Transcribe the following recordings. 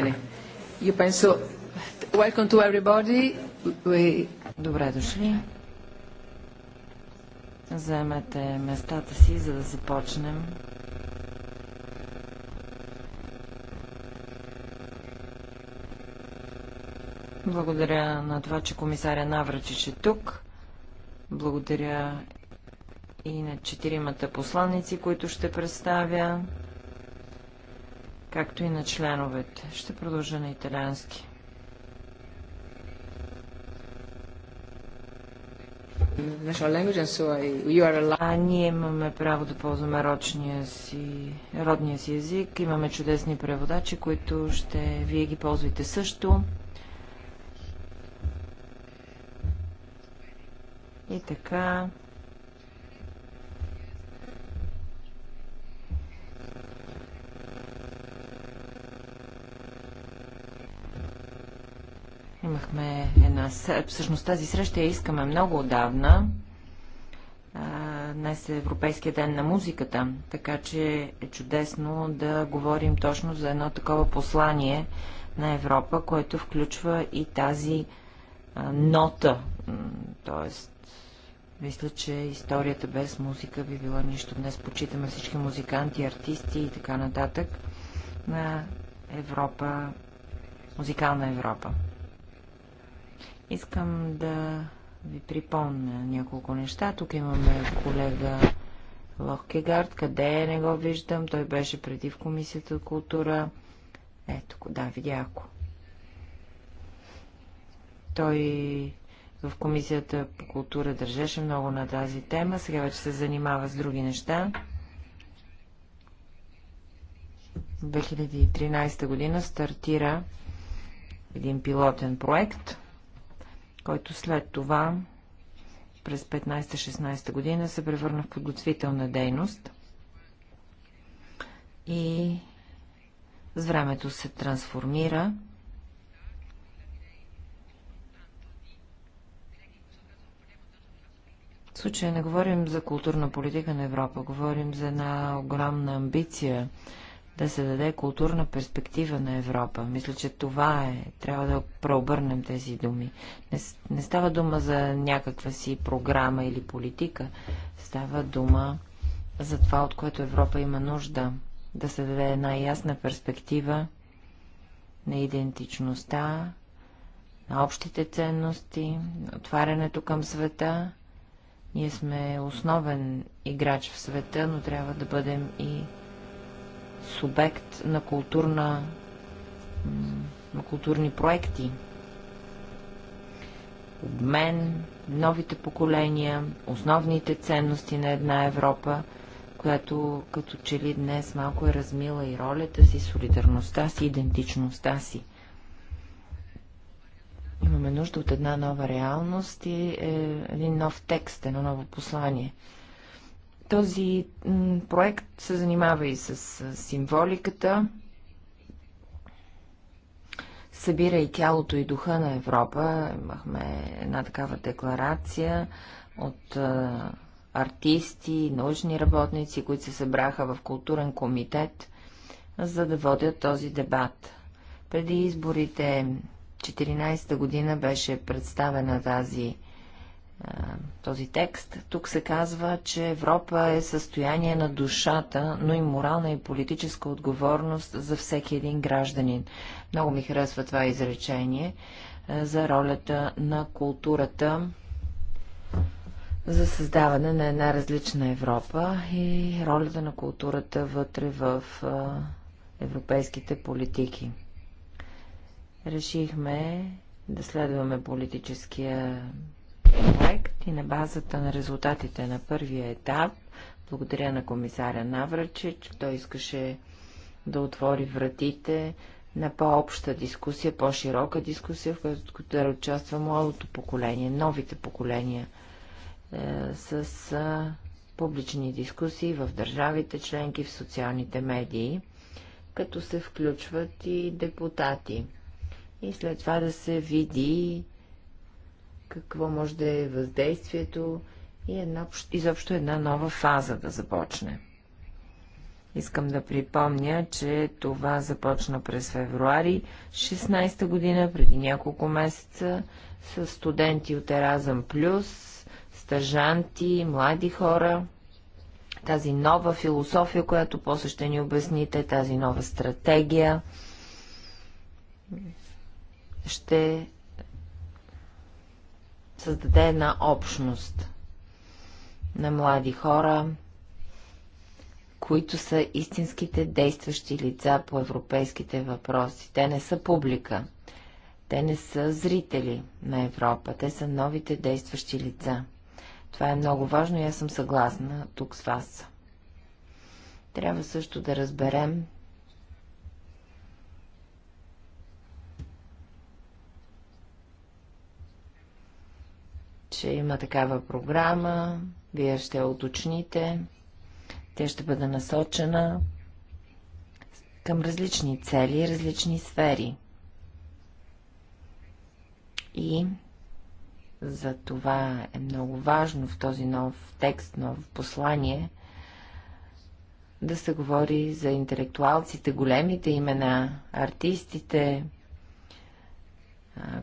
Bene. Io penso... Welcome to everybody. We... Добре дошли. Заемете местата си, за да започнем. Благодаря на това, че комисаря Навръчич е тук. Благодаря и на четиримата посланници, които ще представя както и на членовете. Ще продължа на италиански. А ние имаме право да ползваме рочния си, родния си език. Имаме чудесни преводачи, които ще вие ги ползвайте също. И така, Имахме една... Всъщност тази среща я искаме много отдавна. Днес е Европейския ден на музиката, така че е чудесно да говорим точно за едно такова послание на Европа, което включва и тази нота. Тоест, мисля, че историята без музика би била нищо. Днес почитаме всички музиканти, артисти и така нататък на Европа, музикална Европа. Искам да ви припомня няколко неща. Тук имаме колега Лохкегард. Къде е? Не го виждам. Той беше преди в Комисията култура. Ето, да, видя ако. Той в Комисията по култура държеше много на тази тема. Сега вече се занимава с други неща. 2013 година стартира един пилотен проект – който след това през 15-16 година се превърна в подготвителна дейност и с времето се трансформира. В случая не говорим за културна политика на Европа, говорим за една огромна амбиция да се даде културна перспектива на Европа. Мисля, че това е. Трябва да преобърнем тези думи. Не, не става дума за някаква си програма или политика. Става дума за това, от което Европа има нужда. Да се даде една ясна перспектива на идентичността, на общите ценности, на отварянето към света. Ние сме основен играч в света, но трябва да бъдем и субект на, културна, на културни проекти. Обмен, новите поколения, основните ценности на една Европа, която като че ли днес малко е размила и ролята си, солидарността си, идентичността си. Имаме нужда от една нова реалност и е, един нов текст, едно ново послание – този проект се занимава и с символиката, събира и тялото и духа на Европа. Имахме една такава декларация от артисти, научни работници, които се събраха в културен комитет, за да водят този дебат. Преди изборите 14-та година беше представена тази този текст. Тук се казва, че Европа е състояние на душата, но и морална и политическа отговорност за всеки един гражданин. Много ми харесва това изречение за ролята на културата за създаване на една различна Европа и ролята на културата вътре в европейските политики. Решихме да следваме политическия проект и на базата на резултатите на първия етап, благодаря на комисаря Навръчич, той искаше да отвори вратите на по-обща дискусия, по-широка дискусия, в която да участва младото поколение, новите поколения, е, с е, публични дискусии в държавите членки, в социалните медии, като се включват и депутати. И след това да се види какво може да е въздействието и една, изобщо една нова фаза да започне. Искам да припомня, че това започна през февруари 16 година, преди няколко месеца, с студенти от Еразъм Плюс, стъжанти, млади хора. Тази нова философия, която после ще ни обясните, тази нова стратегия, ще създаде една общност на млади хора, които са истинските действащи лица по европейските въпроси. Те не са публика. Те не са зрители на Европа. Те са новите действащи лица. Това е много важно и аз съм съгласна тук с вас. Трябва също да разберем, че има такава програма, вие ще я уточните, тя ще бъде насочена към различни цели, различни сфери. И за това е много важно в този нов текст, нов послание да се говори за интелектуалците, големите имена, артистите,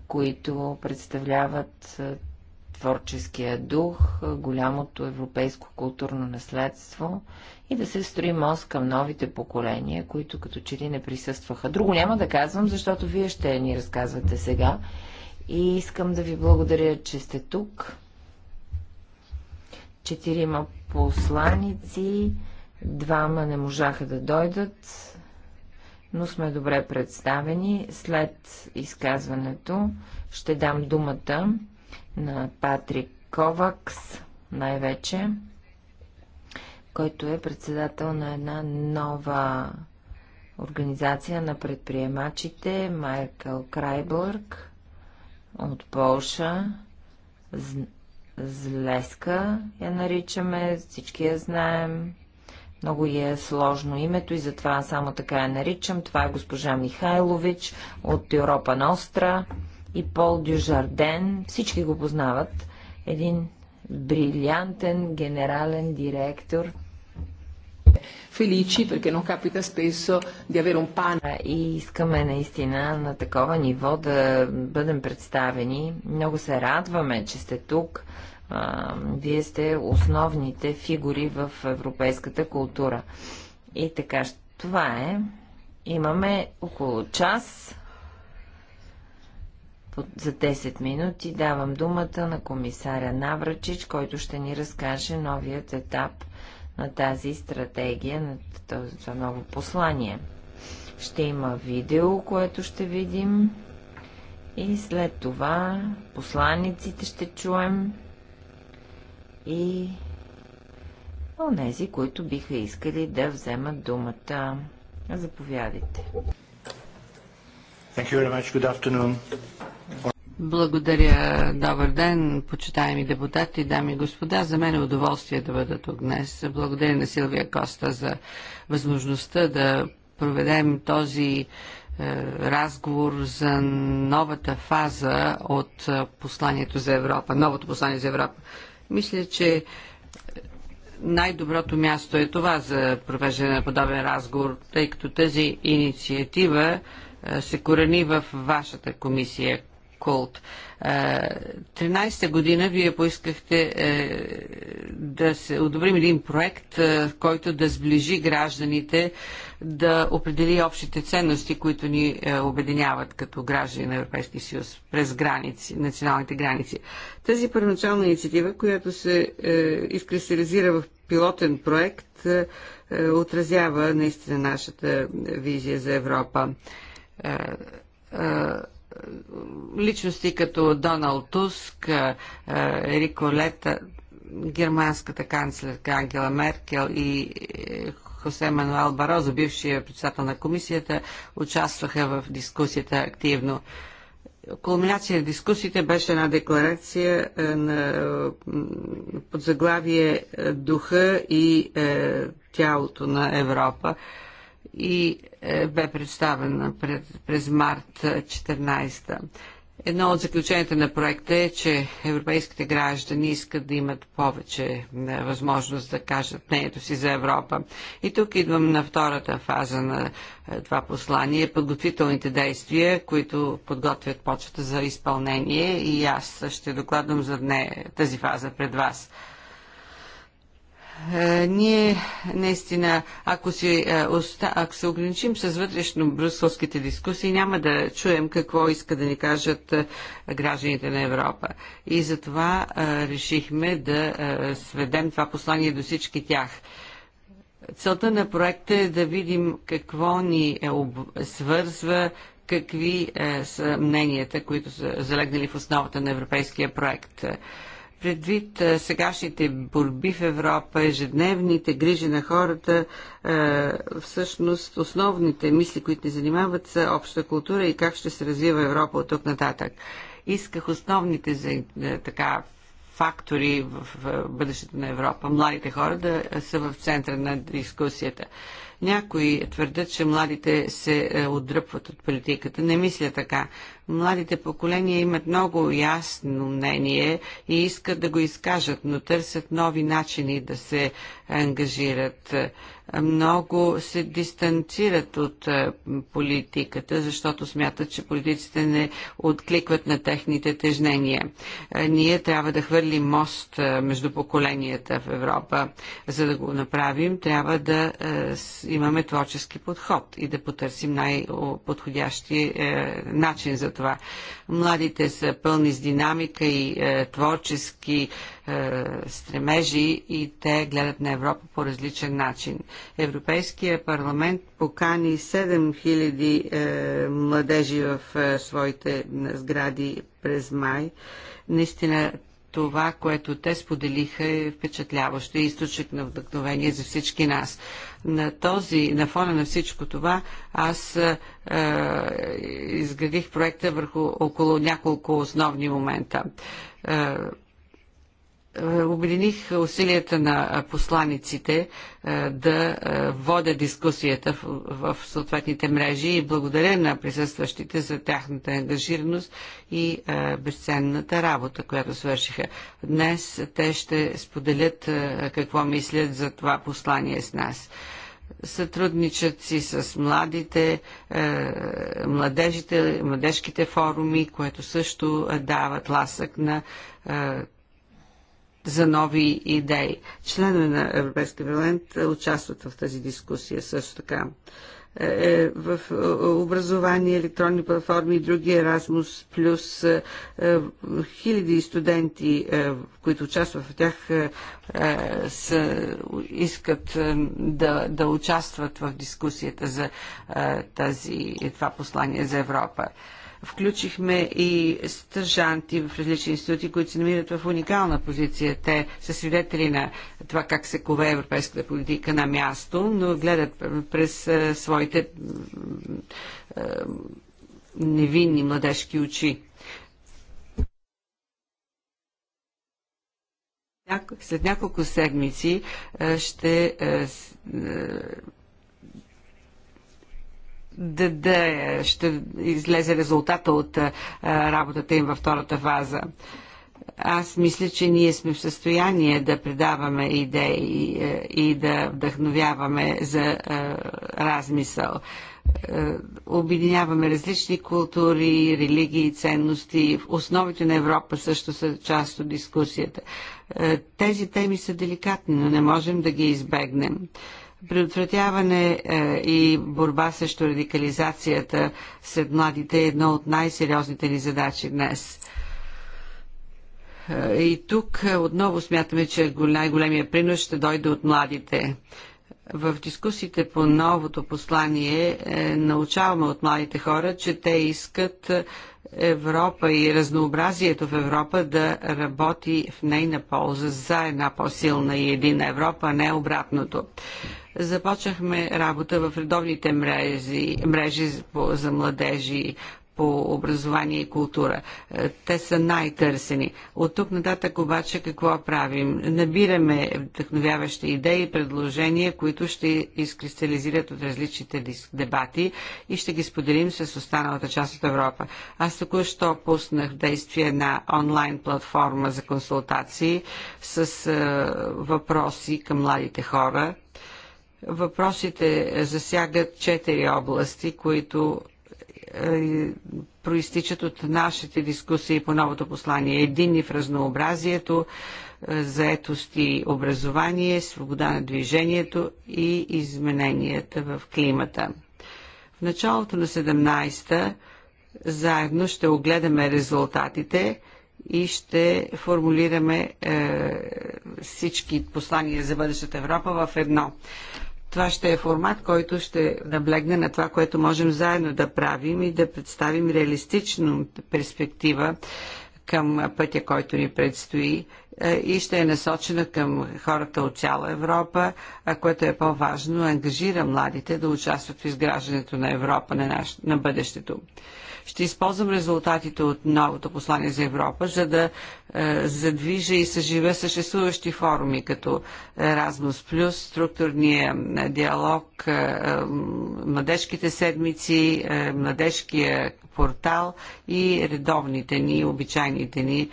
които представляват творческия дух, голямото европейско културно наследство и да се строи мост към новите поколения, които като че ли не присъстваха. Друго няма да казвам, защото вие ще ни разказвате сега. И искам да ви благодаря, че сте тук. Четирима посланици, двама не можаха да дойдат, но сме добре представени. След изказването ще дам думата на Патрик Ковакс, най-вече, който е председател на една нова организация на предприемачите Майкъл Крайбърг от Полша. Злеска я наричаме, всички я знаем. Много е сложно името и затова само така я наричам. Това е госпожа Михайлович от Европа Ностра. На и Пол Дюжарден, всички го познават, един брилянтен генерален директор. Феличи, perché non capita spesso di avere un pan. И искаме наистина на такова ниво да бъдем представени. Много се радваме, че сте тук. Вие сте основните фигури в европейската култура. И така, това е. Имаме около час за 10 минути давам думата на комисаря Навръчич, който ще ни разкаже новият етап на тази стратегия, на това ново послание. Ще има видео, което ще видим и след това посланиците ще чуем и онези, които биха искали да вземат думата. Заповядайте. Thank you very much. Good afternoon. Благодаря. Добър ден, почитаеми депутати, дами и господа. За мен е удоволствие да бъда тук днес. Благодаря на Силвия Коста за възможността да проведем този е, разговор за новата фаза от е, посланието за Европа, новото послание за Европа. Мисля, че най-доброто място е това за провеждане на подобен разговор, тъй като тази инициатива е, се корени в вашата комисия, култ. 13-та е, година вие поискахте е, да се одобрим един проект, е, който да сближи гражданите, да определи общите ценности, които ни обединяват като граждани на Европейския съюз през граници, националните граници. Тази първоначална инициатива, която се изкристализира в пилотен проект, отразява наистина нашата визия за Европа личности като Доналд Туск, Рико Лета, германската канцлерка Ангела Меркел и е, Хосе Мануел Барозо, бившия председател на комисията, участваха в дискусията активно. Кулминация на дискусиите беше една декларация е, на подзаглавие е, Духа и тялото на Европа и е, бе представена пред, през март 14. Е, Едно от заключенията на проекта е, че европейските граждани искат да имат повече е, възможност да кажат мнението си за Европа. И тук идвам на втората фаза на е, това послание, подготвителните действия, които подготвят почвата за изпълнение и аз ще докладвам за дне тази фаза пред вас. Е, ние наистина, ако се, оста... ако се ограничим с вътрешно брюсселските дискусии, няма да чуем какво иска да ни кажат е, гражданите на Европа. И затова е, решихме да сведем това послание до всички тях. Целта на проекта е да видим какво ни об... свързва, какви са мненията, които са залегнали в основата на европейския проект. Предвид сегашните борби в Европа, ежедневните грижи на хората, всъщност основните мисли, които ни занимават, са обща култура и как ще се развива Европа от тук нататък. Исках основните за, така, фактори в бъдещето на Европа, младите хора да са в центъра на дискусията. Някои твърдят, че младите се отдръпват от политиката. Не мисля така. Младите поколения имат много ясно мнение и искат да го изкажат, но търсят нови начини да се ангажират. Много се дистанцират от политиката, защото смятат, че политиците не откликват на техните тежнения. Ние трябва да хвърлим мост между поколенията в Европа. За да го направим, трябва да имаме творчески подход и да потърсим най-подходящи е, начин за това това. Младите са пълни с динамика и е, творчески е, стремежи и те гледат на Европа по различен начин. Европейския парламент покани 7000 е, младежи в е, своите е, сгради през май. Наистина това, което те споделиха е впечатляващо и източник на вдъхновение за всички нас. На този, на фона на всичко това, аз е, изградих проекта върху около няколко основни момента. Е, е, обединих усилията на посланиците е, да е, водя дискусията в, съответните мрежи и благодаря на присъстващите за тяхната ангажираност и безценната работа, която свършиха. Днес те ще споделят какво мислят за това послание с нас сътрудничат си с младите, младежите, младежките форуми, което също дава тласък на за нови идеи. Членове на Европейския парламент участват в тази дискусия също така. Е, е в е, образование, електронни платформи и други Erasmus, плюс е, е хиляди студенти, е, които участват в тях, са, искат да, да участват в дискусията за тази, това послание за Европа. Включихме и стъжанти в различни институти, които се намират в уникална позиция. Те са свидетели на това как се кове европейската политика на място, но гледат през своите невинни младежки очи. След няколко седмици ще да, да ще излезе резултата от а, работата им във втората фаза. Аз мисля, че ние сме в състояние да предаваме идеи и, и да вдъхновяваме за а, размисъл. Обединяваме различни култури, религии, ценности. В Основите на Европа също са част от дискусията. Тези теми са деликатни, но не можем да ги избегнем. Предотвратяване е, и борба срещу радикализацията сред младите е едно от най-сериозните ни задачи днес. Е, и тук е, отново смятаме, че най-големия принос ще дойде от младите. В дискусиите по новото послание научаваме от младите хора, че те искат Европа и разнообразието в Европа да работи в нейна полза за една по-силна и едина Европа, а не обратното започнахме работа в редовните мрежи, мрежи за младежи по образование и култура. Е, те са най-търсени. От тук нататък обаче какво правим? Набираме вдъхновяващи идеи, предложения, които ще изкристализират от различните дебати и ще ги споделим с останалата част от Европа. Аз току-що пуснах в действие на онлайн платформа за консултации с е, въпроси към младите хора Въпросите засягат четири области, които е, проистичат от нашите дискусии по новото послание. Единни е в разнообразието, е, заетост и образование, свобода на движението и измененията в климата. В началото на 17-та заедно ще огледаме резултатите и ще формулираме е, всички послания за бъдещата Европа в едно. Това ще е формат, който ще наблегне на това, което можем заедно да правим и да представим реалистична перспектива към пътя, който ни предстои е, и ще е насочена към хората от цяла Европа, а което е по-важно, ангажира младите да участват в изграждането на Европа на, наш, на бъдещето. Ще използвам резултатите от новото послание за Европа, за да е, задвижа и съживя съществуващи форуми, като Erasmus+, структурния е, диалог, е, е, младежките седмици, е, младежкия портал и редовните ни, обичайните ни е,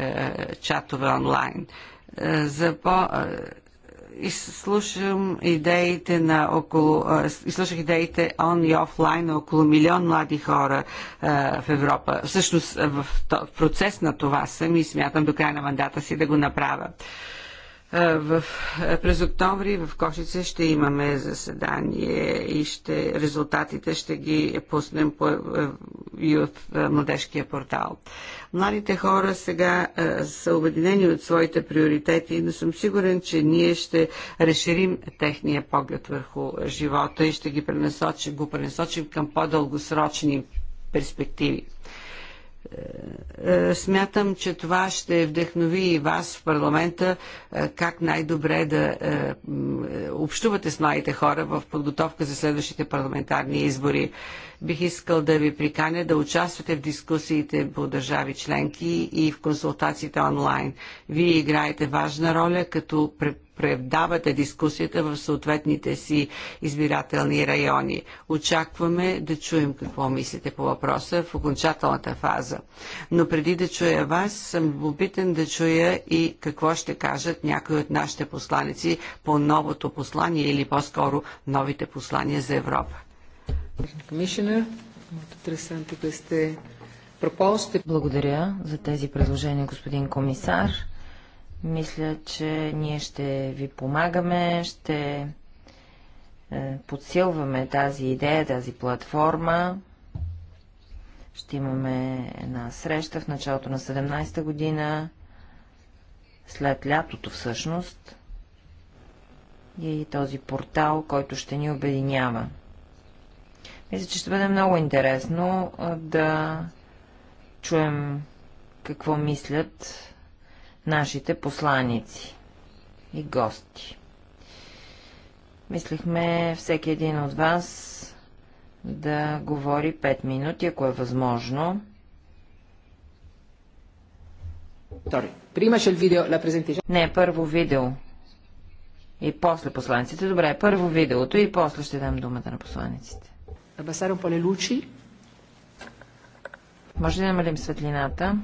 е чатове онлайн. Е, за по- е, изслушам идеите на около, изслушах идеите он и офлайн на около милион млади хора в Европа. Всъщност в процес на това съм и смятам до края на мандата си да го направя. В, през октомври в Кошице ще имаме заседание и ще, резултатите ще ги пуснем по, и е, в е, е, младежкия портал. Младите хора сега а, са обединени от своите приоритети, но съм сигурен, че ние ще разширим техния поглед върху живота и ще ги пренасочим, го пренасочим към по-дългосрочни перспективи. Е, е, смятам, че това ще вдъхнови и вас в парламента е, как най-добре да общувате с младите хора в подготовка за следващите парламентарни избори бих искал да ви приканя да участвате в дискусиите по държави членки и в консултациите онлайн. Вие играете важна роля, като предавате дискусията в съответните си избирателни райони. Очакваме да чуем какво мислите по въпроса в окончателната фаза. Но преди да чуя вас, съм любопитен да чуя и какво ще кажат някои от нашите посланици по новото послание или по-скоро новите послания за Европа. Благодаря за тези предложения, господин комисар. Мисля, че ние ще ви помагаме, ще е, подсилваме тази идея, тази платформа. Ще имаме една среща в началото на 17-та година, след лятото всъщност, и този портал, който ще ни обединява. Мисля, че ще бъде много интересно да чуем какво мислят нашите посланици и гости. Мислихме всеки един от вас да говори 5 минути, ако е възможно. Не, първо видео. И после посланиците. Добре, първо видеото и после ще дам думата на посланиците. Abbassare un po' le luci. Може да намалим светлината.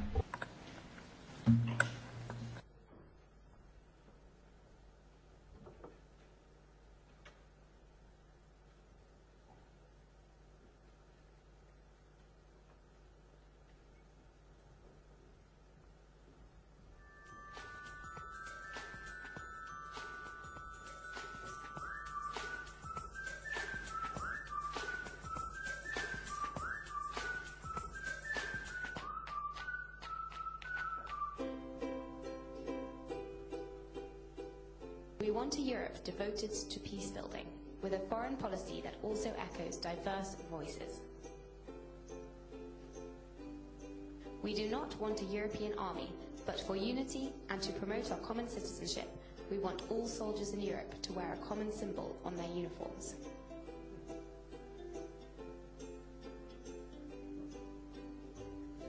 joined the European army, but for unity and to promote our common citizenship, we want all soldiers in Europe to wear a common symbol on their uniforms.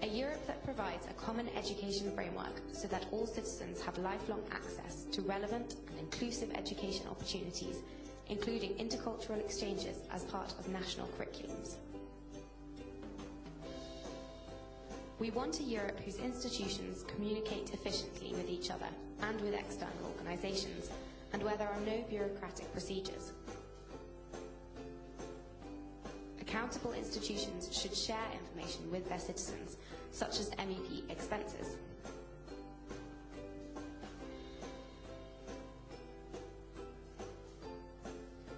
A Europe that provides a common education framework so that all citizens have lifelong access to relevant and inclusive education opportunities, including intercultural exchanges as part of national curriculums. We want a Europe whose institutions communicate efficiently with each other and with external organisations, and where there are no bureaucratic procedures. Accountable institutions should share information with their citizens, such as MEP expenses.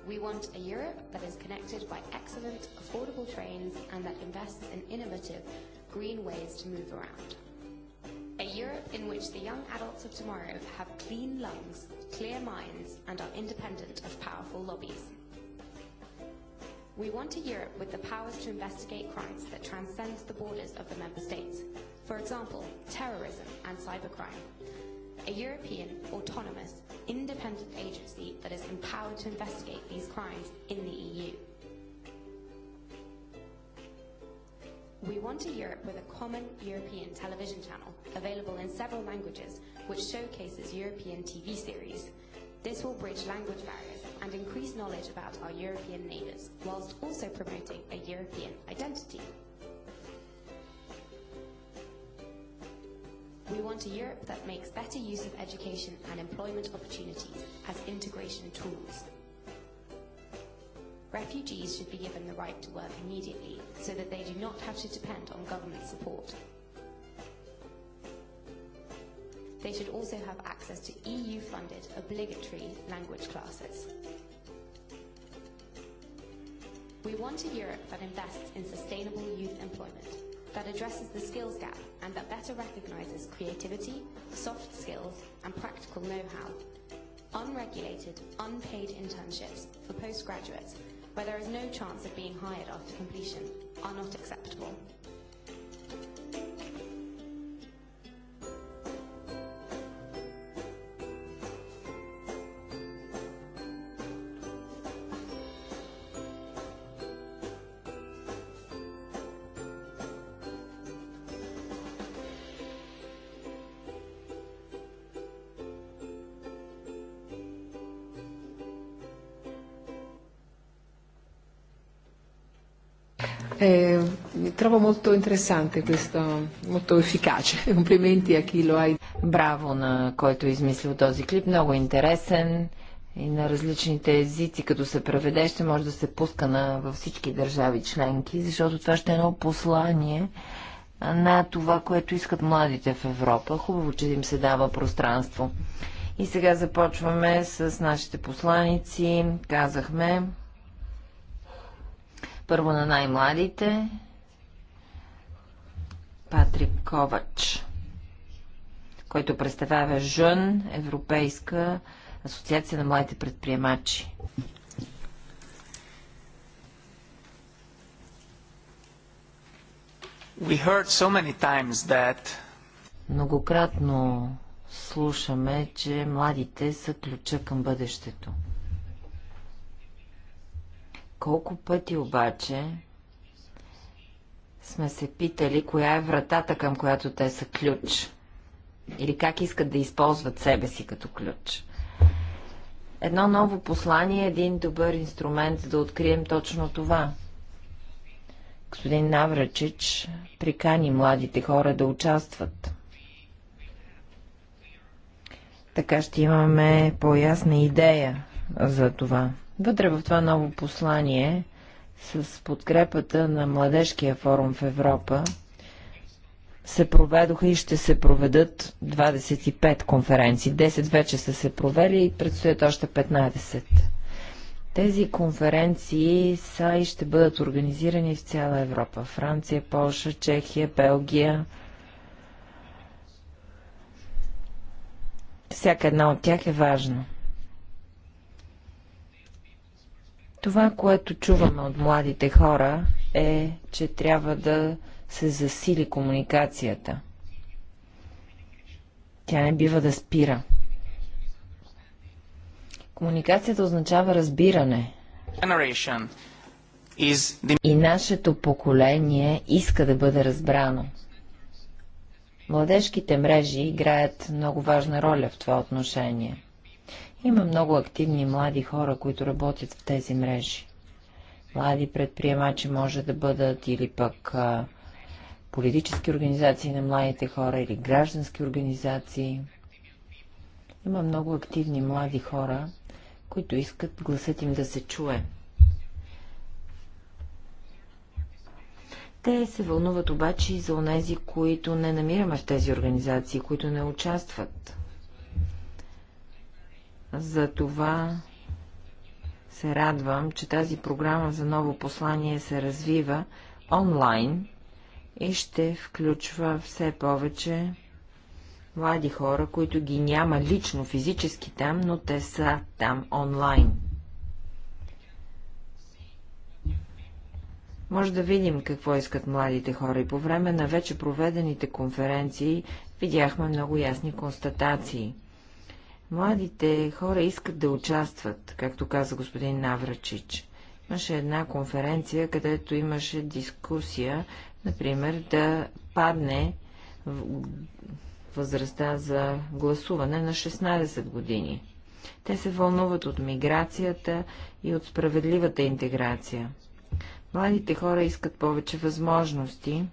We want a Europe that is connected by excellent, affordable trains and that invests in innovative green ways to move around. A Europe in which the young adults of tomorrow have clean lungs, clear minds, and are independent of powerful lobbies. We want a Europe with the powers to investigate crimes that transcends the borders of the member states. For example, terrorism and cybercrime. A European, autonomous, independent agency that is empowered to investigate these crimes in the EU. We want a Europe with a common European television channel, available in several languages, which showcases European TV series. This will bridge language barriers and increase knowledge about our European neighbours, whilst also promoting a European identity. We want a Europe that makes better use of education and employment opportunities as integration tools refugees should be given the right to work immediately so that they do not have to depend on government support. They should also have access to EU-funded obligatory language classes. We want a Europe that invests in sustainable youth employment, that addresses the skills gap and that better recognises creativity, soft skills and practical know-how unregulated, unpaid internships for postgraduates where there is no chance of being hired after completion, are not acceptable. Eh, trovo molto interessante questo, molto efficace. Complimenti a chi lo ha. Браво на който е измислил този клип. Много интересен и на различните езици, като се преведе, ще може да се пуска на, във всички държави членки, защото това ще е едно послание на това, което искат младите в Европа. Хубаво, че им се дава пространство. И сега започваме с нашите посланици. Казахме, първо на най-младите. Патрик Ковач, който представява ЖЪН, Европейска асоциация на младите предприемачи. We heard so many times that... Многократно слушаме, че младите са ключа към бъдещето. Колко пъти обаче сме се питали, коя е вратата, към която те са ключ? Или как искат да използват себе си като ключ? Едно ново послание е един добър инструмент за да открием точно това. Господин Наврачич прикани младите хора да участват. Така ще имаме по-ясна идея за това. Вътре в това ново послание, с подкрепата на Младежкия форум в Европа, се проведоха и ще се проведат 25 конференции. 10 вече са се провели и предстоят още 15. Тези конференции са и ще бъдат организирани в цяла Европа. Франция, Полша, Чехия, Белгия. Всяка една от тях е важна. Това, което чуваме от младите хора е, че трябва да се засили комуникацията. Тя не бива да спира. Комуникацията означава разбиране. И нашето поколение иска да бъде разбрано. Младежките мрежи играят много важна роля в това отношение. Има много активни млади хора, които работят в тези мрежи. Млади предприемачи може да бъдат или пък а, политически организации на младите хора или граждански организации. Има много активни млади хора, които искат гласът им да се чуе. Те се вълнуват обаче и за онези, които не намираме в тези организации, които не участват. За това се радвам, че тази програма за ново послание се развива онлайн и ще включва все повече млади хора, които ги няма лично физически там, но те са там онлайн. Може да видим какво искат младите хора и по време на вече проведените конференции видяхме много ясни констатации. Младите хора искат да участват, както каза господин Наврачич. Имаше една конференция, където имаше дискусия, например, да падне възрастта за гласуване на 16 години. Те се вълнуват от миграцията и от справедливата интеграция. Младите хора искат повече възможности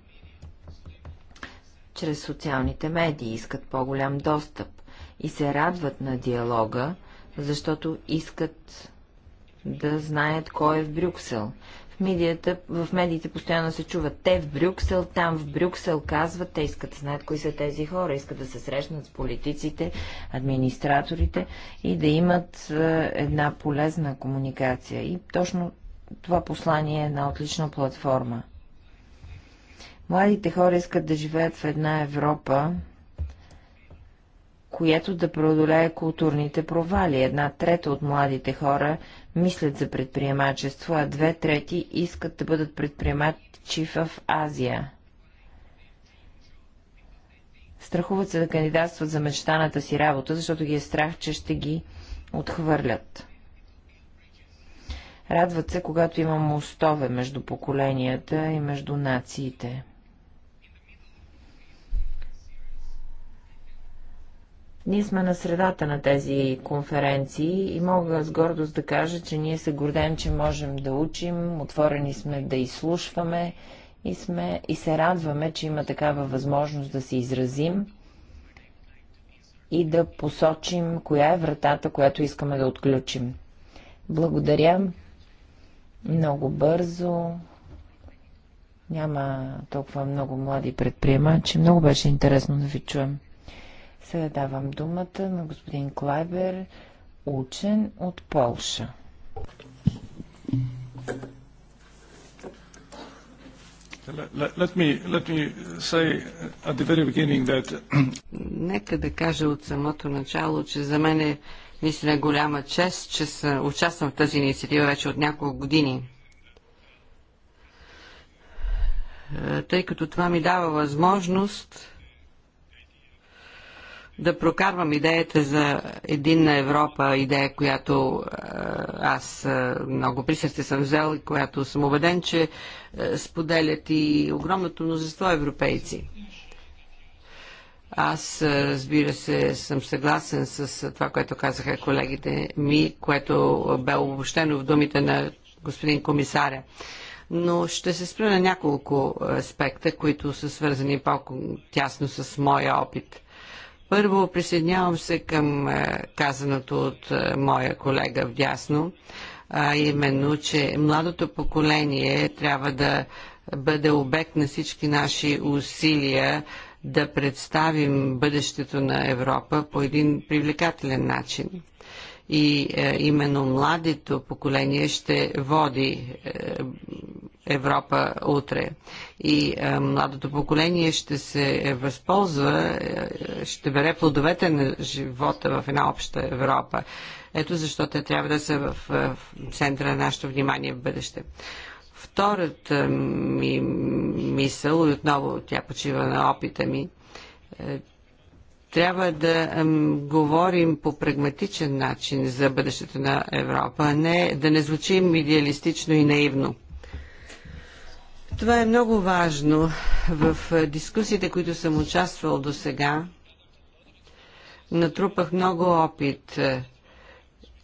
чрез социалните медии, искат по-голям достъп и се радват на диалога, защото искат да знаят кой е в Брюксел. В медията, в медиите постоянно се чуват те в Брюксел, там в Брюксел казват, те искат да знаят кои са тези хора, искат да се срещнат с политиците, администраторите и да имат е, една полезна комуникация. И точно това послание е една отлична платформа. Младите хора искат да живеят в една Европа, която да преодолее културните провали. Една трета от младите хора мислят за предприемачество, а две трети искат да бъдат предприемачи в Азия. Страхуват се да кандидатстват за мечтаната си работа, защото ги е страх, че ще ги отхвърлят. Радват се, когато има мостове между поколенията и между нациите. Ние сме на средата на тези конференции и мога с гордост да кажа, че ние се гордем, че можем да учим, отворени сме да изслушваме и, сме, и се радваме, че има такава възможност да се изразим и да посочим коя е вратата, която искаме да отключим. Благодаря. Много бързо. Няма толкова много млади предприемачи. Много беше интересно да ви чуем. Сега давам думата на господин Клайбер, учен от Полша. Нека да кажа от самото начало, че за мен е наистина голяма чест, че съм, участвам в тази инициатива вече от няколко години. Е, тъй като това ми дава възможност да прокарвам идеята за единна Европа, идея, която е, аз е, много присъсти съм взел и която съм убеден, че е, споделят и огромното множество европейци. Аз, разбира се, съм съгласен с това, което казаха колегите ми, което бе обобщено в думите на господин комисаря. Но ще се спра на няколко аспекта, които са свързани по-тясно с моя опит. Първо присъединявам се към е, казаното от е, моя колега в дясно, а именно, че младото поколение трябва да бъде обект на всички наши усилия да представим бъдещето на Европа по един привлекателен начин. И е, именно младето поколение ще води е, Европа утре. И е, младото поколение ще се възползва, е, ще бере плодовете на живота в една обща Европа. Ето защо те трябва да са в, е, в центъра на нашето внимание в бъдеще. Втората ми мисъл, и отново тя почива на опита ми, е, трябва да говорим по прагматичен начин за бъдещето на Европа, а не да не звучим идеалистично и наивно. Това е много важно. В дискусиите, които съм участвал до сега, натрупах много опит.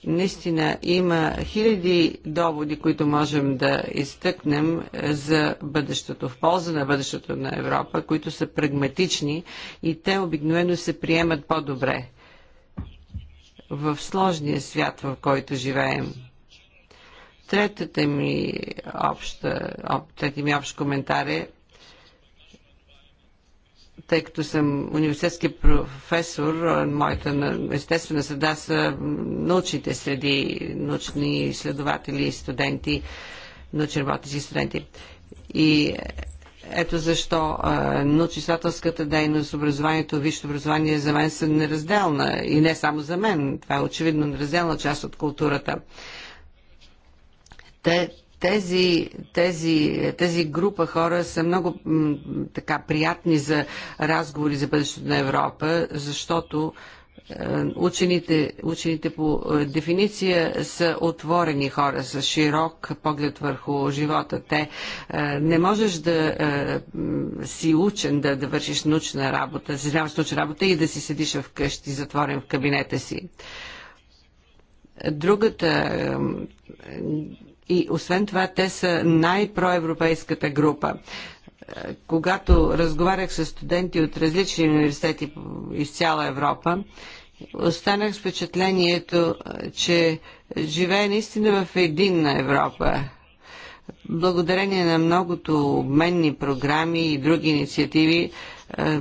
Наистина има хиляди доводи, които можем да изтъкнем за бъдещето, в полза на бъдещето на Европа, които са прагматични и те обикновено се приемат по-добре в сложния свят, в който живеем. Третата ми обща, трети ми общ коментар е, тъй като съм университетски професор, моята естествена среда са научните среди, научни изследователи студенти, научни работници и студенти. И ето защо научно-изследователската дейност, образованието, висшето образование за мен са неразделна. И не само за мен. Това е очевидно неразделна част от културата. Те, тези, тези, тези група хора са много така приятни за разговори за бъдещето на Европа, защото е, учените, учените по е, дефиниция са отворени хора с широк поглед върху живота. Те е, не можеш да си учен, да, да вършиш научна работа, да си научна работа и да си седиш вкъщи, затворен в кабинета си. Другата и освен това те са най-проевропейската група. Когато разговарях с студенти от различни университети из цяла Европа, останах с впечатлението, че живее наистина в единна Европа. Благодарение на многото обменни програми и други инициативи, е,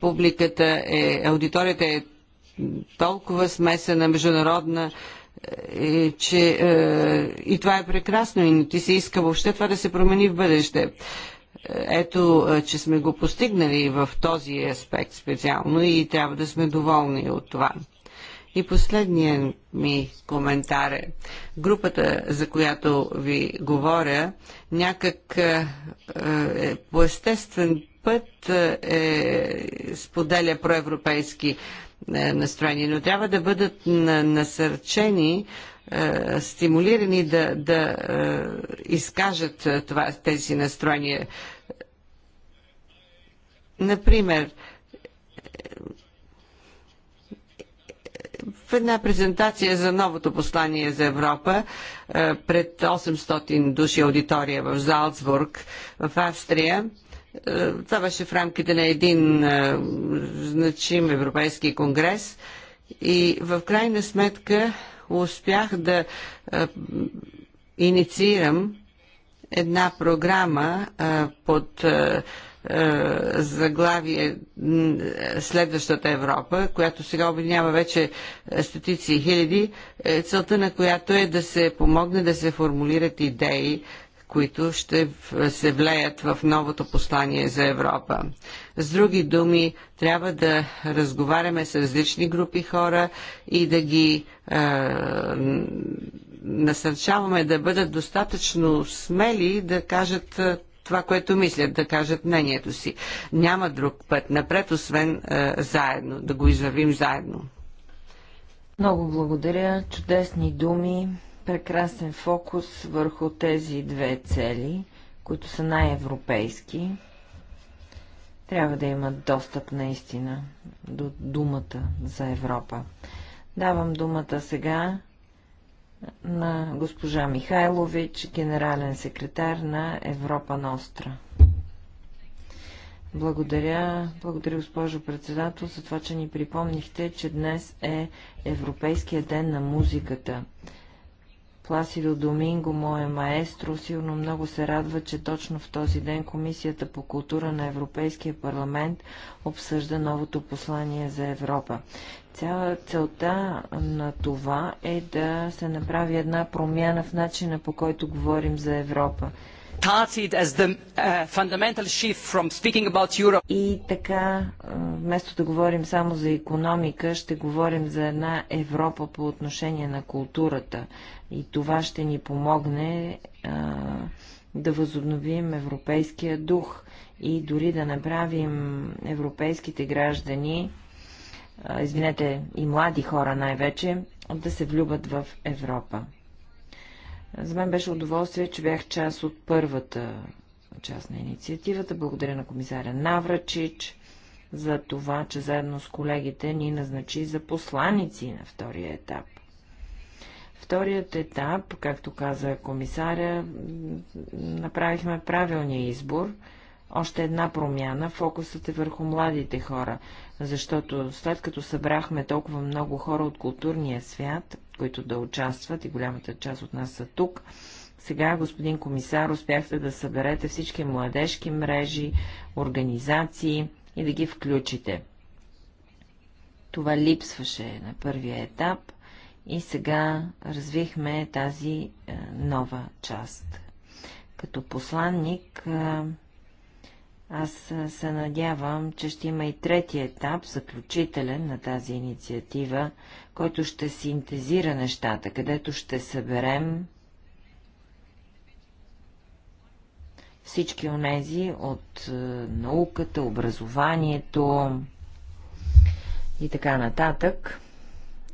публиката е, аудиторията е толкова смесена, международна, е, че е, и това е прекрасно и не ти се иска въобще това да се промени в бъдеще. Ето, е, че сме го постигнали в този аспект специално и трябва да сме доволни от това. И последният ми коментар е. Групата, за която ви говоря, някак е, по естествен път е, споделя проевропейски е, настроение, но трябва да бъдат насърчени е, стимулирани да, да е, изкажат това, тези настроения. Например, в една презентация за новото послание за Европа пред 800 души аудитория в Залцбург, в Австрия, е, това беше в рамките на един е, значим Европейски конгрес и в крайна сметка успях да е, инициирам една програма под заглавие Следващата Европа, която сега обединява вече стотици и хиляди, целта на която е да се помогне да се формулират идеи които ще се влеят в новото послание за Европа. С други думи, трябва да разговаряме с различни групи хора и да ги е, насърчаваме да бъдат достатъчно смели да кажат това, което мислят, да кажат мнението си. Няма друг път напред, освен е, заедно, да го извървим заедно. Много благодаря. Чудесни думи прекрасен фокус върху тези две цели, които са най-европейски. Трябва да имат достъп наистина до думата за Европа. Давам думата сега на госпожа Михайлович, генерален секретар на Европа Ностра. Благодаря, благодаря госпожо председател, за това, че ни припомнихте, че днес е Европейския ден на музиката. Пласидо Доминго, мое маестро, силно много се радва, че точно в този ден Комисията по култура на Европейския парламент обсъжда новото послание за Европа. Цяла целта на това е да се направи една промяна в начина по който говорим за Европа. Uh, и така, вместо да говорим само за економика, ще говорим за една Европа по отношение на културата. И това ще ни помогне а, да възобновим европейския дух и дори да направим европейските граждани, а, извинете, и млади хора най-вече, да се влюбят в Европа. За мен беше удоволствие, че бях част от първата част на инициативата. Благодаря на комисаря Наврачич за това, че заедно с колегите ни назначи за посланици на втория етап. Вторият етап, както каза комисаря, направихме правилния избор. Още една промяна, фокусът е върху младите хора, защото след като събрахме толкова много хора от културния свят, които да участват и голямата част от нас са тук. Сега, господин комисар, успяхте да съберете всички младежки мрежи, организации и да ги включите. Това липсваше на първия етап и сега развихме тази е, нова част. Като посланник е, аз се надявам, че ще има и трети етап, заключителен на тази инициатива, който ще синтезира нещата, където ще съберем всички онези от е, науката, образованието и така нататък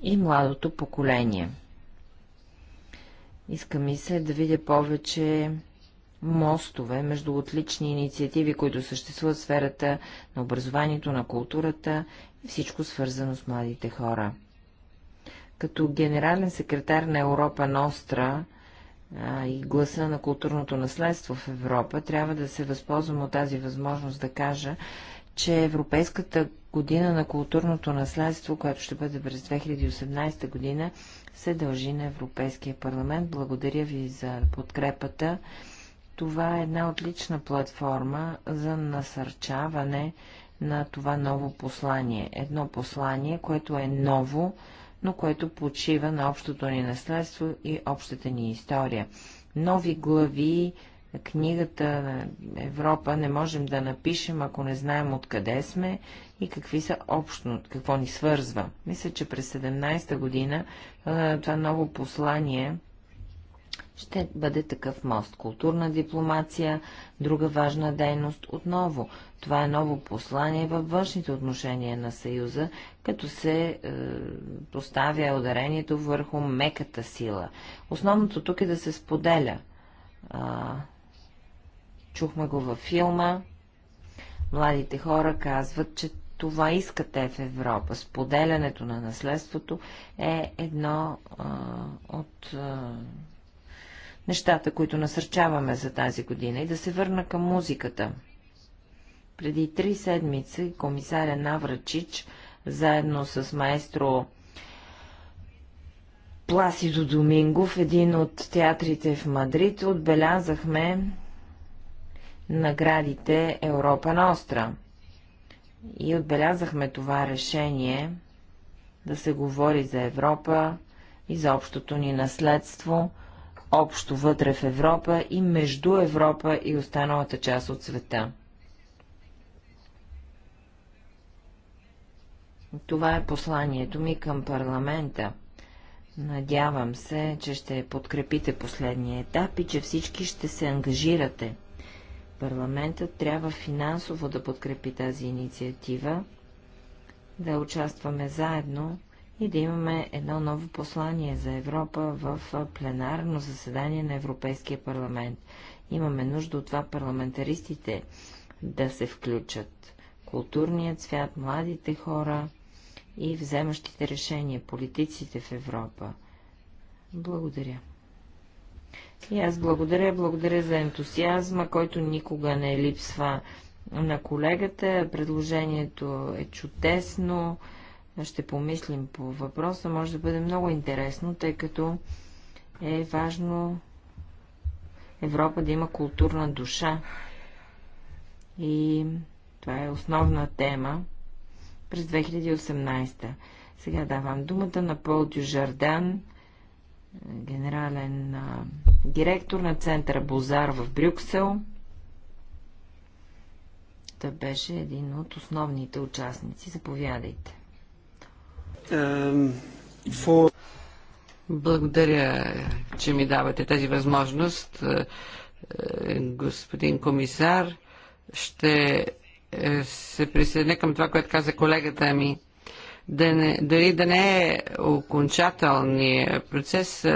и младото поколение. Иска ми се да видя повече мостове между отлични инициативи, които съществуват в сферата на образованието, на културата и всичко свързано с младите хора. Като генерален секретар на Европа Ностра а, и гласа на културното наследство в Европа, трябва да се възползвам от тази възможност да кажа, че Европейската година на културното наследство, която ще бъде през 2018 година, се дължи на Европейския парламент. Благодаря ви за подкрепата. Това е една отлична платформа за насърчаване на това ново послание. Едно послание, което е ново, но което почива на общото ни наследство и общата ни история. Нови глави, книгата на Европа не можем да напишем, ако не знаем откъде сме и какви са общо, какво ни свързва. Мисля, че през 17-та година това ново послание ще бъде такъв мост. Културна дипломация, друга важна дейност отново. Това е ново послание във външните отношения на Съюза, като се е, поставя ударението върху меката сила. Основното тук е да се споделя. А, чухме го във филма. Младите хора казват, че това искате в Европа. Споделянето на наследството е едно а, от а, нещата, които насърчаваме за тази година и да се върна към музиката. Преди три седмици комисаря Наврачич, заедно с майстро Пласидо Домингов, един от театрите в Мадрид, отбелязахме наградите Европа Ностра. И отбелязахме това решение да се говори за Европа и за общото ни наследство – общо вътре в Европа и между Европа и останалата част от света. Това е посланието ми към парламента. Надявам се, че ще подкрепите последния етап и че всички ще се ангажирате. Парламентът трябва финансово да подкрепи тази инициатива, да участваме заедно и да имаме едно ново послание за Европа в пленарно заседание на Европейския парламент. Имаме нужда от това парламентаристите да се включат. Културният свят, младите хора и вземащите решения, политиците в Европа. Благодаря. И аз благодаря, благодаря за ентусиазма, който никога не е липсва на колегата. Предложението е чудесно ще помислим по въпроса. Може да бъде много интересно, тъй като е важно Европа да има културна душа. И това е основна тема през 2018. Сега давам думата на Пол Дюжардан, генерален а, директор на центъра Бозар в Брюксел. Та беше един от основните участници. Заповядайте. Благодаря, че ми давате тази възможност, е, е, господин комисар. Ще е, се присъединя към това, което каза колегата ми. Да не, дали да не е окончателният процес,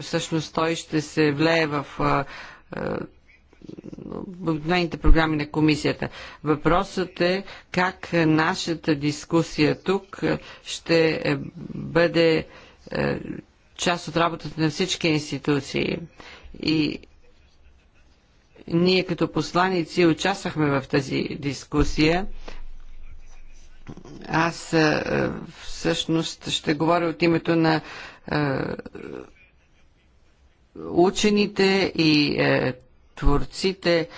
всъщност той ще се влее в обикновените програми на комисията. Въпросът е как нашата дискусия тук ще бъде е, част от работата на всички институции. И ние като посланици участвахме в тази дискусия. Аз е, всъщност ще говоря от името на е, учените и творците.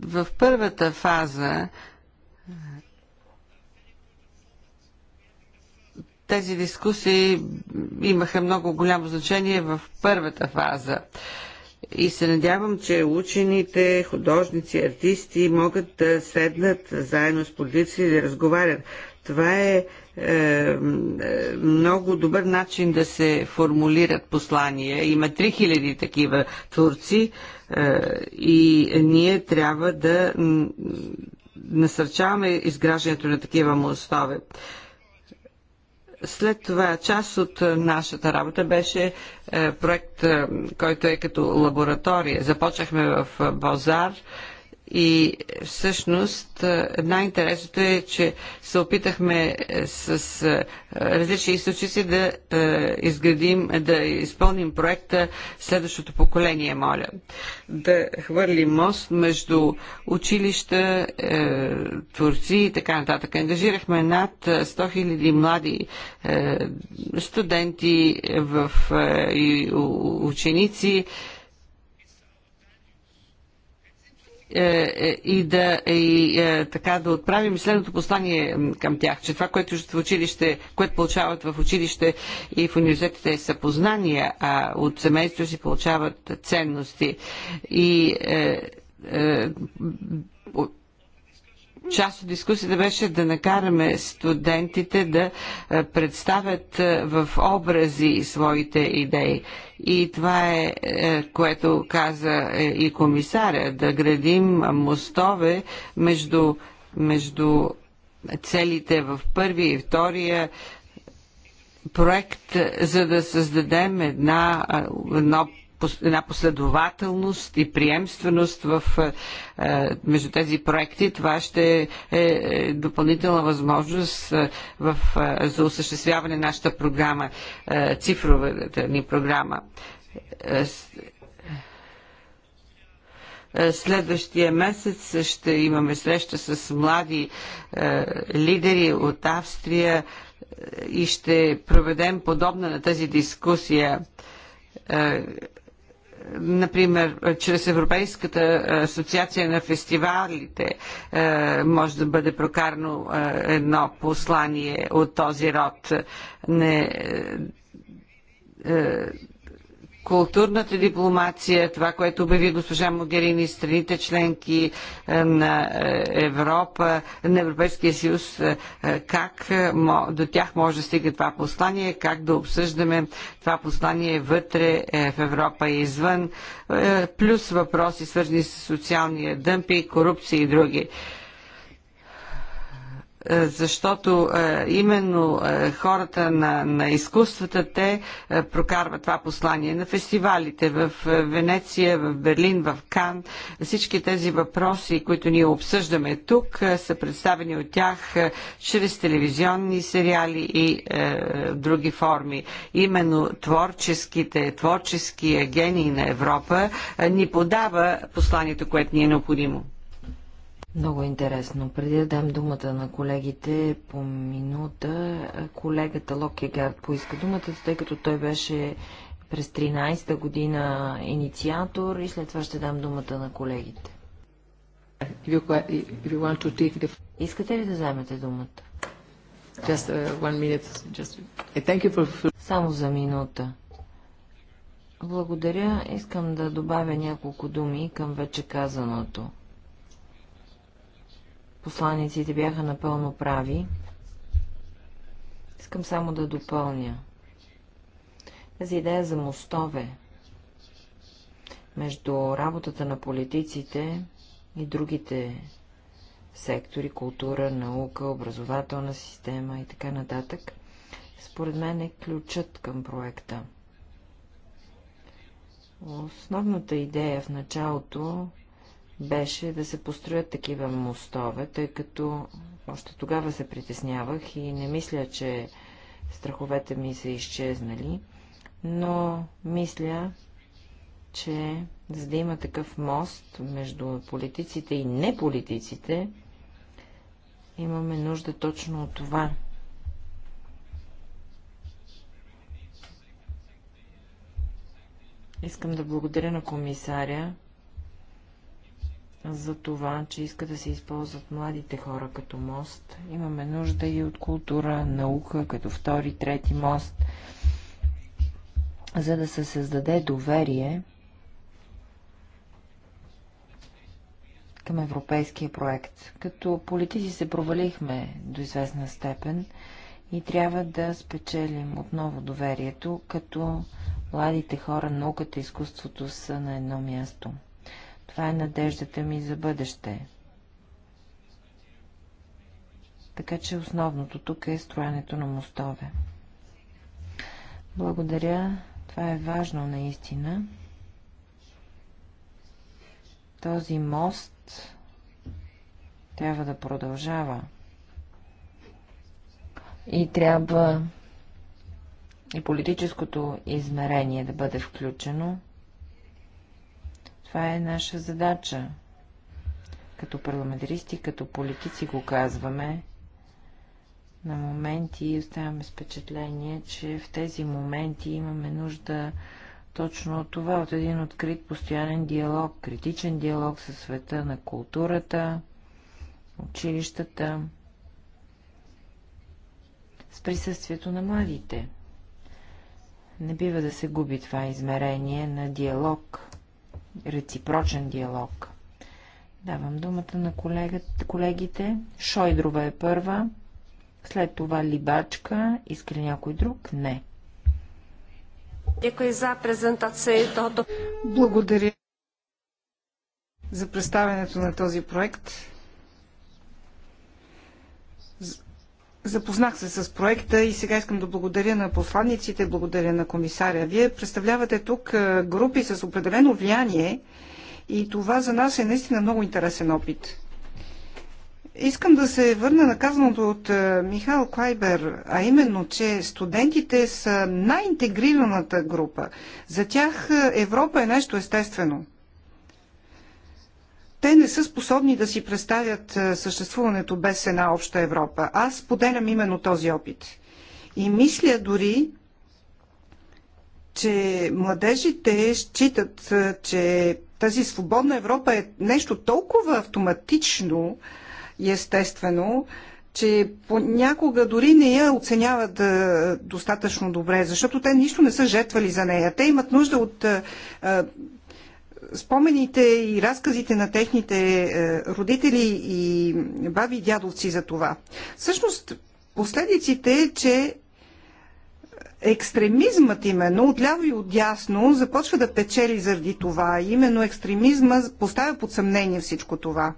В първата фаза тези дискусии имаха много голямо значение в първата фаза. И се надявам, че учените, художници, артисти могат да седнат заедно с политици и да разговарят. Това е е, много добър начин да се формулират послания. Има 3000 такива турци е, и ние трябва да насърчаваме изграждането на такива мостове. След това част от нашата работа беше е, проект, който е като лаборатория. Започнахме в Бозар, и е, всъщност е, най-интересното е, че се опитахме е, с различни източници да изградим, да изпълним проекта следващото поколение, моля. Да хвърлим мост между училища, творци и така нататък. Ангажирахме над 100 000 млади студенти в, и ученици Е, е, и да, е, и, така, да отправим следното послание към тях, че това, което в училище, което получават в училище и в университетите е съпознание, а от семейството си получават ценности. И е, е, част от дискусията беше да накараме студентите да е, представят е, в образи своите идеи. И това е, е което каза и комисаря, да градим мостове между, между целите в първия и втория проект, за да създадем една, едно една последователност и приемственост в, е, е, между тези проекти. Това ще е, е допълнителна възможност в, за осъществяване на нашата програма, цифровата ни програма. Следващия месец ще имаме среща с млади лидери от Австрия и ще проведем подобна на тази дискусия например, чрез Европейската асоциация на фестивалите е, може да бъде прокарано е, едно послание от този род. Не, е, културната дипломация, това, което обяви госпожа Могерини, страните членки е, на е, Европа, на Европейския съюз, е, как до тях може да стига това послание, как да обсъждаме това послание вътре в Европа и извън, плюс въпроси свързани с социалния дъмпи, корупция и други. Е, защото е, именно е, хората на, на изкуствата, те прокарват това послание на фестивалите в Венеция, в Берлин, в Кан. Всички тези въпроси, които ние обсъждаме тук, са представени от тях чрез телевизионни сериали и е, други форми. Именно творческите, творческия гений на Европа ни подава посланието, което ни е необходимо. Много интересно. Преди да дам думата на колегите по минута, колегата Локегард поиска думата, тъй като той беше през 13-та година инициатор и след това ще дам думата на колегите. Искате ли да вземете думата? Just, uh, Just... for... Само за минута. Благодаря. Искам да добавя няколко думи към вече казаното. Посланиците бяха напълно прави. Искам само да допълня. Тази идея за мостове между работата на политиците и другите сектори, култура, наука, образователна система и така нататък, според мен е ключът към проекта. Основната идея в началото беше да се построят такива мостове, тъй като още тогава се притеснявах и не мисля, че страховете ми са изчезнали, но мисля, че за да има такъв мост между политиците и неполитиците, имаме нужда точно от това. Искам да благодаря на комисаря за това, че иска да се използват младите хора като мост. Имаме нужда и от култура, наука, като втори, трети мост, за да се създаде доверие към европейския проект. Като политици се провалихме до известна степен и трябва да спечелим отново доверието, като младите хора, науката и изкуството са на едно място. Това е надеждата ми за бъдеще. Така че основното тук е строянето на мостове. Благодаря. Това е важно наистина. Този мост трябва да продължава. И трябва и политическото измерение да бъде включено. Това е наша задача. Като парламентаристи, като политици го казваме. На моменти оставаме впечатление, че в тези моменти имаме нужда точно от това, от един открит постоянен диалог, критичен диалог със света на културата, училищата, с присъствието на младите. Не бива да се губи това измерение на диалог реципрочен диалог. Давам думата на колегата, колегите. Шойдрова е първа, след това Либачка. Иска ли някой друг? Не. Дякую за презентацията. Благодаря за представянето на този проект. Запознах се с проекта и сега искам да благодаря на посланниците, благодаря на комисаря. Вие представлявате тук е, групи с определено влияние и това за нас е наистина много интересен опит. Искам да се върна на казаното от е, Михаил Клайбер, а именно, че студентите са най-интегрираната група. За тях е, Европа е нещо естествено те не са способни да си представят е, съществуването без една обща Европа. Аз поделям именно този опит. И мисля дори, че младежите считат, е, че тази свободна Европа е нещо толкова автоматично и естествено, че понякога дори не я оценяват е, достатъчно добре, защото те нищо не са жетвали за нея. Те имат нужда от спомените и разказите на техните е, родители и баби и дядовци за това. Всъщност, последиците е, че екстремизмът именно от ляво и от дясно започва да печели заради това. Именно екстремизма поставя под съмнение всичко това.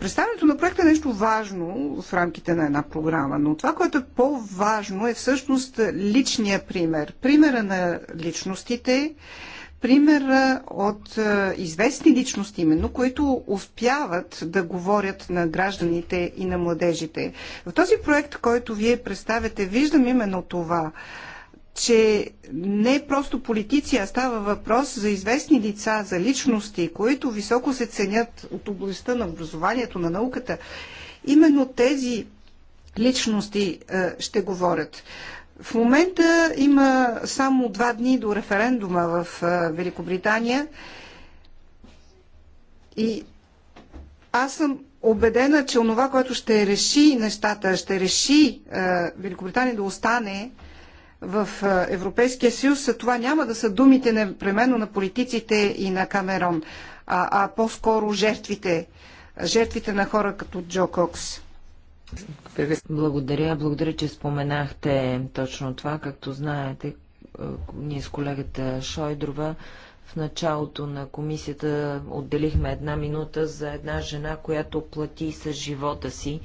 Представянето на проекта е нещо важно в рамките на една програма, но това, което е по-важно е всъщност личния пример. Примера на личностите, пример от е, известни личности именно, които успяват да говорят на гражданите и на младежите. В този проект, който вие представяте, виждам именно това че не просто политици, а става въпрос за известни лица, за личности, които високо се ценят от областта на образованието, на науката. Именно тези личности е, ще говорят. В момента има само два дни до референдума в Великобритания и аз съм убедена, че онова, което ще реши нещата, ще реши Великобритания да остане в Европейския съюз, това няма да са думите непременно на политиците и на Камерон, а, а по-скоро жертвите, жертвите на хора като Джо Кокс. Благодаря. Благодаря, че споменахте точно това. Както знаете, е, ние с колегата Шойдрова в началото на комисията отделихме една минута за една жена, която плати с живота си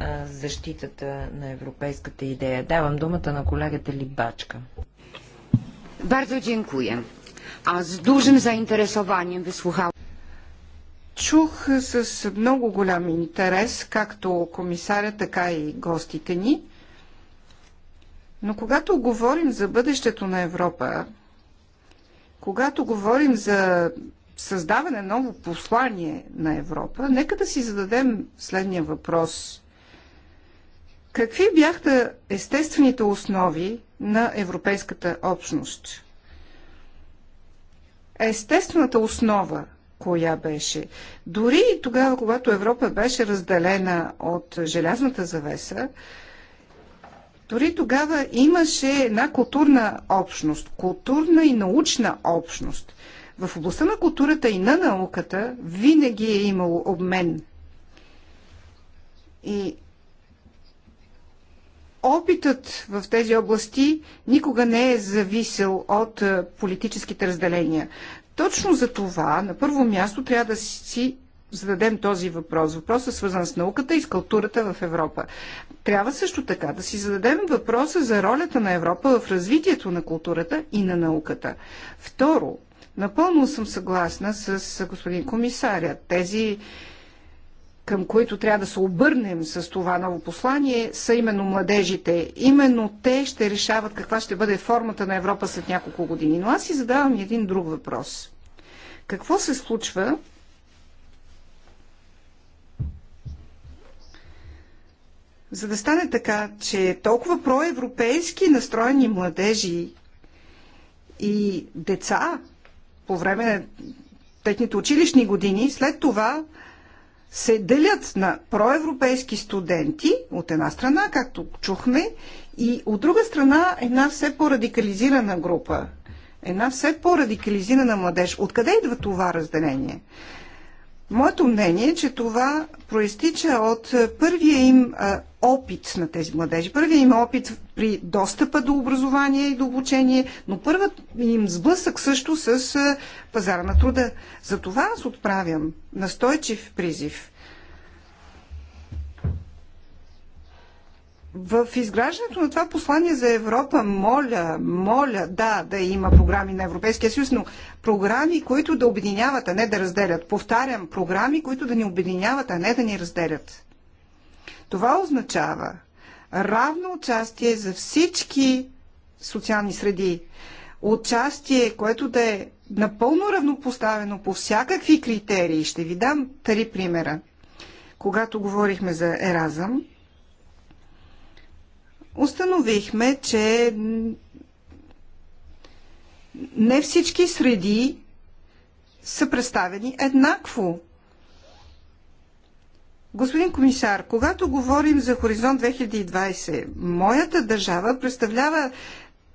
е, защитата на европейската идея. Давам думата на колегата Либачка. Bardzo dziękuję. A z dużym zainteresowaniem wysłuchałam. Чух с много голям интерес, както комисаря, така и гостите ни. Но когато говорим за бъдещето на Европа, когато говорим за създаване на ново послание на Европа, нека да си зададем следния въпрос. Какви бяха естествените основи на европейската общност? Естествената основа коя беше. Дори и тогава, когато Европа беше разделена от желязната завеса, дори тогава имаше една културна общност, културна и научна общност. В областта на културата и на науката винаги е имало обмен. И опитът в тези области никога не е зависел от политическите разделения. Точно за това, на първо място, трябва да си зададем този въпрос. Въпросът е свързан с науката и с културата в Европа. Трябва също така да си зададем въпроса за ролята на Европа в развитието на културата и на науката. Второ, напълно съм съгласна с господин комисаря. Тези към които трябва да се обърнем с това ново послание, са именно младежите. Именно те ще решават каква ще бъде формата на Европа след няколко години. Но аз си задавам един друг въпрос. Какво се случва, за да стане така, че толкова проевропейски настроени младежи и деца по време на техните училищни години, след това се делят на проевропейски студенти, от една страна, както чухме, и от друга страна една все по-радикализирана група, една все по-радикализирана младеж. Откъде идва това разделение? Моето мнение е, че това проистича от е, първия им е, опит на тези младежи. Първия им опит при достъпа до образование и до обучение, но първият им сблъсък също с е, пазара на труда. Затова аз отправям настойчив призив в изграждането на това послание за Европа, моля, моля, да, да има програми на Европейския съюз, но програми, които да обединяват, а не да разделят. Повтарям, програми, които да ни обединяват, а не да ни разделят. Това означава равно участие за всички социални среди. Участие, което да е напълно равнопоставено по всякакви критерии. Ще ви дам три примера. Когато говорихме за Еразъм, установихме, че не всички среди са представени еднакво. Господин комисар, когато говорим за Хоризонт 2020, моята държава представлява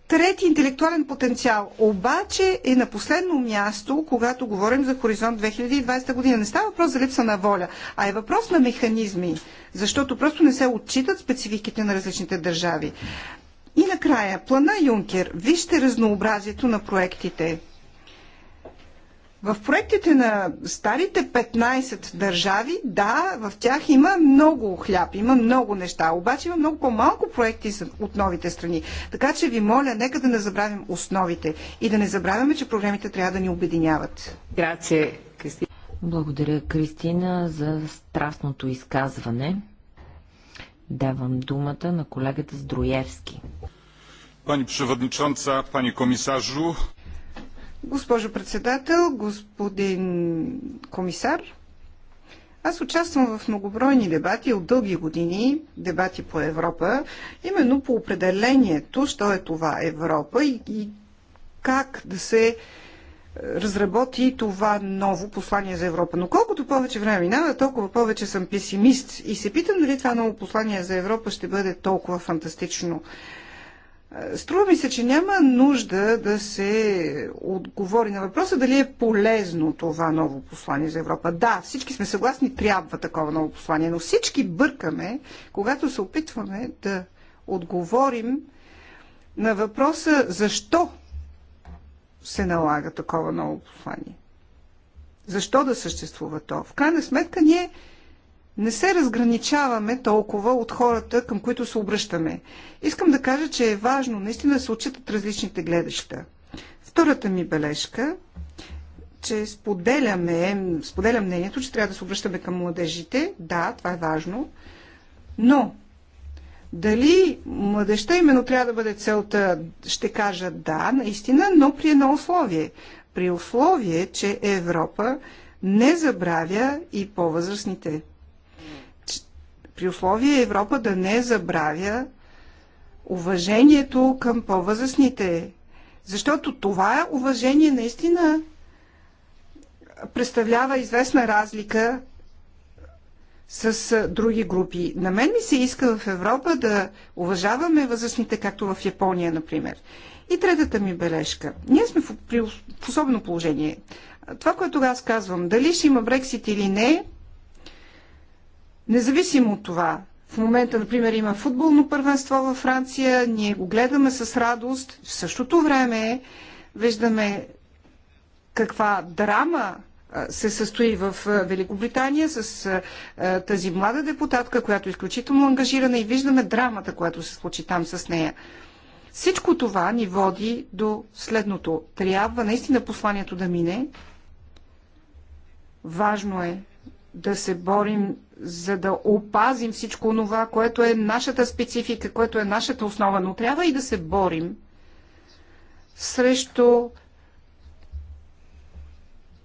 трети интелектуален потенциал. Обаче е на последно място, когато говорим за Хоризонт 2020 година. Не става въпрос за липса на воля, а е въпрос на механизми, защото просто не се отчитат спецификите на различните държави. И накрая, плана Юнкер. Вижте разнообразието на проектите. В проектите на старите 15 държави, да, в тях има много хляб, има много неща, обаче има много по-малко проекти от новите страни. Така че ви моля, нека да не забравим основите и да не забравяме, че проблемите трябва да ни обединяват. Грация, Кристина. Благодаря, Кристина, за страстното изказване. Давам думата на колегата Здроевски. Пани Przewodnicząca, пани Комисажу, Госпожо председател, господин комисар, аз участвам в многобройни дебати от дълги години, дебати по Европа, именно по определението, що е това Европа и, и как да се е, разработи това ново послание за Европа. Но колкото повече време минава, толкова повече съм песимист и се питам дали това ново послание за Европа ще бъде толкова фантастично. Струва ми се, че няма нужда да се отговори на въпроса дали е полезно това ново послание за Европа. Да, всички сме съгласни, трябва такова ново послание, но всички бъркаме, когато се опитваме да отговорим на въпроса защо се налага такова ново послание. Защо да съществува то? В крайна сметка ние не се разграничаваме толкова от хората, към които се обръщаме. Искам да кажа, че е важно наистина да се отчитат различните гледаща. Втората ми бележка, че споделяме, споделям мнението, че трябва да се обръщаме към младежите. Да, това е важно. Но дали младеща именно трябва да бъде целта, ще кажа да, наистина, но при едно условие. При условие, че Европа не забравя и по-възрастните при условие Европа да не забравя уважението към по-възрастните. Защото това уважение наистина представлява известна разлика с други групи. На мен ми се иска в Европа да уважаваме възрастните, както в Япония, например. И третата ми бележка. Ние сме в, особено положение. Това, което аз казвам, дали ще има Брексит или не, Независимо от това, в момента, например, има футболно първенство във Франция, ние го гледаме с радост. В същото време виждаме каква драма се състои в Великобритания с тази млада депутатка, която е изключително ангажирана и виждаме драмата, която се случи там с нея. Всичко това ни води до следното. Трябва наистина посланието да мине. Важно е да се борим, за да опазим всичко това, което е нашата специфика, което е нашата основа, но трябва и да се борим срещу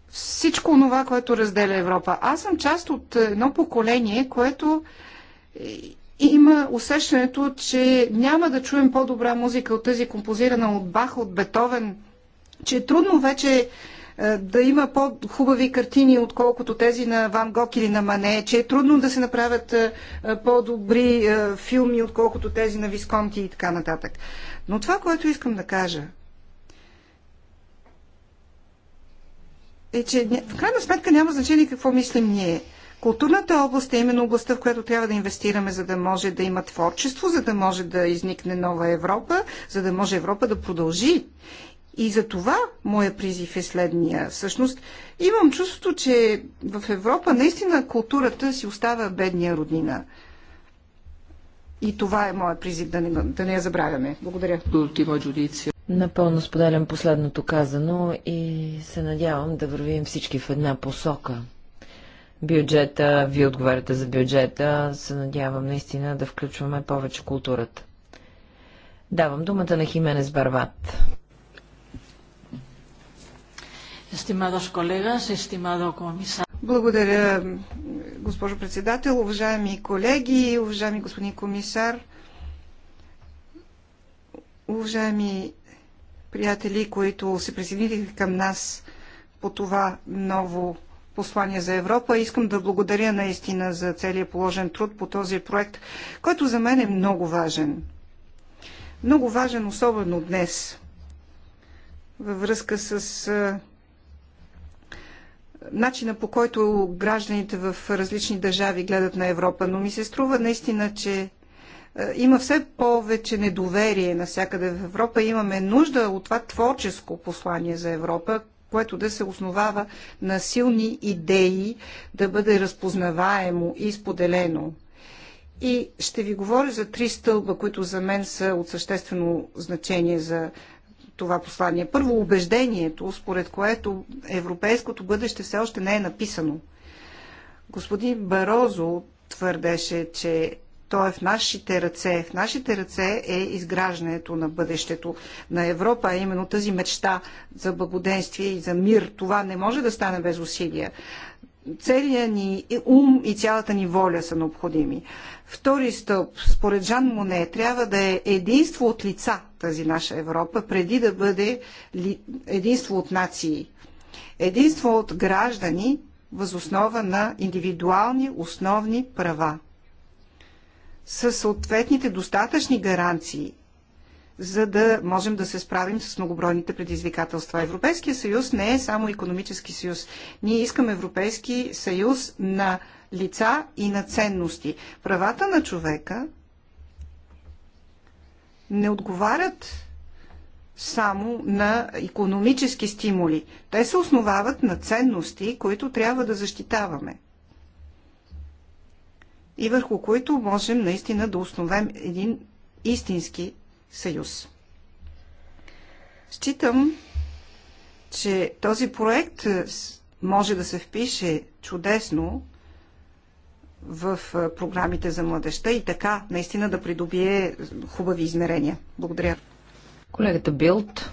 всичко това, което разделя Европа. Аз съм част от едно поколение, което има усещането, че няма да чуем по-добра музика от тази композирана от Бах, от Бетовен, че е трудно вече е, да има по-хубави картини, отколкото тези на Ван Гог или на Мане, че е трудно да се направят е, е, по-добри филми, отколкото тези на Висконти и така нататък. Но това, което искам да кажа, е, че в крайна сметка няма значение какво мислим ние. Културната област е именно областта, в която трябва да инвестираме, за да може да има творчество, за да може да изникне нова Европа, за да може Европа да продължи. И за това моя призив е следния. Всъщност имам чувството, че в Европа наистина културата си остава бедния роднина. И това е моят призив, да не, да не я забравяме. Благодаря. Напълно споделям последното казано и се надявам да вървим всички в една посока. Бюджета, вие отговаряте за бюджета, се надявам наистина да включваме повече културата. Давам думата на Хименес Барват. Благодаря, госпожо председател, уважаеми колеги, уважаеми господин комисар, уважаеми приятели, които се присъединили към нас по това ново послание за Европа. Искам да благодаря наистина за целият положен труд по този проект, който за мен е много важен. Много важен, особено днес, във връзка с начина по който гражданите в различни държави гледат на Европа, но ми се струва наистина, че е, има все повече недоверие навсякъде в Европа. Имаме нужда от това творческо послание за Европа, което да се основава на силни идеи, да бъде разпознаваемо и споделено. И ще ви говоря за три стълба, които за мен са от съществено значение за това послание. Първо, убеждението, според което европейското бъдеще все още не е написано. Господин Барозо твърдеше, че то е в нашите ръце. В нашите ръце е изграждането на бъдещето на Европа, а именно тази мечта за благоденствие и за мир. Това не може да стане без усилия целият ни ум и цялата ни воля са необходими. Втори стълб, според Жан Моне, трябва да е единство от лица тази наша Европа, преди да бъде единство от нации. Единство от граждани, възоснова на индивидуални основни права. Със съответните достатъчни гаранции за да можем да се справим с многобройните предизвикателства. Европейския съюз не е само економически съюз. Ние искаме Европейски съюз на лица и на ценности. Правата на човека не отговарят само на економически стимули. Те се основават на ценности, които трябва да защитаваме и върху които можем наистина да основем един истински съюз. Считам, че този проект е, може да се впише чудесно в е, програмите за младеща и така наистина да придобие хубави измерения. Благодаря. Колегата Билт.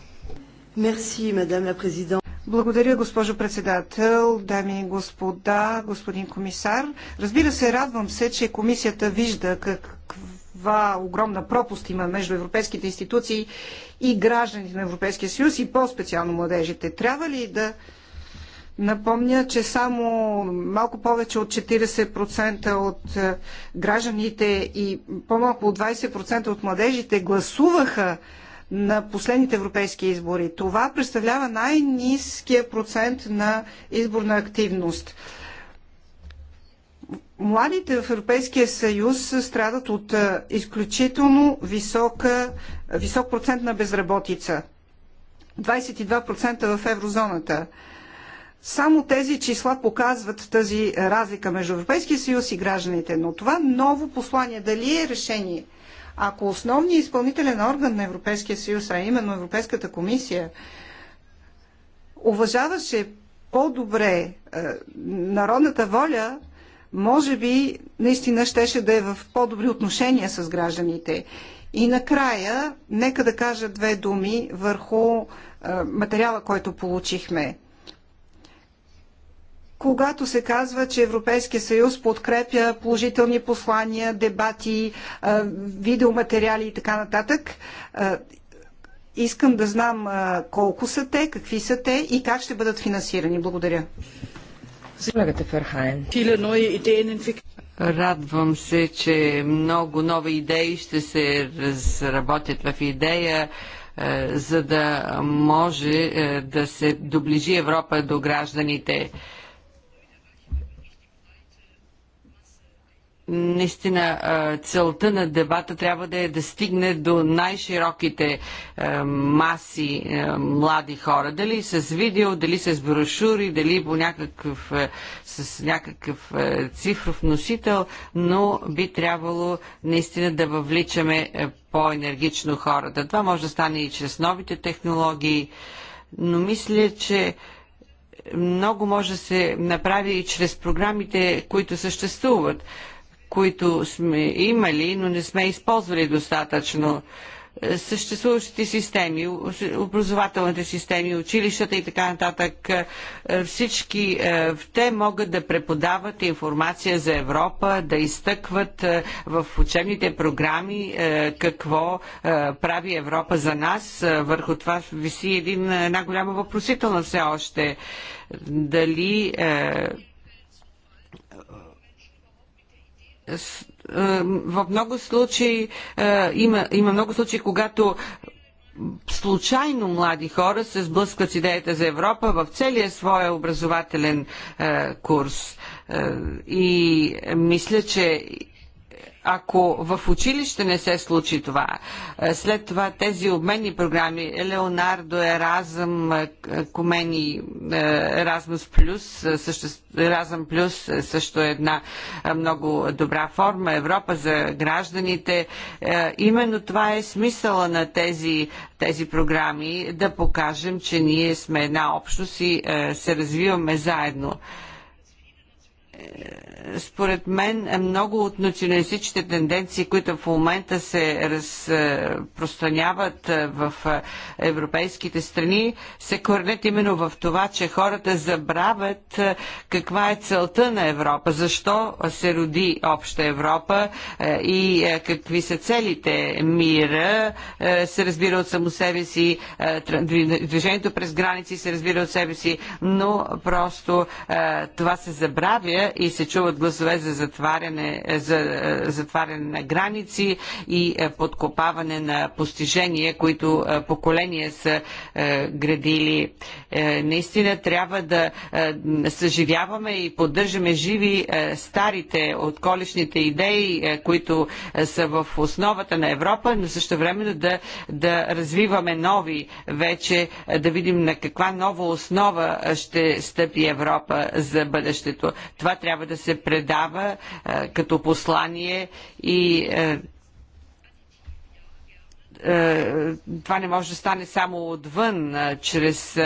Мерси, мадам ла президент. Благодаря, госпожо председател, дами и господа, господин комисар. Разбира се, радвам се, че комисията вижда как, каква огромна пропуст има между европейските институции и гражданите на Европейския съюз и по-специално младежите. Трябва ли да Напомня, че само малко повече от 40% от е, гражданите и по-малко от 20% от младежите гласуваха на последните европейски избори. Това представлява най-низкия процент на изборна активност. Младите в Европейския съюз страдат от изключително висока, висок процент на безработица. 22% в еврозоната. Само тези числа показват тази разлика между Европейския съюз и гражданите. Но това ново послание дали е решение? Ако основният изпълнителен орган на Европейския съюз, а именно Европейската комисия, уважаваше по-добре е, народната воля, може би наистина щеше да е в по-добри отношения с гражданите. И накрая, нека да кажа две думи върху материала, който получихме. Когато се казва, че Европейския съюз подкрепя положителни послания, дебати, видеоматериали и така нататък, искам да знам колко са те, какви са те и как ще бъдат финансирани. Благодаря. Ферхайн. Радвам се, че много нови идеи ще се разработят в идея е, за да може е, да се доближи Европа до гражданите. наистина целта на дебата трябва да е да стигне до най-широките маси млади хора. Дали с видео, дали с брошури, дали по някакъв, с някакъв цифров носител, но би трябвало наистина да въвличаме по-енергично хората. Това може да стане и чрез новите технологии, но мисля, че много може да се направи и чрез програмите, които съществуват които сме имали, но не сме използвали достатъчно е, съществуващите системи, образователните системи, училищата и така нататък, е, всички е, те могат да преподават информация за Европа, да изтъкват в учебните програми какво прави Европа за нас. Върху това виси един, една голяма въпросителна все още. Дали Е, в много случаи е, има, има много случаи, когато случайно млади хора се сблъскват с идеята за Европа в целия своя образователен е, курс. И мисля, че ако в училище не се случи това, е, след това тези обменни програми, Леонардо, Еразъм, е, Комени, е, Еразмус Плюс, Еразъм Плюс също е една много добра форма, Европа за гражданите. Именно това е смисъла на тези, тези програми, да покажем, че ние сме една общност и се развиваме заедно според мен е много от националистичните тенденции, които в момента се разпространяват е, в е, европейските страни, се корнят именно в това, че хората забравят каква е целта на Европа, защо се роди обща Европа и какви са целите. Мира се разбира от само себе си, движението през граници се разбира от себе си, но просто това се забравя и се чува гласове за затваряне, е, за е, затваряне на граници и е, подкопаване на постижения, които поколения са градили. Наистина трябва да съживяваме и поддържаме живи старите колишните идеи, които са в основата на Европа, но също време да, да развиваме нови вече, да видим на каква нова основа ще стъпи Европа за бъдещето. Това трябва да се предава е, като послание и е, е, това не може да стане само отвън, чрез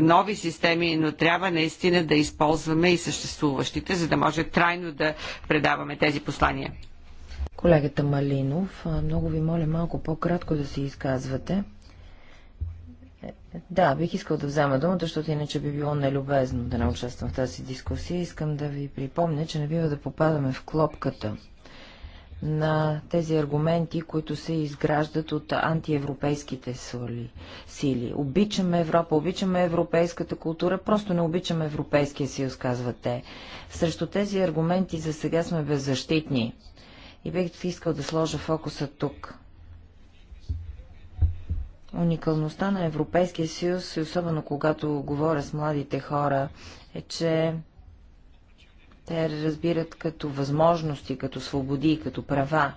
нови системи, но трябва наистина да използваме и съществуващите, за да може трайно да предаваме тези послания. Колегата Малинов, много ви моля малко по-кратко да се изказвате. Е, е, да, бих искал да взема думата, защото иначе би било нелюбезно да не участвам в тази дискусия. Искам да ви припомня, че не бива да попадаме в клопката на тези аргументи, които се изграждат от антиевропейските сили. Обичаме Европа, обичаме европейската култура, просто не обичаме Европейския съюз, казват те. Срещу тези аргументи за сега сме беззащитни. И бих искал да сложа фокуса тук. Уникалността на Европейския съюз, и особено когато говоря с младите хора, е, че те разбират като възможности, като свободи, като права.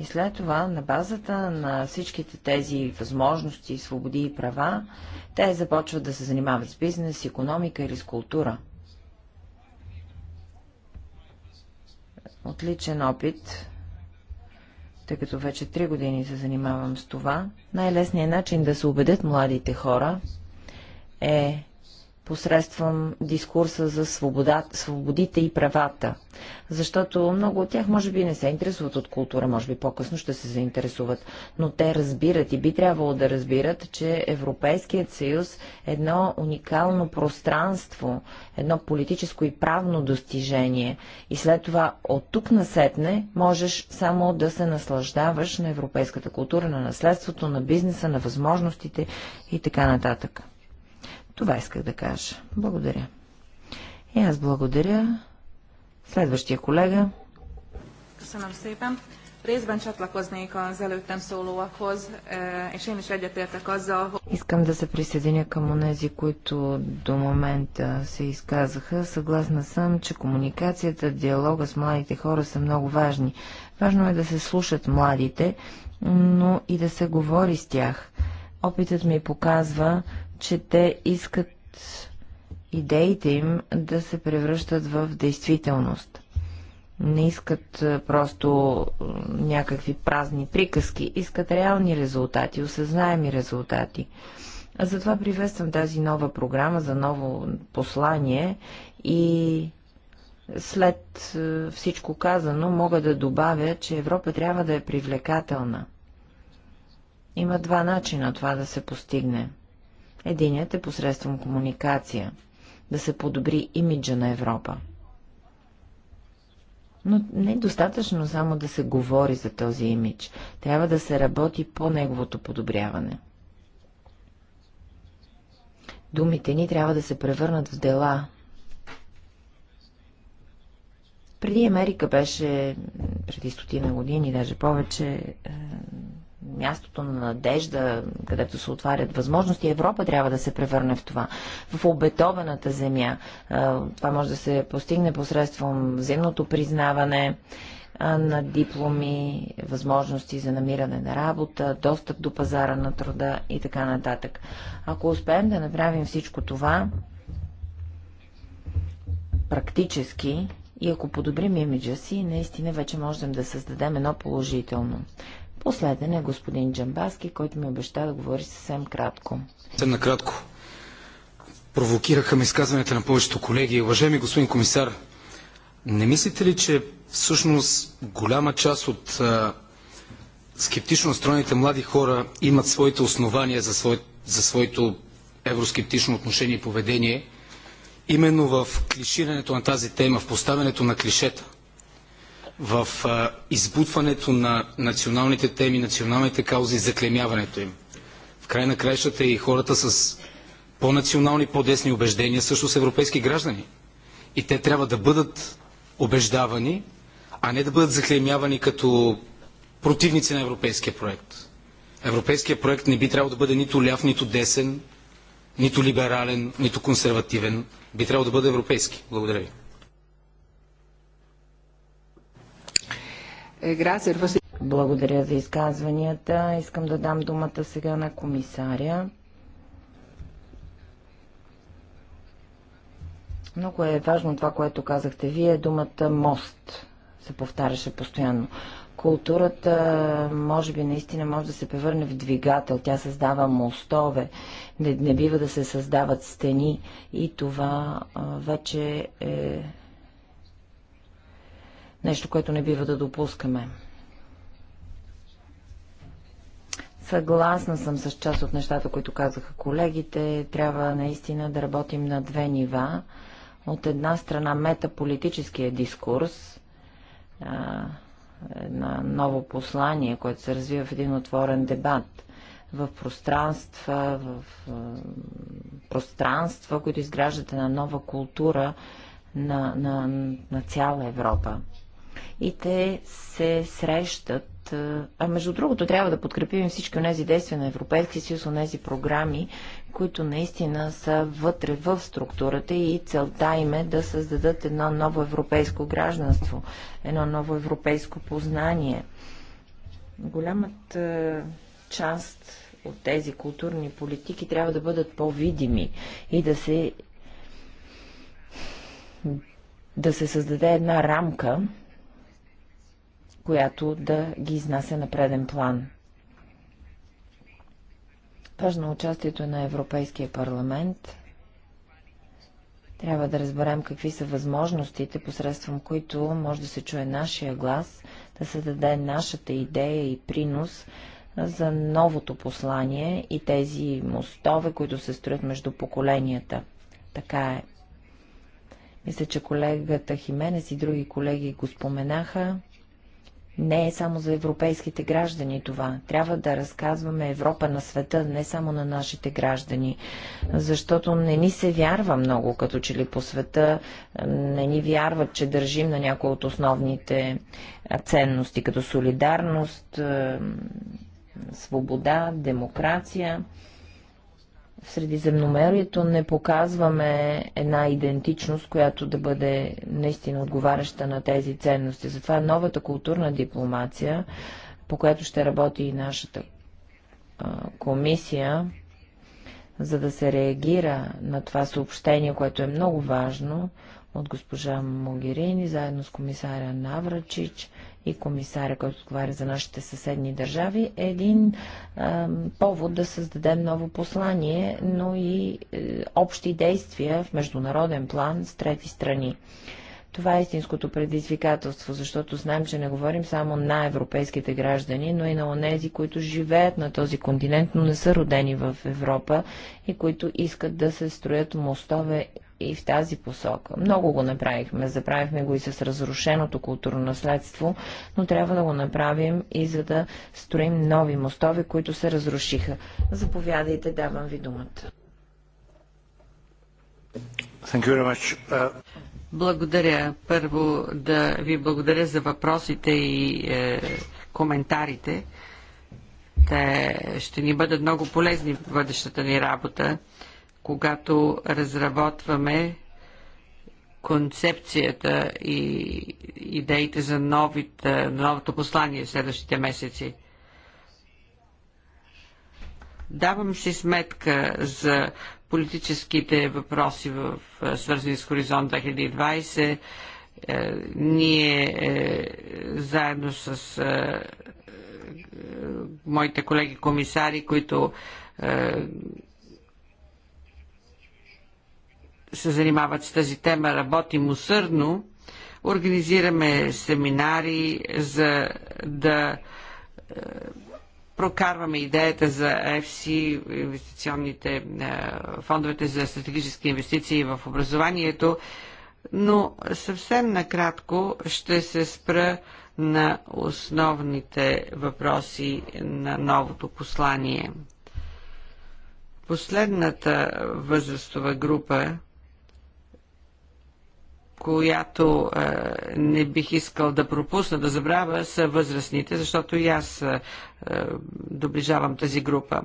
И след това, на базата на всичките тези възможности, свободи и права, те започват да се занимават с бизнес, економика или с култура. Отличен опит тъй като вече три години се занимавам с това. Най-лесният начин да се убедят младите хора е посредством дискурса за свобода, свободите и правата. Защото много от тях може би не се интересуват от култура, може би по-късно ще се заинтересуват, но те разбират и би трябвало да разбират, че Европейският съюз е едно уникално пространство, едно политическо и правно достижение. И след това от тук насетне можеш само да се наслаждаваш на европейската култура, на наследството, на бизнеса, на възможностите и така нататък. Това исках да кажа. Благодаря. И аз благодаря. Следващия колега. Köszönöm szépen. Részben csatlakoznék az előttem szólóakhoz, eh, és én is egyetértek azzal, hogy... Искам да се присъединя към онези, които до момента се изказаха. Съгласна съм, че комуникацията, диалога с младите хора са много важни. Важно е да се слушат младите, но и да се говори с тях. Опитът ми показва, че те искат идеите им да се превръщат в действителност. Не искат просто някакви празни приказки, искат реални резултати, осъзнаеми резултати. А затова приветствам тази нова програма за ново послание и след всичко казано мога да добавя, че Европа трябва да е привлекателна. Има два начина това да се постигне. Единият е посредством комуникация, да се подобри имиджа на Европа. Но не е достатъчно само да се говори за този имидж. Трябва да се работи по неговото подобряване. Думите ни трябва да се превърнат в дела. Преди Америка беше, преди стотина години, даже повече, е, мястото на надежда, където се отварят възможности. Европа трябва да се превърне в това, в обетованата земя. Това може да се постигне посредством взаимното признаване на дипломи, възможности за намиране на работа, достъп до пазара на труда и така нататък. Ако успеем да направим всичко това практически и ако подобрим имиджа си, наистина вече можем да създадем едно положително. Последен е господин Джамбаски, който ми обеща да говори съвсем кратко. Съвсем накратко. Провокираха ме изказванията на повечето колеги. Уважаеми господин комисар, не мислите ли, че всъщност голяма част от а, скептично настроените млади хора имат своите основания за, свой, за своето евроскептично отношение и поведение, именно в клиширането на тази тема, в поставянето на клишета – в избутването на националните теми, националните каузи заклемяването им. В край на краищата и хората с по-национални, по-десни убеждения също са европейски граждани. И те трябва да бъдат убеждавани, а не да бъдат заклемявани като противници на европейския проект. Европейския проект не би трябвало да бъде нито ляв, нито десен, нито либерален, нито консервативен. Би трябвало да бъде европейски. Благодаря ви. Е, Благодаря за изказванията. Искам да дам думата сега на комисаря. Много е важно това, което казахте вие. Думата мост се повтаряше постоянно. Културата, може би, наистина може да се превърне в двигател. Тя създава мостове. Не, не бива да се създават стени. И това а, вече е Нещо, което не бива да допускаме. Съгласна съм с част от нещата, които казаха колегите. Трябва наистина да работим на две нива. От една страна метаполитическия дискурс, на ново послание, което се развива в един отворен дебат в пространства, в пространства, които изграждат една нова култура на, на, на цяла Европа и те се срещат. А между другото, трябва да подкрепим всички тези действия на Европейския съюз, тези програми, които наистина са вътре в структурата и целта им е да създадат едно ново европейско гражданство, едно ново европейско познание. Голямата част от тези културни политики трябва да бъдат по-видими и да се да се създаде една рамка, която да ги изнася на преден план. Важно е участието на Европейския парламент. Трябва да разберем какви са възможностите, посредством които може да се чуе нашия глас, да се даде нашата идея и принос за новото послание и тези мостове, които се строят между поколенията. Така е. Мисля, че колегата Хименес и други колеги го споменаха. Не е само за европейските граждани това. Трябва да разказваме Европа на света, не само на нашите граждани. Защото не ни се вярва много, като че ли по света не ни вярват, че държим на някои от основните ценности, като солидарност, свобода, демокрация в Средиземноморието не показваме една идентичност, която да бъде наистина отговаряща на тези ценности. Затова новата културна дипломация, по която ще работи и нашата комисия, за да се реагира на това съобщение, което е много важно, от госпожа Могерини, заедно с комисаря Наврачич, и комисаря, който отговаря за нашите съседни държави, е един е, повод да създадем ново послание, но и е, общи действия в международен план с трети страни. Това е истинското предизвикателство, защото знаем, че не говорим само на европейските граждани, но и на онези, които живеят на този континент, но не са родени в Европа и които искат да се строят мостове и в тази посока. Много го направихме. Заправихме го и с разрушеното културно наследство, но трябва да го направим и за да строим нови мостове, които се разрушиха. Заповядайте, давам ви думата. Uh... Благодаря. Първо да ви благодаря за въпросите и е, коментарите. Те ще ни бъдат много полезни в бъдещата ни работа когато разработваме концепцията и идеите за новите, новото послание в следващите месеци. Давам си сметка за политическите въпроси, в, е, свързани с Хоризонт 2020. Е, ние е, заедно с моите колеги комисари, които се занимават с тази тема, работим усърдно. Организираме семинари за да е, прокарваме идеята за FC, инвестиционните е, фондовете за стратегически инвестиции в образованието, но съвсем накратко ще се спра на основните въпроси на новото послание. Последната възрастова група която е, не бих искал да пропусна, да забравя, са възрастните, защото и аз е, е, доближавам тази група.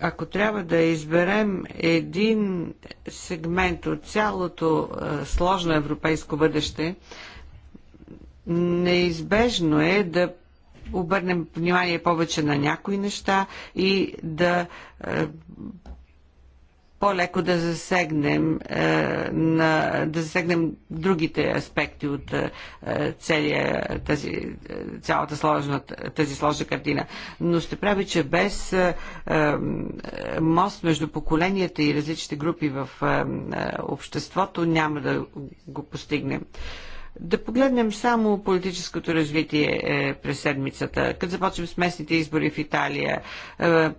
Ако трябва да изберем един сегмент от цялото е, сложно европейско бъдеще, неизбежно е да обърнем внимание повече на някои неща и да е, по-леко да засегнем, е, на, да засегнем другите аспекти от е, целия, тази, е, цялата сложна, тази сложна картина. Но ще прави, че без е, е, мост между поколенията и различните групи в е, е, обществото няма да го постигнем. Е, да погледнем само политическото развитие е, през седмицата, като започнем с местните избори в Италия, е,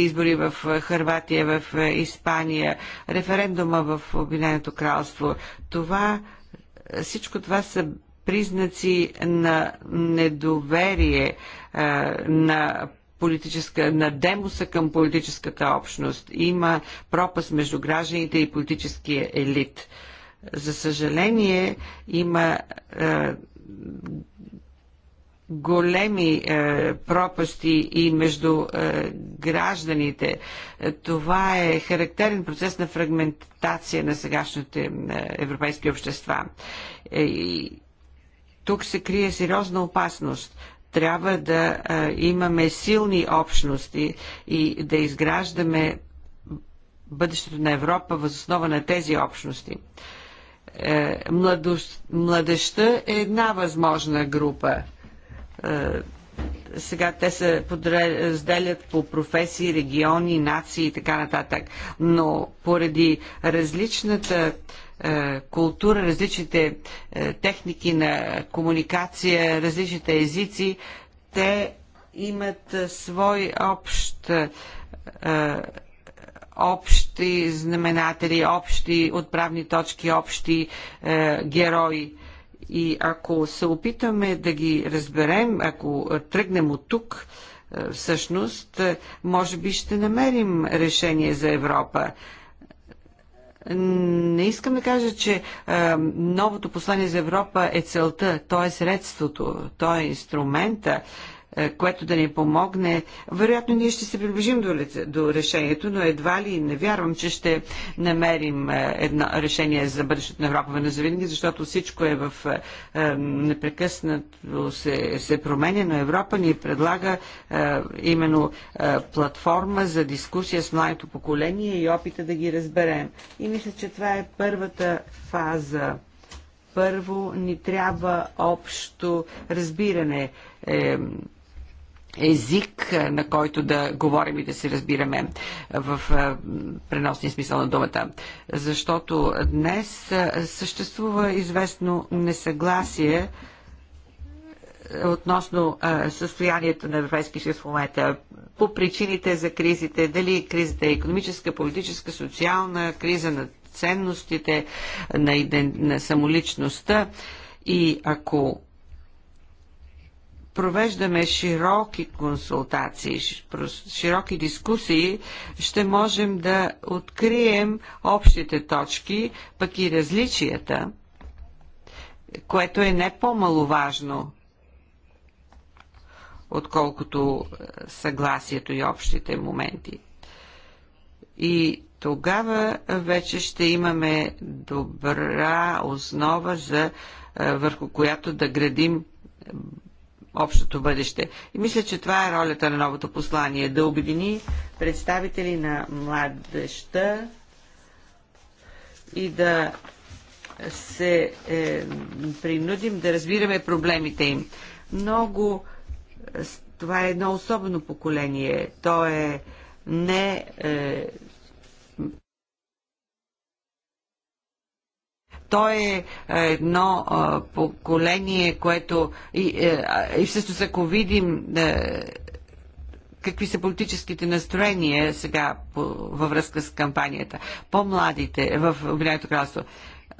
избори в е, Харватия, в е, Испания, референдума в Обединеното кралство. Това, всичко това са признаци на недоверие, на политическа, на демоса към политическата общност. Има пропаст между гражданите и политическия елит. За съжаление, има е, големи е, пропасти и между е, гражданите. Е, това е характерен процес на фрагментация на сегашните е, европейски общества. Е, и тук се крие сериозна опасност трябва да е, имаме силни общности и да изграждаме бъдещето на Европа въз основа на тези общности. Е, е една възможна група. Е, сега те се разделят по професии, региони, нации и така нататък. Но поради различната е, култура, различните е, техники на комуникация, различните езици, те имат свой общ общи знаменатели, общи отправни точки, общи е, герои. И ако се опитаме да ги разберем, ако тръгнем от тук, е, всъщност, е, може би ще намерим решение за Европа. Не искам да кажа, че е, новото послание за Европа е целта, то е средството, то е инструмента. Е, е, което да ни помогне. Вероятно ние ще се приближим до, до решението, но едва ли не вярвам, че ще намерим е, едно решение за бъдещето на Европа на завинаги, защото всичко е в е, непрекъснато се, се променя, но Европа ни предлага именно платформа за дискусия с младото поколение и опита да ги разберем. И мисля, че това е първата фаза първо ни трябва общо разбиране. Е, език, е, на който да говорим и да се разбираме в е, преносния смисъл на думата. Защото днес е, съществува известно несъгласие относно състоянието на Европейския съюз в момента, по причините за кризите, дали кризата е економическа, политическа, социална, криза на ценностите, на, иден, на самоличността. И ако провеждаме широки консултации, широки дискусии, ще можем да открием общите точки, пък и различията, което е не по-маловажно, отколкото е, съгласието и общите моменти. И тогава вече ще имаме добра основа за е, върху която да градим общото бъдеще. И мисля, че това е ролята на новото послание да обедини представители на младеща и да се е, принудим да разбираме проблемите им. Много. Е, това е едно особено поколение. То е не. Е, Той е, е едно поколение, което и, е, и всъщност ако видим е, какви са политическите настроения сега във връзка с кампанията. По-младите в Обединеното кралство.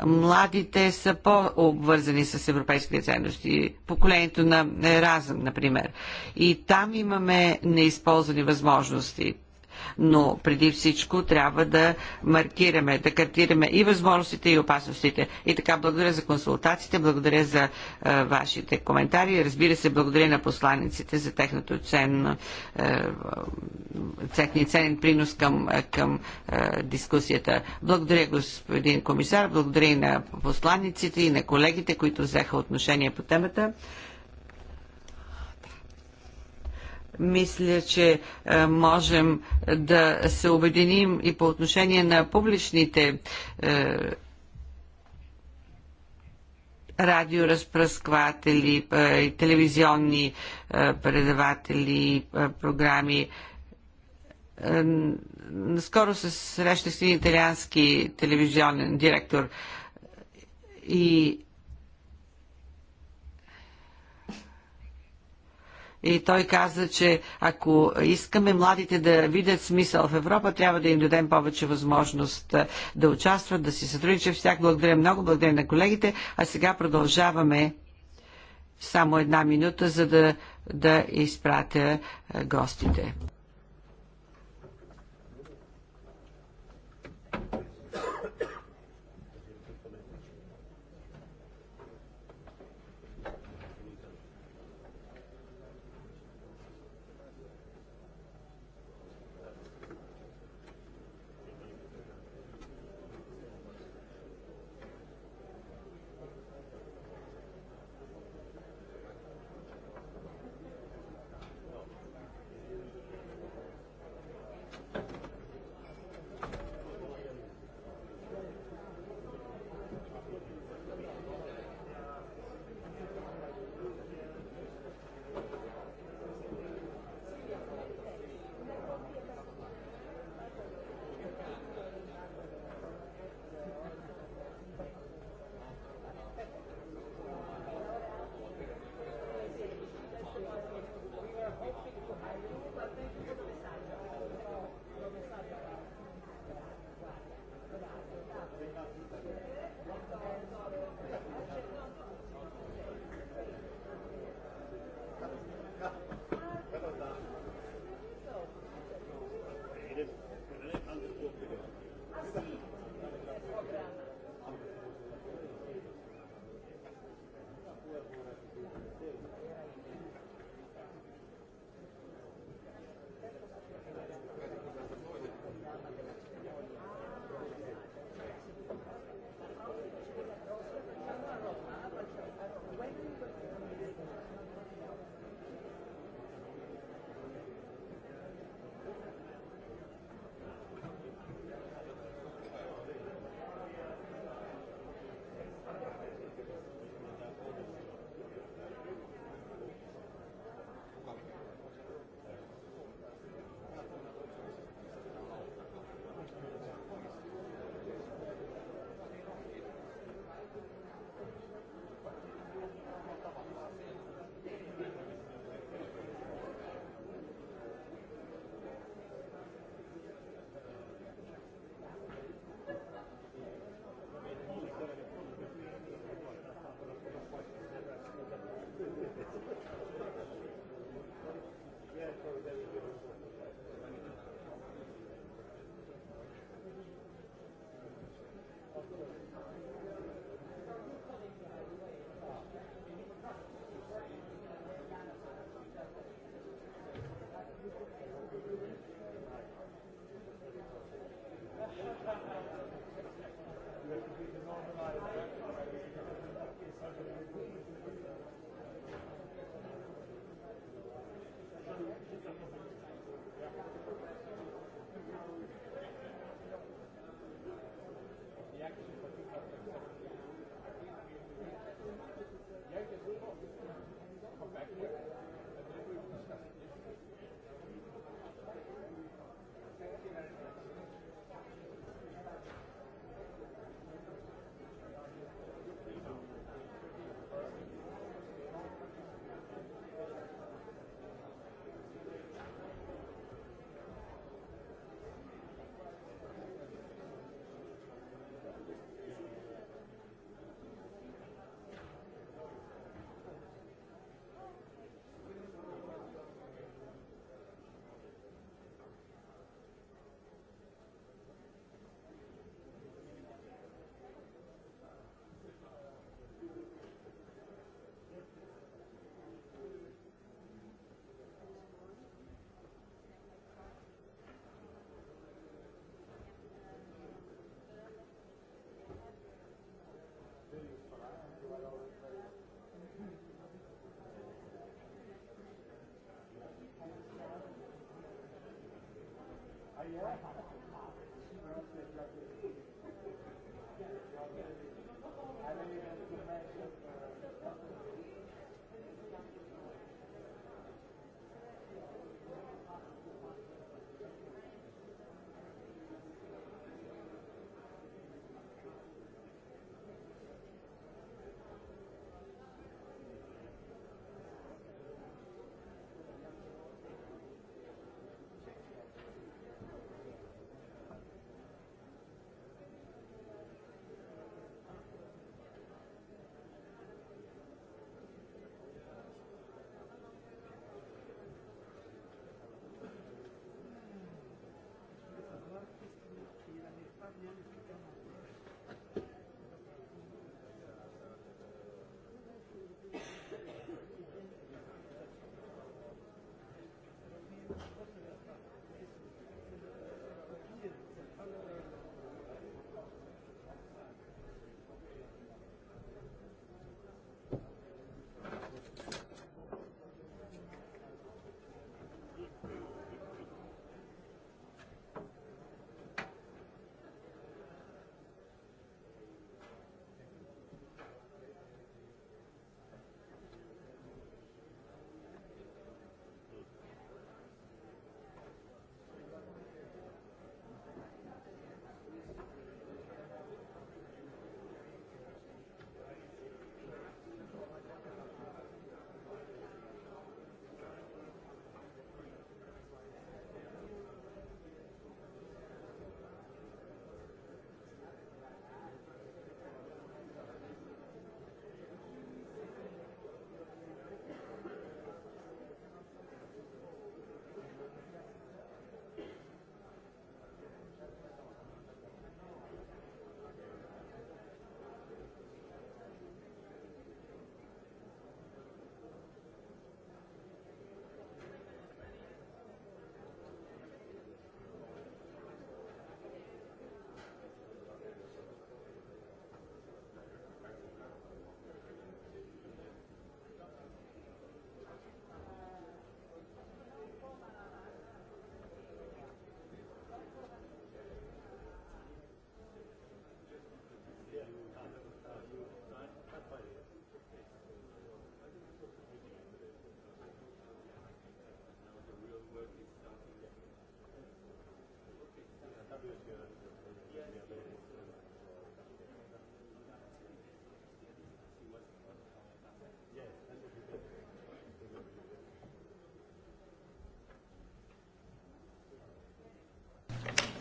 Младите са по-обвързани с европейските ценности. Поколението на Еразъм, например. И там имаме неизползвани възможности но преди всичко трябва да маркираме, да картираме и възможностите и опасностите. И така, благодаря за консултациите, благодаря за а, вашите коментари. Разбира се, благодаря на посланиците за техното ценно, а, техни ценен принос към, към а, дискусията. Благодаря, господин комисар, благодаря и на посланиците и на колегите, които взеха отношение по темата. мисля, че е, можем да се обединим и по отношение на публичните е, радиоразпръскватели, е, телевизионни предаватели, програми. Скоро се срещах с един италиански телевизионен директор и и той каза, че ако искаме младите да видят смисъл в Европа, трябва да им дадем повече възможност да участват, да си сътрудничат в тях. Благодаря много, благодаря на колегите. А сега продължаваме само една минута, за да, да изпратя гостите.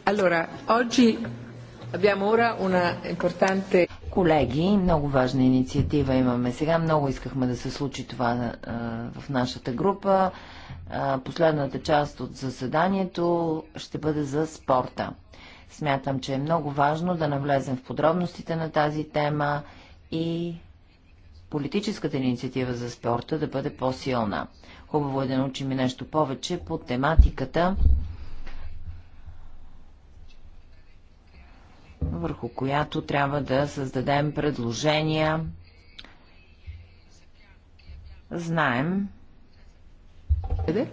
Allora, oggi abbiamo ora una importante... Колеги, много важна инициатива имаме сега. Много искахме да се случи това а, в нашата група. А, последната част от заседанието ще бъде за спорта. Смятам, че е много важно да навлезем в подробностите на тази тема и политическата инициатива за спорта да бъде по-силна. Хубаво е да научим и нещо повече по тематиката върху която трябва да създадем предложения. Знаем. Е,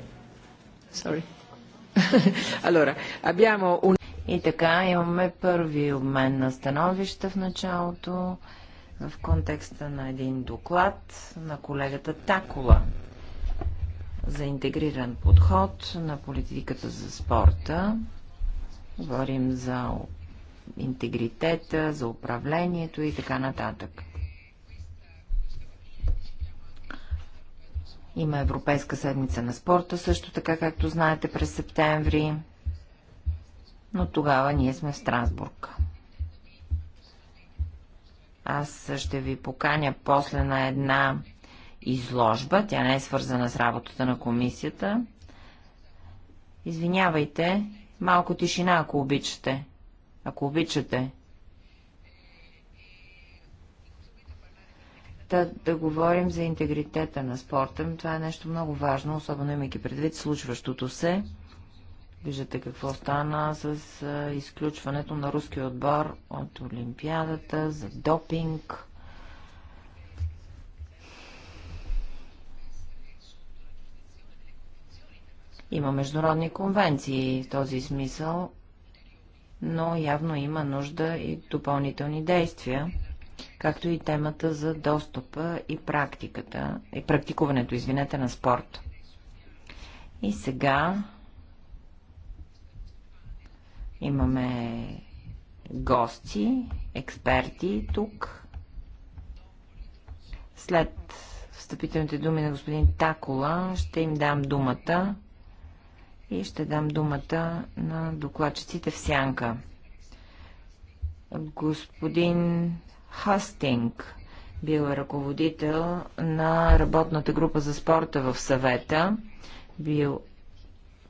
И така, имаме първи обмен на становища в началото в контекста на един доклад на колегата Такова за интегриран подход на политиката за спорта. Говорим за интегритета, за управлението и така нататък. Има Европейска седмица на спорта, също така, както знаете, през септември. Но тогава ние сме в Страсбург. Аз ще ви поканя после на една изложба. Тя не е свързана с работата на комисията. Извинявайте, малко тишина, ако обичате ако обичате. Да да говорим за интегритета на спорта. Това е нещо много важно, особено имайки предвид случващото се. Виждате какво стана с изключването на руския отбор от Олимпиадата за допинг. Има международни конвенции в този смисъл но явно има нужда и допълнителни действия, както и темата за достъпа и практиката, и практикуването, извинете, на спорт. И сега имаме гости, експерти тук. След встъпителните думи на господин Такола ще им дам думата и ще дам думата на докладчиците в сянка. Господин Хастинг бил е ръководител на работната група за спорта в съвета. Бил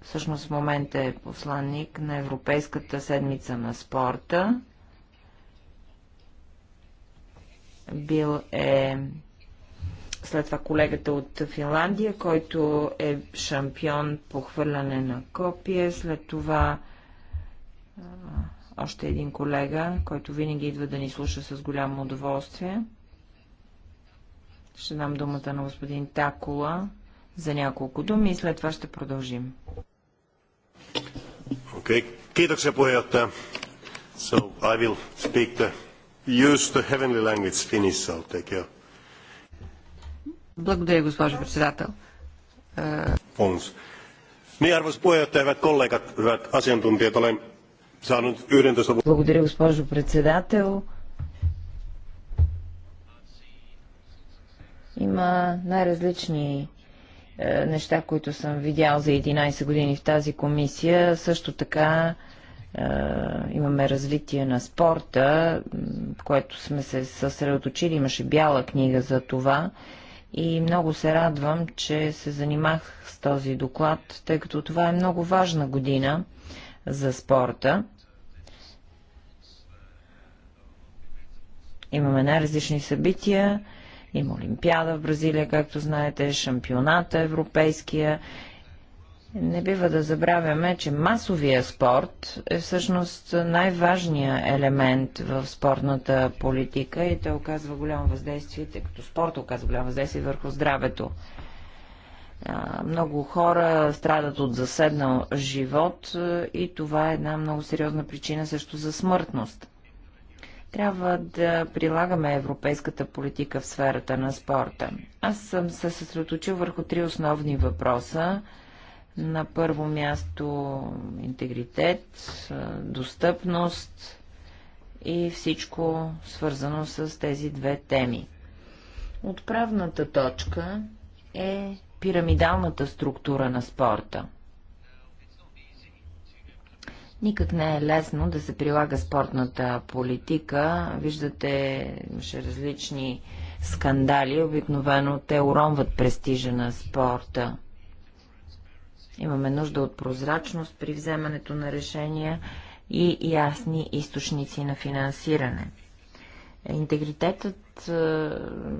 всъщност в момента е посланник на Европейската седмица на спорта. Бил е след това колегата от Финландия, който е шампион по хвърляне на копие. След това още един колега, който винаги идва да ни слуша с голямо удоволствие. Ще дам думата на господин Такола за няколко думи и след това ще продължим. Okay. Kiitoksia puheenjohtaja. So I will speak the, use the heavenly language Finnish, so take care. Благодаря, госпожо председател. Е, puheenjohtaja, hyvät kollegat, hyvät asiantuntijat, olen saanut 11 vuotta... Благодаря, госпожо председател. Има най-различни е, неща, които съм видял за 11 години в тази комисия. Също така е, имаме развитие на спорта, в което сме се съсредоточили. Имаше бяла книга за това. Е, и много се радвам, че се занимах с този доклад, тъй като това е много важна година за спорта. Имаме най-различни събития. Има Олимпиада в Бразилия, както знаете, шампионата европейския не бива да забравяме, че масовия спорт е всъщност най-важният елемент в спортната политика и той оказва голямо въздействие, тъй като спорт оказва голямо въздействие върху здравето. Много хора страдат от заседнал живот и това е една много сериозна причина също за смъртност. Трябва да прилагаме европейската политика в сферата на спорта. Аз съм се съсредоточил върху три основни въпроса на първо място интегритет, достъпност и всичко свързано с тези две теми. Отправната точка е пирамидалната структура на спорта. Никак не е лесно да се прилага спортната политика. Виждате, имаше различни скандали. Обикновено те уронват престижа на спорта. Имаме нужда от прозрачност при вземането на решения и ясни източници на финансиране. Интегритетът е,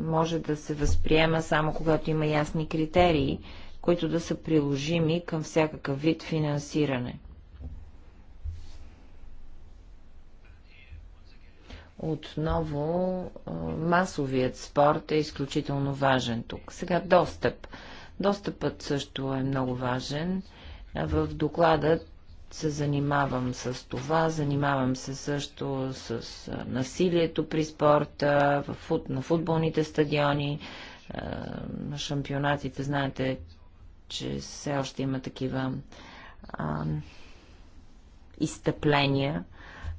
може да се възприема само когато има ясни критерии, които да са приложими към всякакъв вид финансиране. Отново е, масовият спорт е изключително важен тук. Сега достъп. Достъпът също е много важен. В доклада се занимавам с това, занимавам се също с насилието при спорта, на футболните стадиони, на шампионатите. Знаете, че все още има такива а, изтъпления.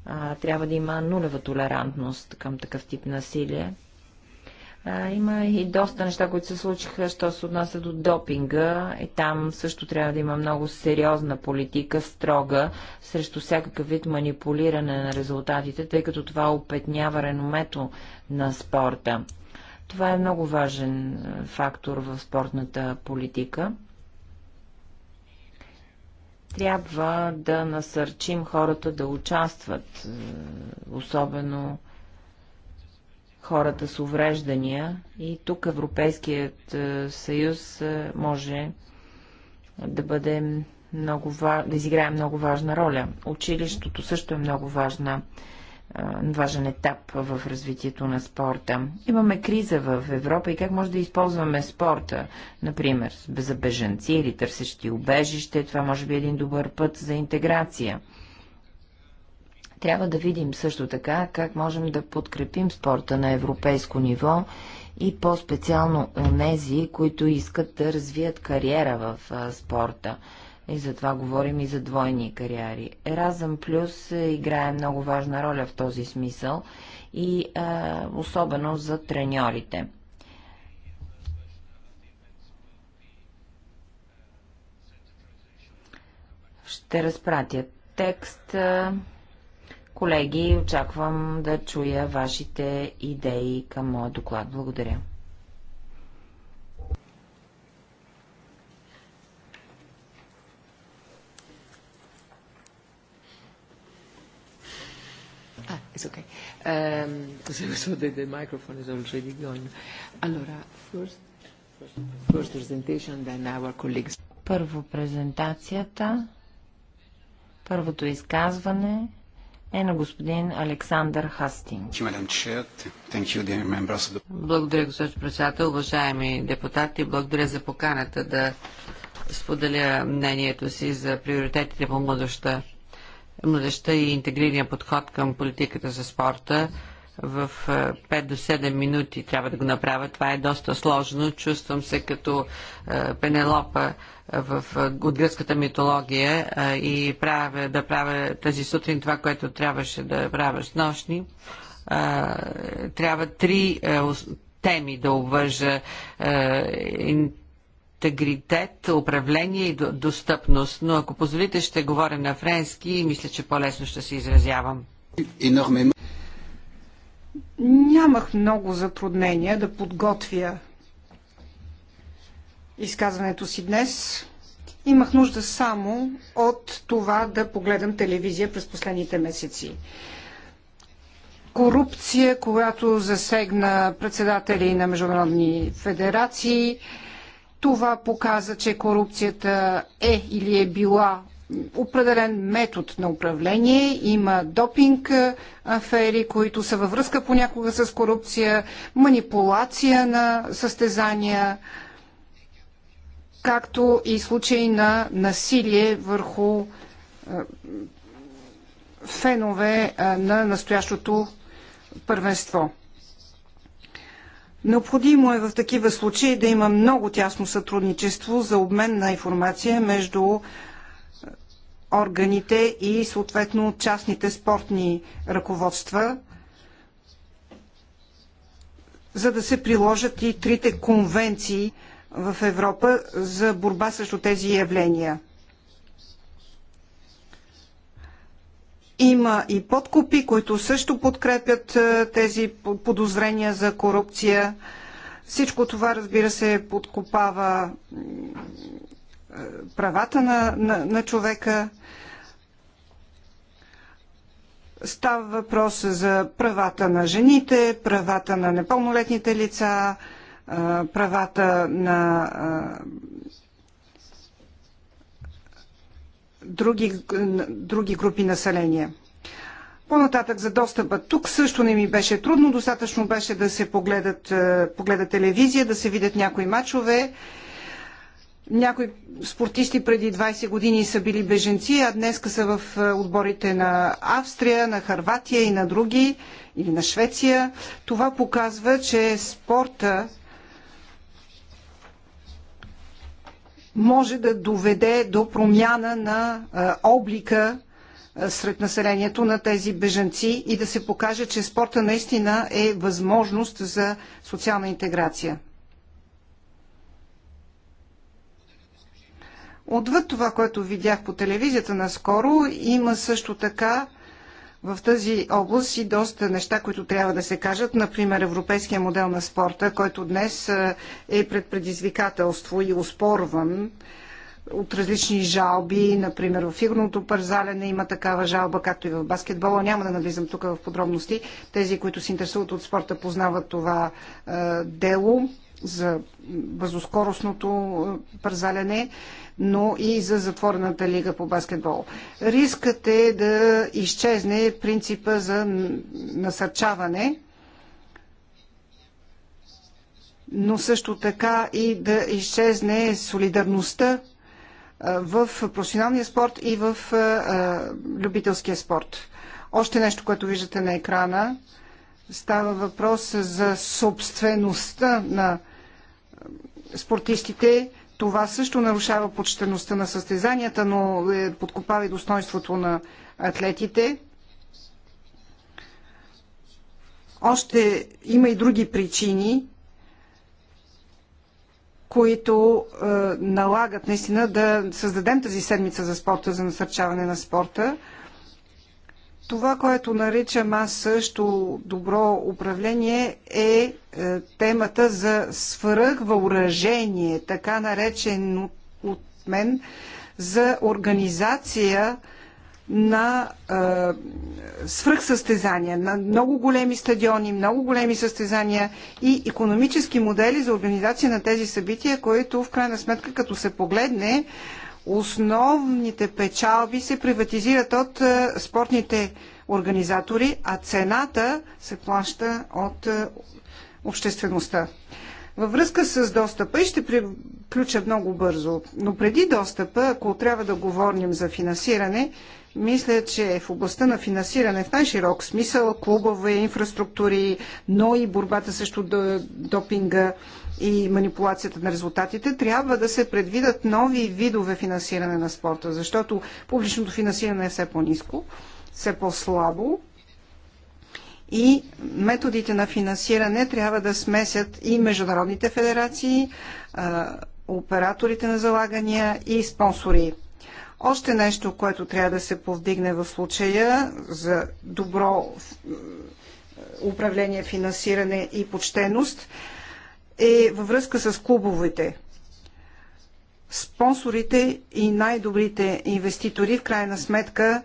А, трябва да има нулева толерантност към такъв тип насилие. А, има и доста неща, които се случиха, що се отнася до допинга. И там също трябва да има много сериозна политика, строга, срещу всякакъв вид манипулиране на резултатите, тъй като това опетнява реномето на спорта. Това е много важен фактор в спортната политика. Трябва да насърчим хората да участват, особено хората с увреждания и тук Европейският е, съюз е, може да бъде много ва... да изиграе много важна роля. Училището също е много важна, е, важен етап в развитието на спорта. Имаме криза в Европа и как може да използваме спорта, например, за беженци или търсещи убежище. Това може би е един добър път за интеграция. Трябва да видим също така как можем да подкрепим спорта на европейско ниво и по-специално онези, които искат да развият кариера в а, спорта. И затова говорим и за двойни кариери. Еразъм Плюс е, играе много важна роля в този смисъл и а, особено за треньорите. Ще разпратя текст колеги, очаквам да чуя вашите идеи към моя доклад. Благодаря. Първо презентацията, първото изказване е на господин Александър Хастин. Благодаря, госпожо председател, уважаеми депутати. Благодаря за поканата да споделя мнението си за приоритетите по младеща, младеща и интегрирания подход към политиката за спорта в 5 е, до 7 минути трябва да го направя. Това е доста сложно. Чувствам се като е, Пенелопа е, в, от гръцката митология и правя, да правя тази сутрин това, което трябваше да правя с нощни. Трябва три теми да обвържа интегритет, управление и достъпност. Но ако позволите, ще говоря на френски и мисля, че по-лесно ще се изразявам. Нямах много затруднения да подготвя изказването си днес. Имах нужда само от това да погледам телевизия през последните месеци. Корупция, която засегна председатели на международни федерации, това показа, че корупцията е или е била определен метод на управление, има допинг афери, които са във връзка понякога с корупция, манипулация на състезания, както и случаи на насилие върху фенове на настоящото първенство. Необходимо е в такива случаи да има много тясно сътрудничество за обмен на информация между органите и съответно частните спортни ръководства, за да се приложат и трите конвенции в Европа за борба срещу тези явления. Има и подкупи, които също подкрепят е, тези подозрения за корупция. Всичко това, разбира се, подкопава е, правата на, на, на човека. Става въпрос за правата на жените, правата на непълнолетните лица, правата на други, други групи населения. По-нататък за достъпа. Тук също не ми беше трудно. Достатъчно беше да се погледат, е, погледа телевизия, да се видят някои мачове някои спортисти преди 20 години са били беженци, а днес са в е, отборите на Австрия, на Харватия и на други, или на Швеция. Това показва, че спорта може да доведе до промяна на е, облика е, сред населението на тези беженци и да се покаже, че спорта наистина е възможност за социална интеграция. Отвъд това, което видях по телевизията наскоро, има също така в тази област и доста неща, които трябва да се кажат. Например, европейския модел на спорта, който днес е пред предизвикателство и оспорван от различни жалби. Например, в фигурното парзалене има такава жалба, както и в баскетбола. Няма да навлизам тук в подробности. Тези, които се интересуват от спорта, познават това е, дело за базоскоростното парзалене. Е, но и за затворената лига по баскетбол. Рискът е да изчезне принципа за насърчаване, но също така и да изчезне солидарността в професионалния спорт и в любителския спорт. Още нещо, което виждате на екрана, става въпрос за собствеността на спортистите. Това също нарушава почтеността на състезанията, но е подкопава и достоинството на атлетите. Още има и други причини, които е, налагат наистина да създадем тази седмица за спорта, за насърчаване на спорта. Това, което наричам аз също добро управление е, е темата за свръхвъоръжение, така наречен от мен за организация на е, свръхсъстезания, на много големи стадиони, много големи състезания и економически модели за организация на тези събития, които в крайна сметка, като се погледне, Основните печалби се приватизират от е, спортните организатори, а цената се плаща от е, обществеността. Във връзка с достъпа и ще приключа много бързо, но преди достъпа, ако трябва да говорим за финансиране, мисля, че в областта на финансиране в най-широк смисъл, клубове, инфраструктури, но и борбата срещу допинга, и манипулацията на резултатите, трябва да се предвидат нови видове финансиране на спорта, защото публичното финансиране е все по-низко, все по-слабо и методите на финансиране трябва да смесят и международните федерации, операторите на залагания и спонсори. Още нещо, което трябва да се повдигне в случая за добро управление, финансиране и почтеност – е във връзка с клубовете. Спонсорите и най-добрите инвеститори в крайна сметка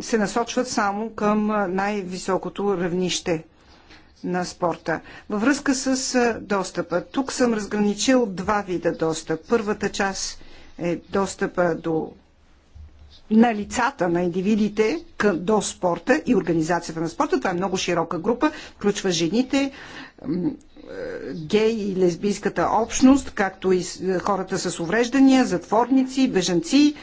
се насочват само към най-високото равнище на спорта. Във връзка с достъпа, тук съм разграничил два вида достъп. Първата част е достъпа до на лицата, на индивидите към, до спорта и организацията на спорта. Това е много широка група, включва жените, гей и лесбийската общност, както и е, хората с увреждания, затворници, бежанци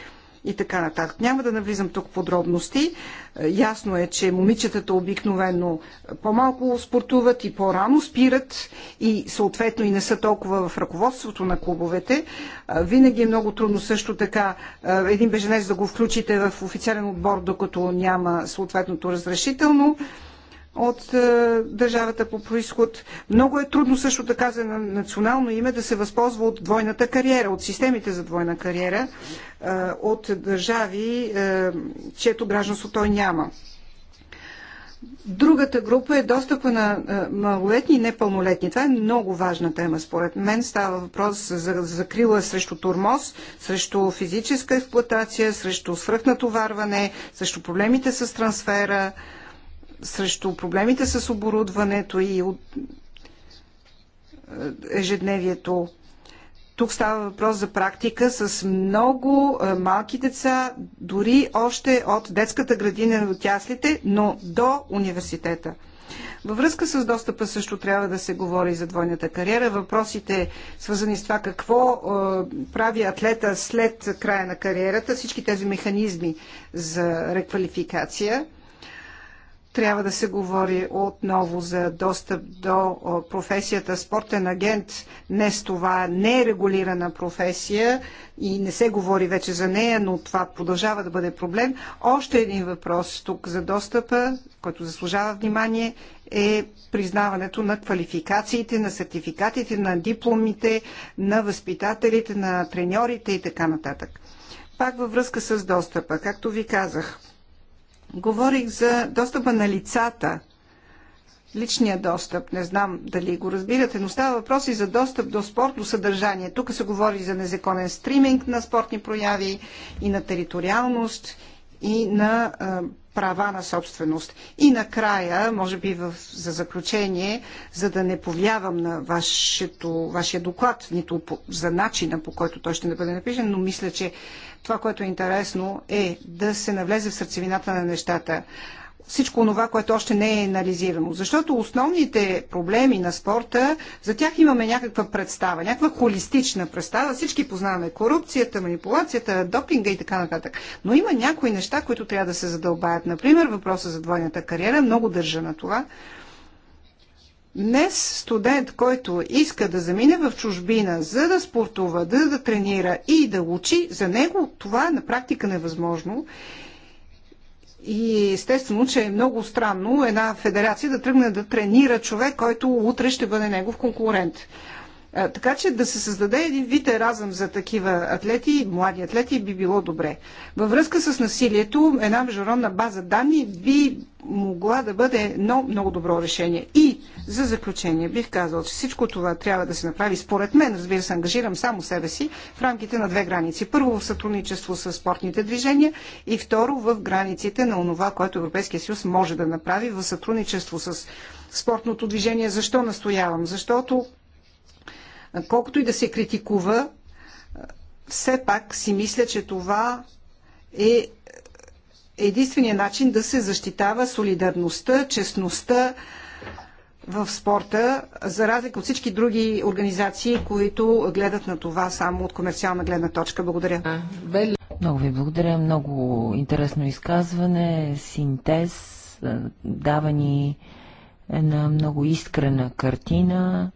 и така нататък. Няма да навлизам тук подробности. Е, ясно е, че момичетата обикновено по-малко спортуват и по-рано спират и съответно и не са толкова в ръководството на клубовете. Е, винаги е много трудно също така един беженец да го включите в официален отбор, докато няма съответното разрешително от е, държавата по происход. Много е трудно също така за национално име да се възползва от двойната кариера, от системите за двойна кариера, е, от държави, е, чието гражданство той няма. Другата група е достъпа на е, малолетни и непълнолетни. Това е много важна тема, според мен. Става въпрос за закрила срещу турмоз, срещу физическа експлуатация, срещу свръхнатоварване, срещу проблемите с трансфера срещу проблемите с оборудването и от е, ежедневието. Тук става въпрос за практика с много е, малки деца, дори още от детската градина и от яслите, но до университета. Във връзка с достъпа също трябва да се говори за двойната кариера. Въпросите свързани с това какво е, прави атлета след края на кариерата, всички тези механизми за реквалификация. Трябва да се говори отново за достъп до професията спортен агент. Днес това не е регулирана професия и не се говори вече за нея, но това продължава да бъде проблем. Още един въпрос тук за достъпа, който заслужава внимание, е признаването на квалификациите, на сертификатите, на дипломите, на възпитателите, на треньорите и така нататък. Пак във връзка с достъпа, както ви казах – Говорих за достъпа на лицата, личния достъп. Не знам дали го разбирате, но става въпрос и за достъп до спортно съдържание. Тук се говори за незаконен стриминг на спортни прояви и на териториалност и на права на собственост. И накрая, може би в, за заключение, за да не повлиявам на вашето, вашия доклад, нито по, за начина по който той ще бъде напишен, но мисля, че това, което е интересно, е да се навлезе в сърцевината на нещата. Всичко това, което още не е анализирано. Защото основните проблеми на спорта, за тях имаме някаква представа, някаква холистична представа. Всички познаваме корупцията, манипулацията, допинга и така нататък. Но има някои неща, които трябва да се задълбаят. Например, въпроса за двойната кариера. Много държа на това. Днес студент, който иска да замине в чужбина, за да спортува, да, да тренира и да учи, за него това е на практика невъзможно. И естествено, че е много странно една федерация да тръгне да тренира човек, който утре ще бъде негов конкурент. Така че да се създаде един вид разъм за такива атлети, млади атлети, би било добре. Във връзка с насилието, една международна база данни би могла да бъде много, много добро решение. И за заключение бих казал, че всичко това трябва да се направи според мен, разбира се, ангажирам само себе си, в рамките на две граници. Първо в сътрудничество с спортните движения и второ в границите на онова, което Европейския съюз може да направи в сътрудничество с спортното движение. Защо настоявам? Защото Колкото и да се критикува, все пак си мисля, че това е единствения начин да се защитава солидарността, честността в спорта, за разлика от всички други организации, които гледат на това само от комерциална гледна точка. Благодаря. Много ви благодаря. Много интересно изказване, синтез, дава ни една много искрена картина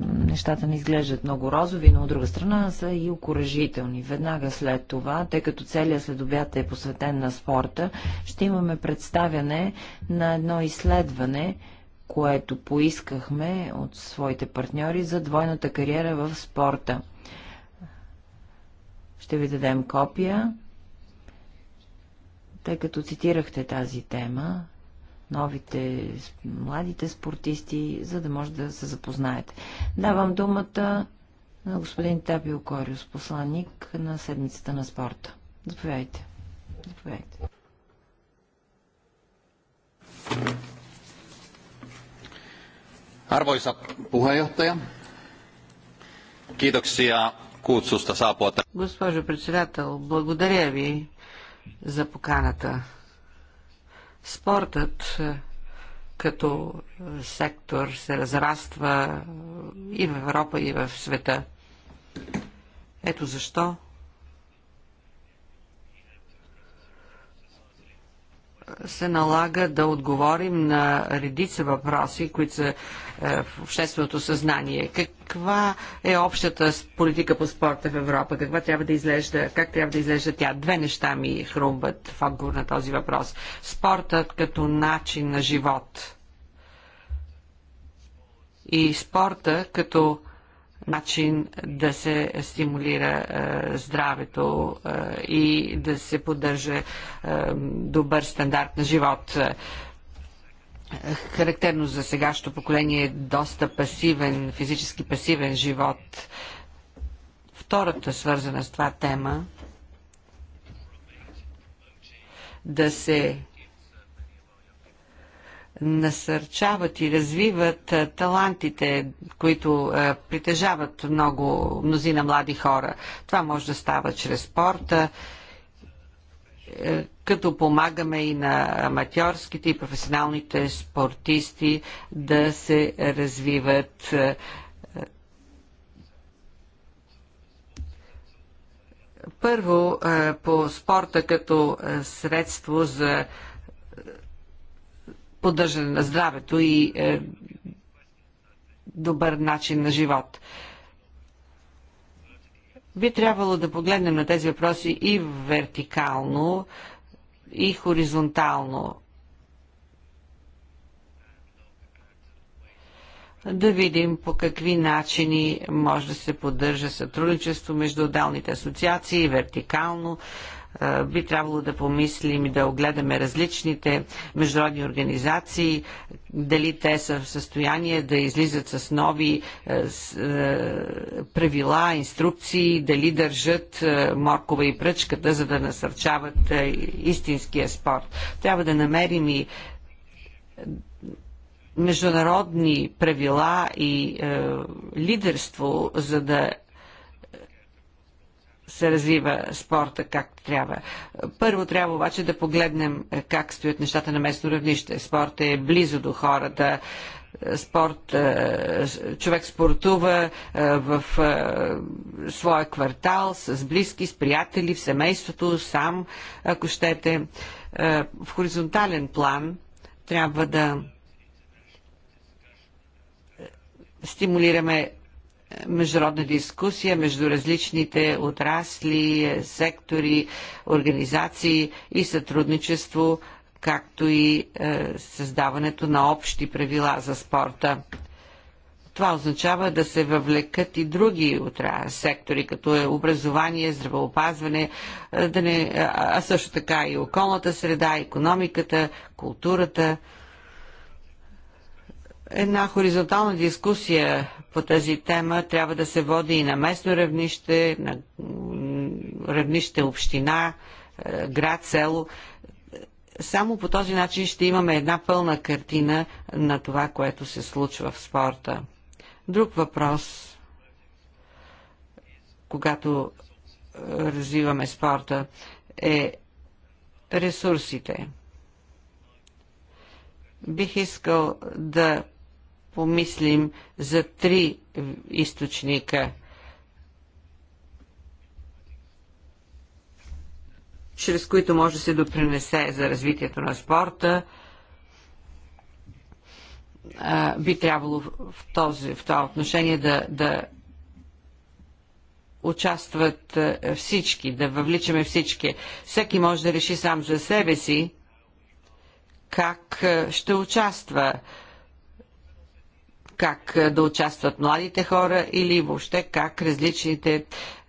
нещата не изглеждат много розови, но от друга страна са и окоръжителни. Веднага след това, тъй като целият следобят е посветен на спорта, ще имаме представяне на едно изследване, което поискахме от своите партньори за двойната кариера в спорта. Ще ви дадем копия, тъй като цитирахте тази тема новите, младите спортисти, за да може да се запознаете. Давам думата на господин Табио Кориус, посланник на Седмицата на спорта. Заповядайте. Заповядайте. Arvoisa puheenjohtaja, kiitoksia kutsusta saapua. Госпожо председател, благодаря ви за поканата Спортът е, като сектор се разраства и в Европа, и в света. Ето защо се налага да отговорим на редица въпроси, които са е, в общественото съзнание. Каква е общата политика по спорта в Европа? Каква трябва да изглежда, как трябва да изглежда тя? Две неща ми хрумбат в отговор на този въпрос. Спортът като начин на живот и спорта като начин да се стимулира е, здравето е, и да се поддържа е, добър стандарт на живот. Е, характерно за сегашното поколение е доста пасивен, физически пасивен живот. Втората свързана с това тема да се насърчават и развиват талантите, които притежават много мнозина млади хора. Това може да става чрез спорта, е, като помагаме и на аматьорските и професионалните спортисти да се развиват. Е, е, първо по спорта като средство за поддържане на здравето и е, добър начин на живот. Би трябвало да погледнем на тези въпроси и вертикално, и хоризонтално. да видим по какви начини може да се поддържа сътрудничество между отделните асоциации, вертикално, би трябвало да помислим и да огледаме различните международни организации, дали те са в състояние да излизат с нови правила, инструкции, дали държат моркова и пръчката, за да насърчават истинския спорт. Трябва да намерим и международни правила и е, лидерство, за да се развива спорта както трябва. Първо трябва обаче да погледнем е, как стоят нещата на местно равнище. Спорт е близо до хората е, спорт, е, човек спортува в своя квартал с близки, с приятели, в семейството, сам, ако щете. В хоризонтален план трябва да стимулираме международна дискусия между различните отрасли, сектори, организации и сътрудничество, както и е, създаването на общи правила за спорта. Това означава да се въвлекат и други сектори, като е образование, здравеопазване, е, да не, а също така и околната среда, економиката, културата – Една хоризонтална дискусия по тази тема трябва да се води и на местно равнище, на равнище община, е, град, село. Само по този начин ще имаме една пълна картина на това, което се случва в спорта. Друг въпрос, когато е, развиваме спорта, е ресурсите. Бих искал да помислим за три източника. чрез които може да се допринесе за развитието на спорта, би трябвало в, този, в това отношение да, да участват всички, да въвличаме всички. Всеки може да реши сам за себе си как ще участва как е, да участват младите хора или въобще как различните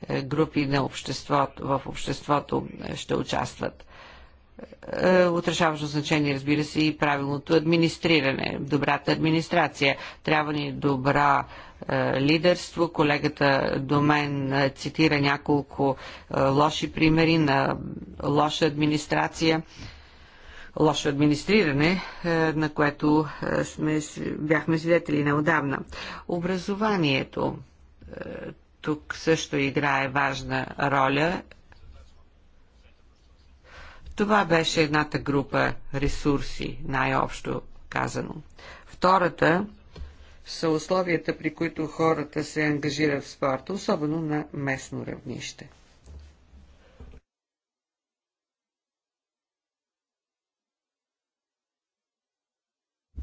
е, групи на обществото, в обществото е, ще участват. Отрешаващо значение, разбира се, и правилното администриране, добрата администрация. Трябва ни добра лидерство. Колегата до мен цитира няколко лоши примери на лоша администрация лошо администриране, е, на което е, сме, бяхме свидетели неодавна. Образованието е, тук също играе важна роля. Това беше едната група ресурси, най-общо казано. Втората са условията, при които хората се ангажират в спорта, особено на местно равнище.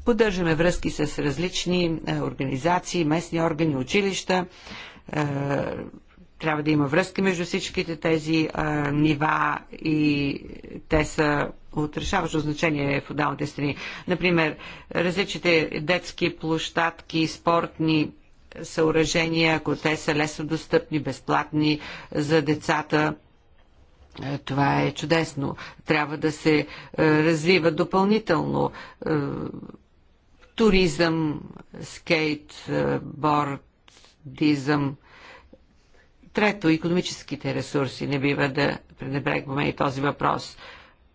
Поддържаме връзки с различни е, организации, местни органи, училища. Е, трябва да има връзки между всичките тези е, нива и те са от решаващо значение в отдалните страни. Например, различните детски площадки, спортни съоръжения, ако те са лесно достъпни, безплатни за децата, това е чудесно. Трябва да се развива допълнително туризъм, е, дизъм, Трето, економическите ресурси. Не бива да пренебрегваме и този въпрос.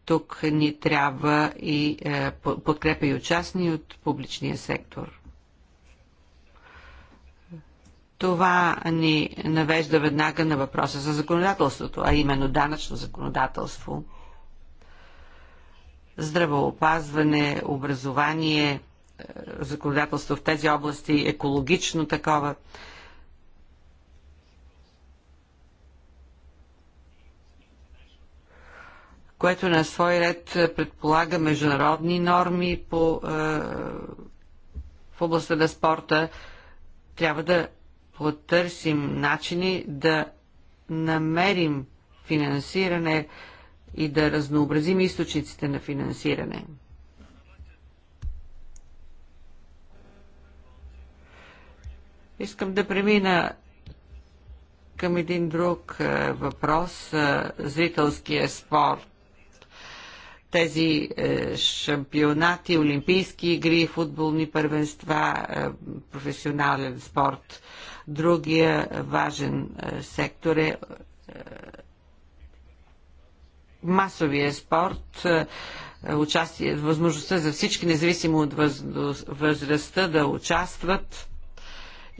Тук ни трябва и е, подкрепа и от частни, и от публичния сектор. Това ни навежда веднага на въпроса за законодателството, а именно данъчно законодателство, здравоопазване, образование – законодателство в тези области, екологично такова. което на свой ред предполага международни норми по, е, в областта на спорта. Трябва да потърсим начини да намерим финансиране и да разнообразим източниците на финансиране. Искам да премина към един друг е, въпрос е, зрителския спорт. Тези е, шампионати, олимпийски игри, футболни първенства, професионален спорт. Другия важен сектор е масовия спорт, участие, възможността за всички, независимо от възрастта, да участват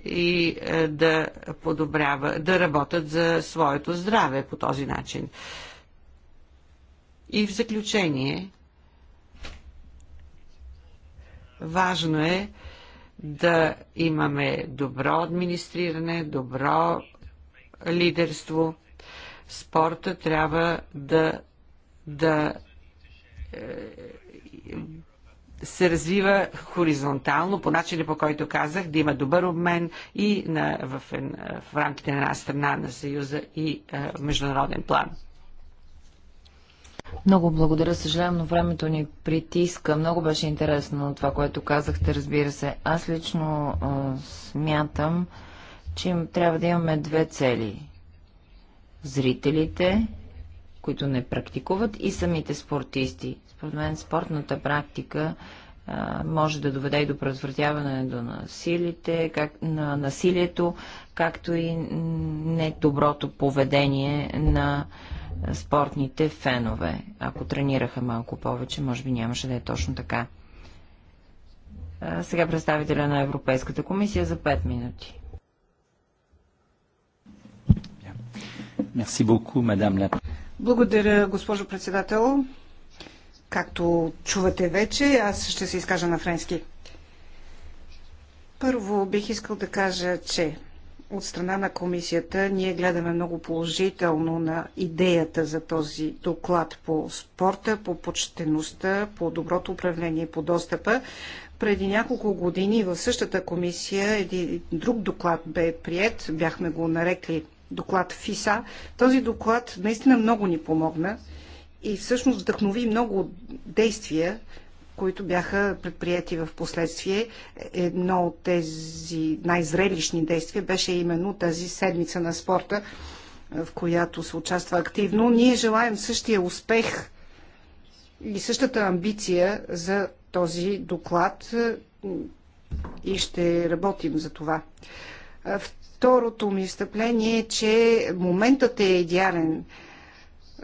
и е, да подобрява, да работят за своето здраве по този начин. И в заключение, важно е да имаме добро администриране, добро лидерство. Спорта трябва да, да е, се развива хоризонтално, по начина по който казах, да има добър обмен и на, в, в рамките на една страна на Съюза и е, в международен план. Много благодаря. Съжалявам, но времето ни притиска. Много беше интересно това, което казахте, разбира се. Аз лично а, е, смятам, че трябва да имаме две цели. Зрителите, които не практикуват, и самите спортисти. Според мен спортната практика а, може да доведе и до предотвратяване до насилите, как, на насилието, както и недоброто поведение на спортните фенове. Ако тренираха малко повече, може би нямаше да е точно така. А, сега представителя на Европейската комисия за 5 минути. Благодаря, госпожо председател. Както чувате вече, аз ще се изкажа на френски. Първо бих искал да кажа, че от страна на комисията ние гледаме много положително на идеята за този доклад по спорта, по почтеността, по доброто управление и по достъпа. Преди няколко години в същата комисия един друг доклад бе прият, бяхме го нарекли доклад ФИСА. Този доклад наистина много ни помогна и всъщност вдъхнови много действия, които бяха предприяти в последствие. Едно от тези най-зрелищни действия беше именно тази седмица на спорта, в която се участва активно. Ние желаем същия успех и същата амбиция за този доклад и ще работим за това. Второто ми встъпление е, че моментът е идеален.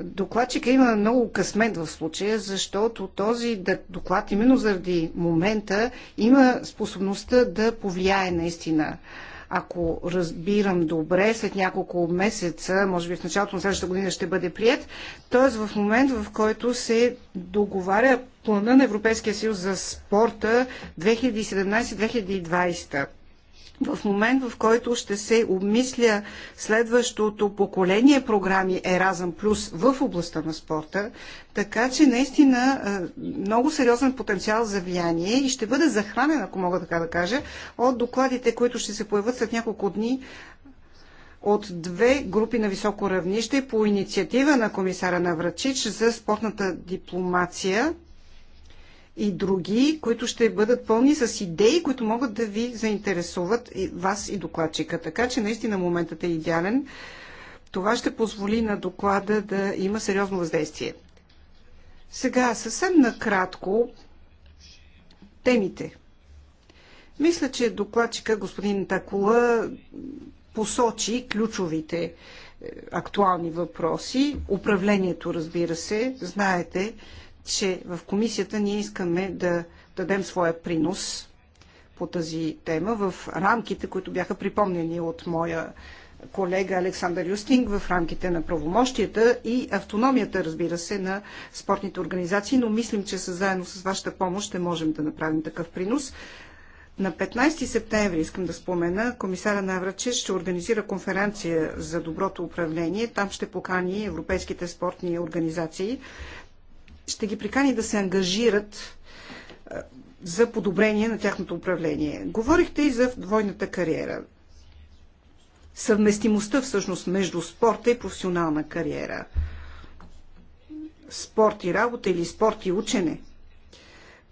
Докладчика има много късмет в случая, защото този доклад, именно заради момента, има способността да повлияе наистина. Ако разбирам добре, след няколко месеца, може би в началото на следващата година ще бъде прият, т.е. в момент, в който се договаря плана на Европейския съюз за спорта 2017-2020 в момент, в който ще се обмисля следващото поколение програми Еразъм Плюс в областта на спорта, така че наистина много сериозен потенциал за влияние и ще бъде захранен, ако мога така да кажа, от докладите, които ще се появят след няколко дни от две групи на високо равнище по инициатива на комисара Наврачич за спортната дипломация – и други, които ще бъдат пълни с идеи, които могат да ви заинтересуват и вас и докладчика. Така че наистина моментът е идеален. Това ще позволи на доклада да има сериозно въздействие. Сега съвсем накратко темите. Мисля, че докладчика господин Такула посочи ключовите е, актуални въпроси. Управлението, разбира се, знаете, че в комисията ние искаме да дадем своя принос по тази тема в рамките, които бяха припомнени от моя колега Александър Юстинг в рамките на правомощията и автономията, разбира се, на спортните организации, но мислим, че със заедно с вашата помощ ще можем да направим такъв принос. На 15 септември, искам да спомена, комисара Навраче ще организира конференция за доброто управление. Там ще покани европейските спортни организации ще ги прикани да се ангажират е, за подобрение на тяхното управление. Говорихте и за двойната кариера. Съвместимостта всъщност между спорта и професионална кариера. Спорт и работа или спорт и учене.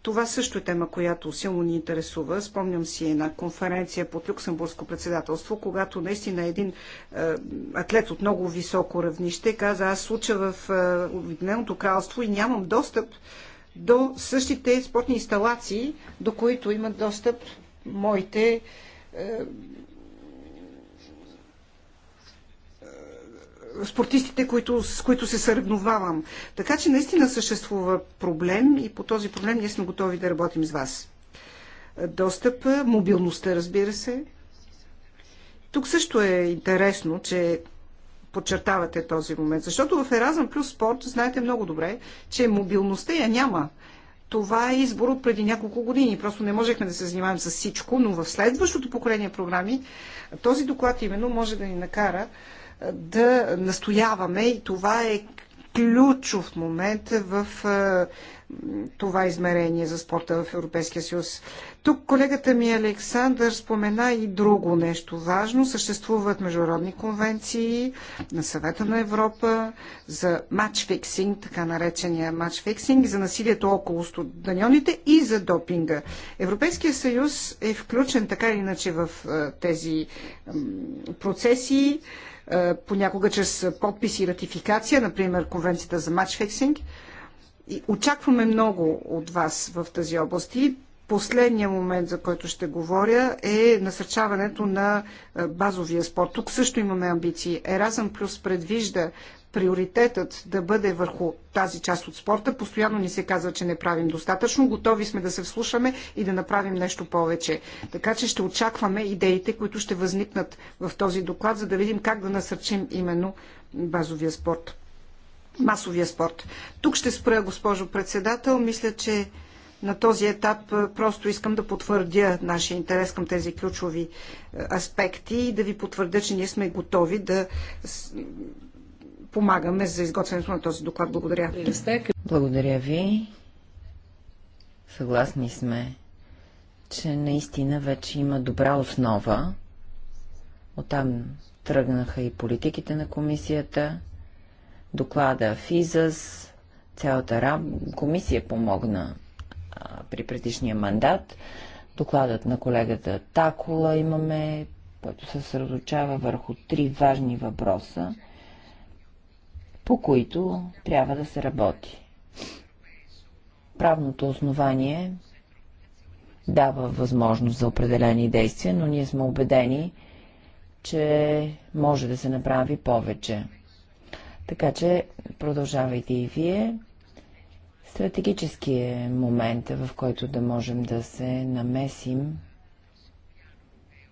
Това също е тема, която силно ни интересува. Спомням си една конференция под Люксембургско председателство, когато наистина един е, атлет от много високо равнище каза, аз случа в е, Обединеното кралство и нямам достъп до същите спортни инсталации, до които имат достъп моите е, спортистите, които, с които се съревновавам. Така че наистина съществува проблем и по този проблем ние сме готови да работим с вас. Достъп мобилността, разбира се. Тук също е интересно, че подчертавате този момент. Защото в Еразъм плюс спорт знаете много добре, че мобилността я няма. Това е избор от преди няколко години. Просто не можехме да се занимаваме с всичко, но в следващото поколение програми този доклад именно може да ни накара да настояваме и това е ключов момент в е, това измерение за спорта в Европейския съюз. Тук колегата ми Александър спомена и друго нещо важно. Съществуват международни конвенции на съвета на Европа за матчфиксинг, така наречения матчфиксинг, за насилието около стадионите и за допинга. Европейския съюз е включен така или иначе в е, тези процеси. Е, понякога чрез подпис и ратификация, например Конвенцията за матчфиксинг. Очакваме много от вас в тази област и последният момент, за който ще говоря, е насърчаването на е, базовия спорт. Тук също имаме амбиции. Еразъм Плюс предвижда приоритетът да бъде върху тази част от спорта. Постоянно ни се казва, че не правим достатъчно. Готови сме да се вслушаме и да направим нещо повече. Така че ще очакваме идеите, които ще възникнат в този доклад, за да видим как да насърчим именно базовия спорт. Масовия спорт. Тук ще спра, госпожо председател. Мисля, че на този етап просто искам да потвърдя нашия интерес към тези ключови аспекти и да ви потвърдя, че ние сме готови да помагаме за изготвянето на този доклад. Благодаря. Благодаря ви. Съгласни сме, че наистина вече има добра основа. Оттам тръгнаха и политиките на комисията, доклада ФИЗАС, цялата раб... комисия помогна а, при предишния мандат. Докладът на колегата Такола имаме, който се съсредоточава върху три важни въпроса по които трябва да се работи. Правното основание дава възможност за определени действия, но ние сме убедени, че може да се направи повече. Така че продължавайте и вие. Стратегически е момента, в който да можем да се намесим,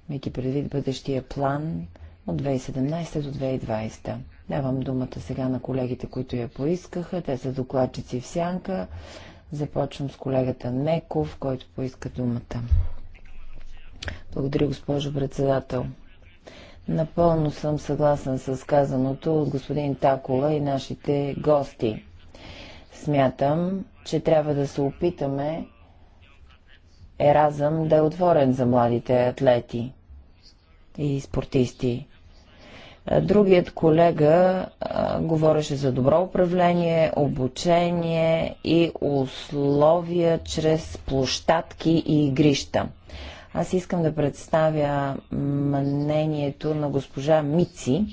мейки предвид бъдещия план от 2017 до 2020. Давам думата сега на колегите, които я поискаха. Те са докладчици в сянка. Започвам с колегата Неков, който поиска думата. Благодаря, госпожо председател. Напълно съм съгласен с казаното от господин Такола и нашите гости. Смятам, че трябва да се опитаме Еразъм да е отворен за младите атлети и спортисти. Другият колега а, говореше за добро управление, обучение и условия чрез площадки и игрища. Аз искам да представя мнението на госпожа Мици,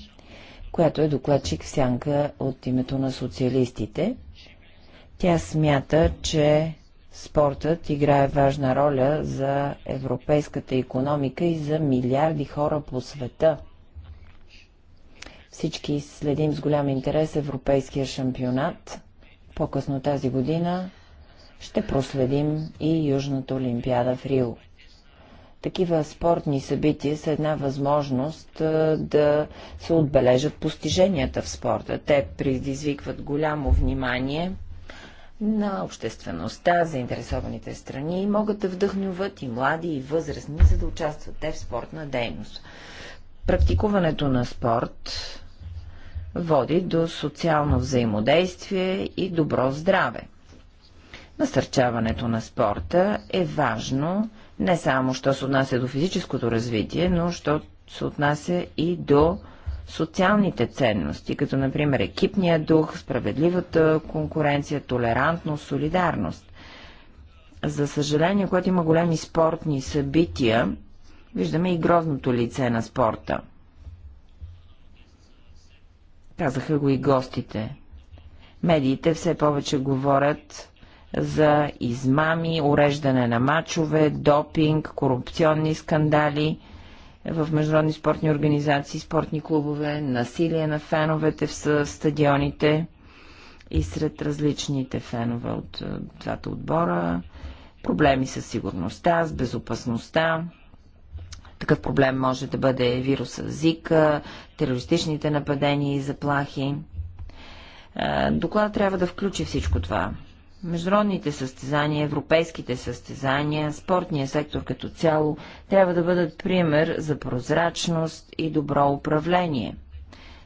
която е докладчик в сянка от името на социалистите. Тя смята, че спортът играе важна роля за европейската економика и за милиарди хора по света – всички следим с голям интерес Европейския шампионат. По-късно тази година ще проследим и Южната Олимпиада в Рио. Такива спортни събития са една възможност да се отбележат постиженията в спорта. Те предизвикват голямо внимание на обществеността, заинтересованите страни и могат да вдъхнюват и млади, и възрастни, за да участват те в спортна дейност. Практикуването на спорт води до социално взаимодействие и добро здраве. Насърчаването на спорта е важно не само, що се отнася до физическото развитие, но що се отнася и до социалните ценности, като например екипния дух, справедливата конкуренция, толерантност, солидарност. За съжаление, когато има големи спортни събития, виждаме и грозното лице на спорта – Казаха го и гостите. Медиите все повече говорят за измами, уреждане на мачове, допинг, корупционни скандали в международни спортни организации, спортни клубове, насилие на феновете в стадионите и сред различните фенове от е, двата отбора, проблеми с сигурността, с безопасността. Такъв проблем може да бъде вируса Зика, терористичните нападения и заплахи. Е, доклад трябва да включи всичко това. Международните състезания, европейските състезания, спортния сектор като цяло трябва да бъдат пример за прозрачност и добро управление.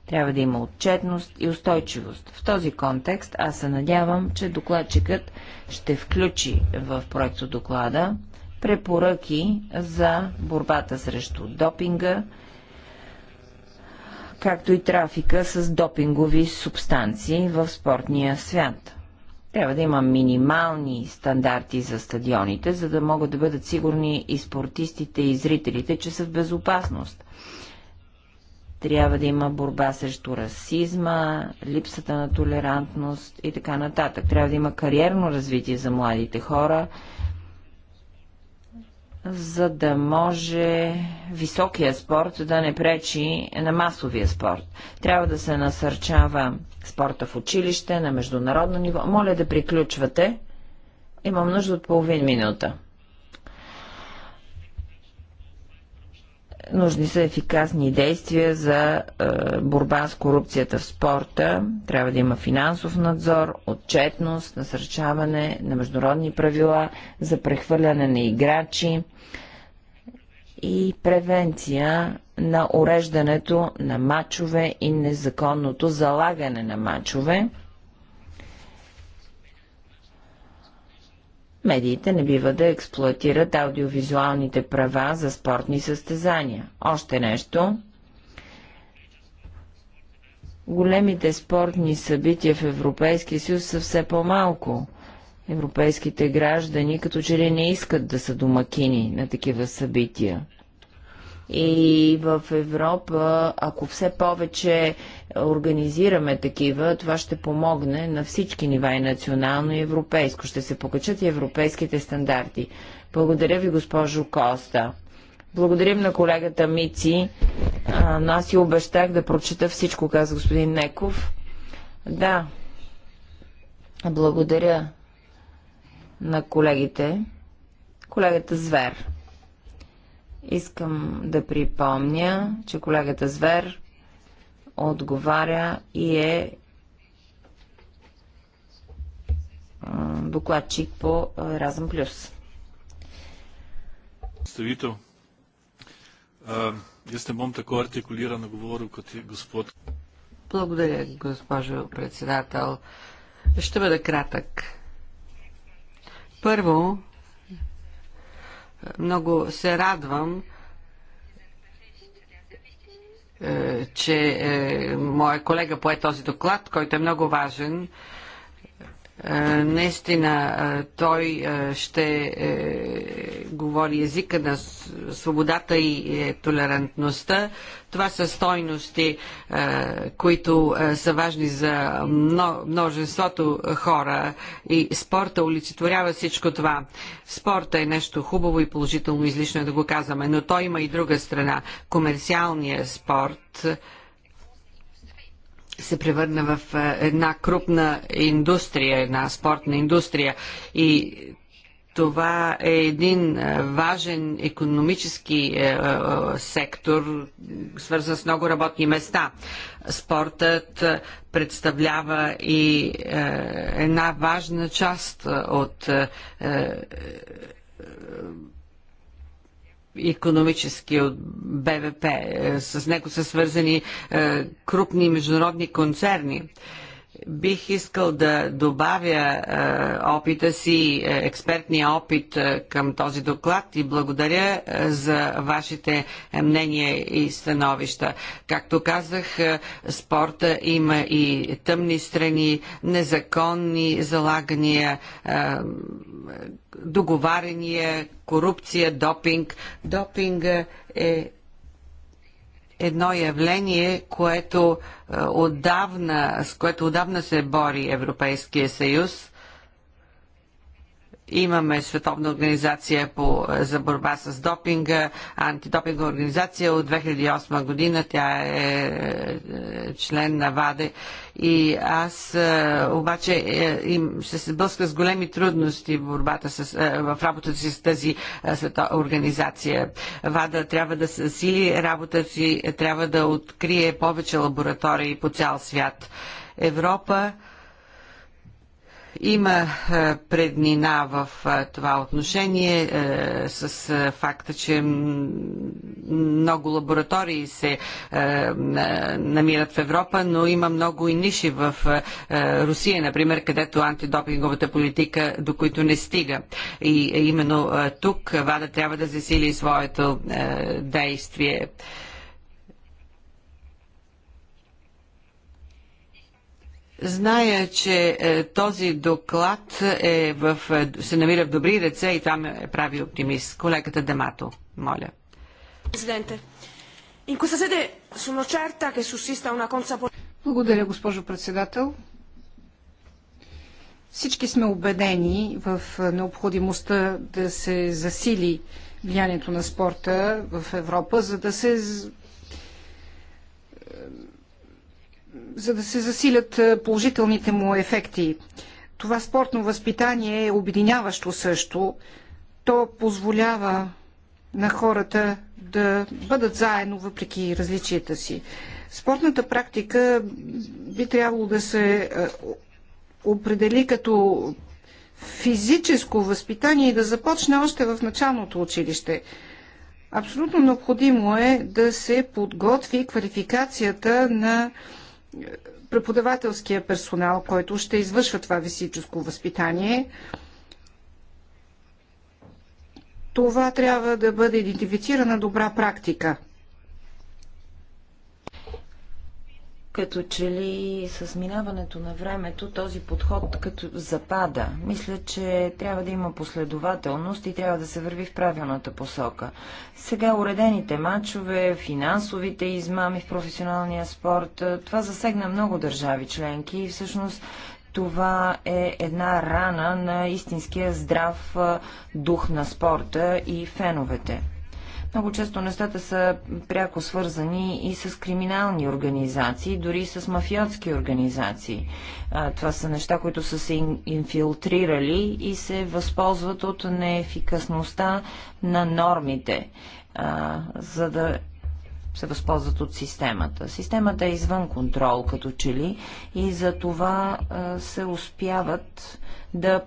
Трябва да има отчетност и устойчивост. В този контекст аз се надявам, че докладчикът ще включи в проекто доклада препоръки за борбата срещу допинга, както и трафика с допингови субстанции в спортния свят. Трябва да има минимални стандарти за стадионите, за да могат да бъдат сигурни и спортистите, и зрителите, че са в безопасност. Трябва да има борба срещу расизма, липсата на толерантност и така нататък. Трябва да има кариерно развитие за младите хора – за да може високия спорт да не пречи на масовия спорт. Трябва да се насърчава спорта в училище, на международно ниво. Моля да приключвате. Имам нужда от половин минута. Нужни са ефикасни действия за е, борба с корупцията в спорта. Трябва да има финансов надзор, отчетност, насърчаване на международни правила за прехвърляне на играчи и превенция на уреждането на мачове и незаконното залагане на мачове. Медиите не бива да експлуатират аудиовизуалните права за спортни състезания. Още нещо. Големите спортни събития в Европейския съюз са все по-малко. Европейските граждани като че ли не искат да са домакини на такива събития. И в Европа, ако все повече организираме такива, това ще помогне на всички нива и национално и европейско. Ще се покачат и европейските стандарти. Благодаря ви, госпожо Коста. Благодарим на колегата Мици, но аз си обещах да прочета всичко, каза господин Неков. Да, благодаря на колегите. Колегата Звер. Искам да припомня, че колегата Звер отговаря и е докладчик по Разъм Плюс. Представител, аз не бом тако артикулирано говоря, като господ. Благодаря, госпожо председател. Ще бъда кратък. Първо, много се радвам, е, че е, моя колега пое този доклад, който е много важен наистина той ще е, говори езика на свободата и е, толерантността. Това са стойности, които са важни за множеството хора и спорта олицетворява всичко това. Спорта е нещо хубаво и положително, излишно е да го казваме, но той има и друга страна. Комерциалният спорт – се превърна в една крупна индустрия, една спортна индустрия и това е един важен економически е, е, сектор, свързан с много работни места. Спортът представлява и е, една важна част от економически от БВП. Е, с него са свързани е, крупни международни концерни Бих искал да добавя е, опита си, е, експертния опит е, към този доклад и благодаря за вашите мнения и становища. Както казах, спорта има и тъмни страни, незаконни залагания, договарения, корупция, допинг. Допинга е едно явление, което е, отдавна, с което отдавна се бори Европейския съюз Имаме Световна организация по, е, за борба с допинга, антидопинга организация от 2008 година. Тя е, е, е член на ВАДЕ. И аз обаче им ще се сблъска с големи трудности в, борбата с, в работата си с тази организация. ВАДА трябва да сили работата си, трябва да открие повече лаборатории по цял свят. Европа има преднина в това отношение с факта, че много лаборатории се намират в Европа, но има много и ниши в Русия, например, където антидопинговата политика до които не стига. И именно тук ВАДА трябва да засили своето действие. Зная, че е, този доклад е в, е, се намира в добри ръце и това ме прави оптимист. Колегата Демато, моля. Президенте, in questa sede sono certa che sussista una consapevolezza. Благодаря, госпожо председател. Всички сме убедени в е, необходимостта да се засили влиянието на спорта в Европа, за да се за да се засилят е, положителните му ефекти. Това спортно възпитание е обединяващо също. То позволява на хората да бъдат заедно въпреки различията си. Спортната практика би трябвало да се е, определи като физическо възпитание и да започне още в началното училище. Абсолютно необходимо е да се подготви квалификацията на преподавателския персонал, който ще извършва това висическо възпитание. Това трябва да бъде идентифицирана добра практика. Като че ли с минаването на времето този подход като запада. Мисля, че трябва да има последователност и трябва да се върви в правилната посока. Сега уредените матчове, финансовите измами в професионалния спорт, е, това засегна много държави членки и всъщност това е една рана на истинския здрав е, дух на спорта и феновете. Много често нещата са пряко свързани и с криминални организации, дори и с мафиотски организации. Това са неща, които са се инфилтрирали и се възползват от неефикасността на нормите, за да се възползват от системата. Системата е извън контрол, като че ли, и за това се успяват да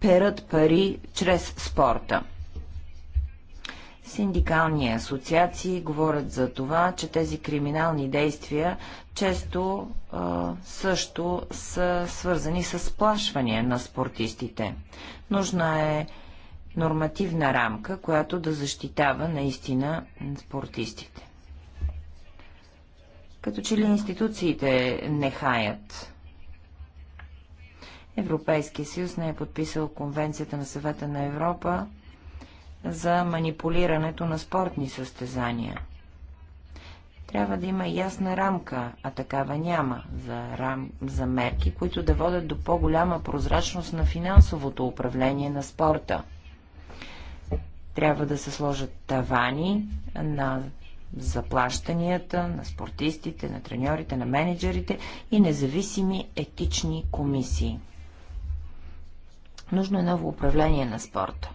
перат пари чрез спорта. Синдикални асоциации говорят за това, че тези криминални действия често а, също са свързани с сплашвания на спортистите. Нужна е нормативна рамка, която да защитава наистина спортистите. Като че ли институциите не хаят? Европейския съюз не е подписал Конвенцията на съвета на Европа за манипулирането на спортни състезания. Трябва да има ясна рамка, а такава няма, за, рам... за мерки, които да водят до по-голяма прозрачност на финансовото управление на спорта. Трябва да се сложат тавани на заплащанията на спортистите, на треньорите, на менеджерите и независими етични комисии. Нужно е ново управление на спорта.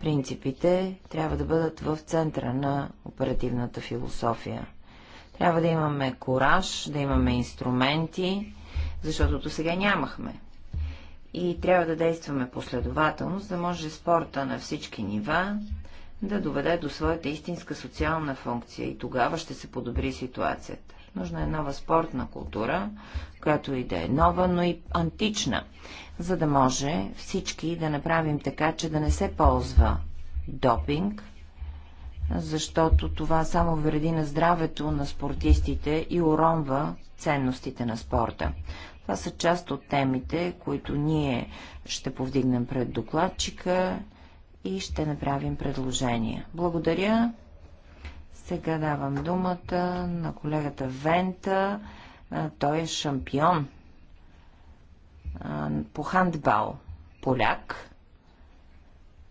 Принципите трябва да бъдат в центъра на оперативната философия. Трябва да имаме кураж, да имаме инструменти, защото до сега нямахме. И трябва да действаме последователно, за да може спорта на всички нива да доведе до своята истинска социална функция и тогава ще се подобри ситуацията. Нужна е нова спортна култура, която и да е нова, но и антична, за да може всички да направим така, че да не се ползва допинг, защото това само вреди на здравето на спортистите и уронва ценностите на спорта. Това са част от темите, които ние ще повдигнем пред докладчика и ще направим предложения. Благодаря. Сега давам думата на колегата Вента. Той е шампион по хандбал. Поляк.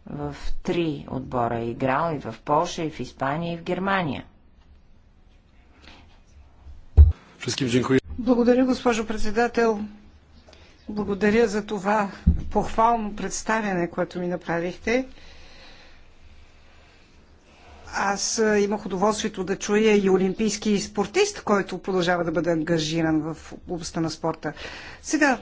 В три отбора е играл и в Польша, и в Испания, и в Германия. Благодаря, госпожо председател. Благодаря за това похвално представяне, което ми направихте. Аз имах удоволствието да чуя и олимпийски спортист, който продължава да бъде ангажиран в областта на спорта. Сега,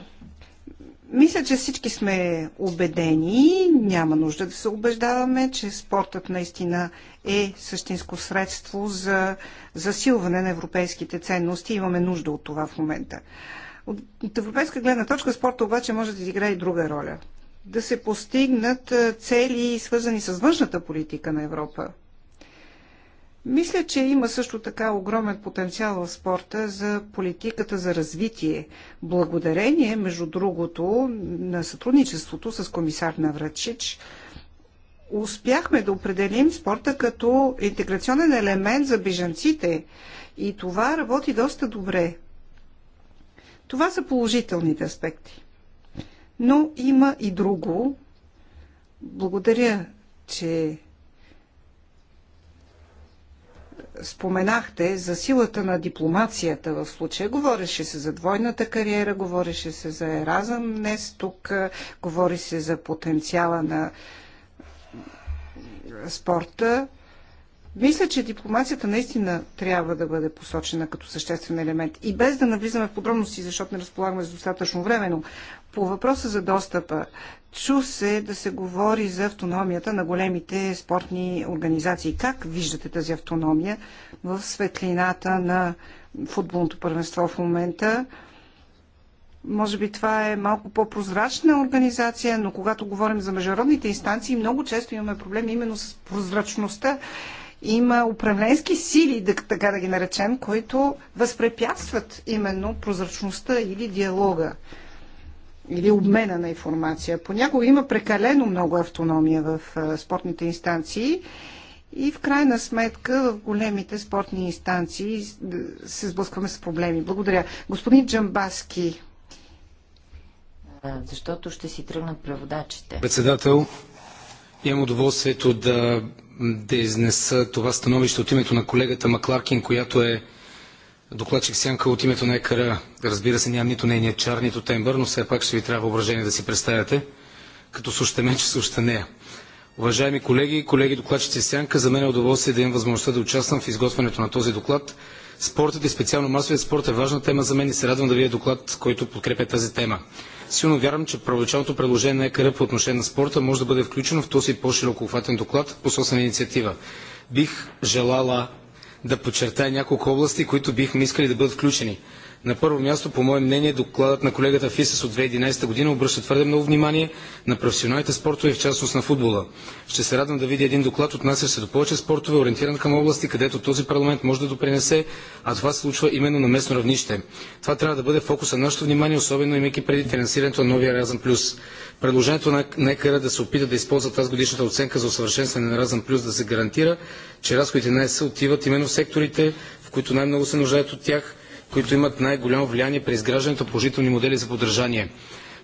мисля, че всички сме убедени, няма нужда да се убеждаваме, че спортът наистина е същинско средство за засилване на европейските ценности. Имаме нужда от това в момента. От европейска гледна точка спорта обаче може да изиграе и друга роля. Да се постигнат цели, свързани с външната политика на Европа. Мисля, че има също така огромен потенциал в спорта за политиката за развитие. Благодарение, между другото, на сътрудничеството с комисар Наврачич, успяхме да определим спорта като интеграционен елемент за бежанците и това работи доста добре. Това са положителните аспекти. Но има и друго. Благодаря, че споменахте за силата на дипломацията в случая. Говореше се за двойната кариера, говореше се за еразъм днес, тук говори се за потенциала на спорта. Мисля, че дипломацията наистина трябва да бъде посочена като съществен елемент. И без да навлизаме в подробности, защото не разполагаме с достатъчно време, но по въпроса за достъпа, чу се да се говори за автономията на големите спортни организации. Как виждате тази автономия в светлината на футболното първенство в момента? Може би това е малко по-прозрачна организация, но когато говорим за международните инстанции, много често имаме проблеми именно с прозрачността. Има управленски сили, така да ги наречем, които възпрепятстват именно прозрачността или диалога или обмена на информация. Понякога има прекалено много автономия в спортните инстанции и в крайна сметка в големите спортни инстанции се сблъскваме с проблеми. Благодаря. Господин Джамбаски. Защото ще си тръгнат преводачите. Председател, имам удоволствието да, да изнеса това становище от името на колегата Макларкин, която е докладчик Сянка от името на ЕКРА, Разбира се, нямам нито нейния чар, нито тембър, но все пак ще ви трябва въображение да си представяте, като слушате че слушате нея. Уважаеми колеги, колеги докладчици Сянка, за мен е удоволствие да имам възможността да участвам в изготвянето на този доклад. Спортът и специално масовият спорт е важна тема за мен и се радвам да видя доклад, който подкрепя тази тема. Силно вярвам, че праволичалното предложение на ЕКР по отношение на спорта може да бъде включено в този по-широкохватен доклад по собствена инициатива. Бих желала да подчертая няколко области, които бихме искали да бъдат включени на първо място, по мое мнение, докладът на колегата Фисас от 2011 година обръща твърде много внимание на професионалните спортове, в частност на футбола. Ще се радвам да видя един доклад, отнасящ се до повече спортове, ориентиран към области, където този парламент може да допринесе, а това се случва именно на местно равнище. Това трябва да бъде фокуса на нашето внимание, особено имайки преди финансирането на новия Разъм Плюс. Предложението на НЕКР е да се опита да използва тази годишната оценка за усъвършенстване на Разъм Плюс да се гарантира, че разходите на ЕС отиват именно в секторите, в които най-много се нуждаят от тях – които имат най-голямо влияние при изграждането на положителни модели за поддържание,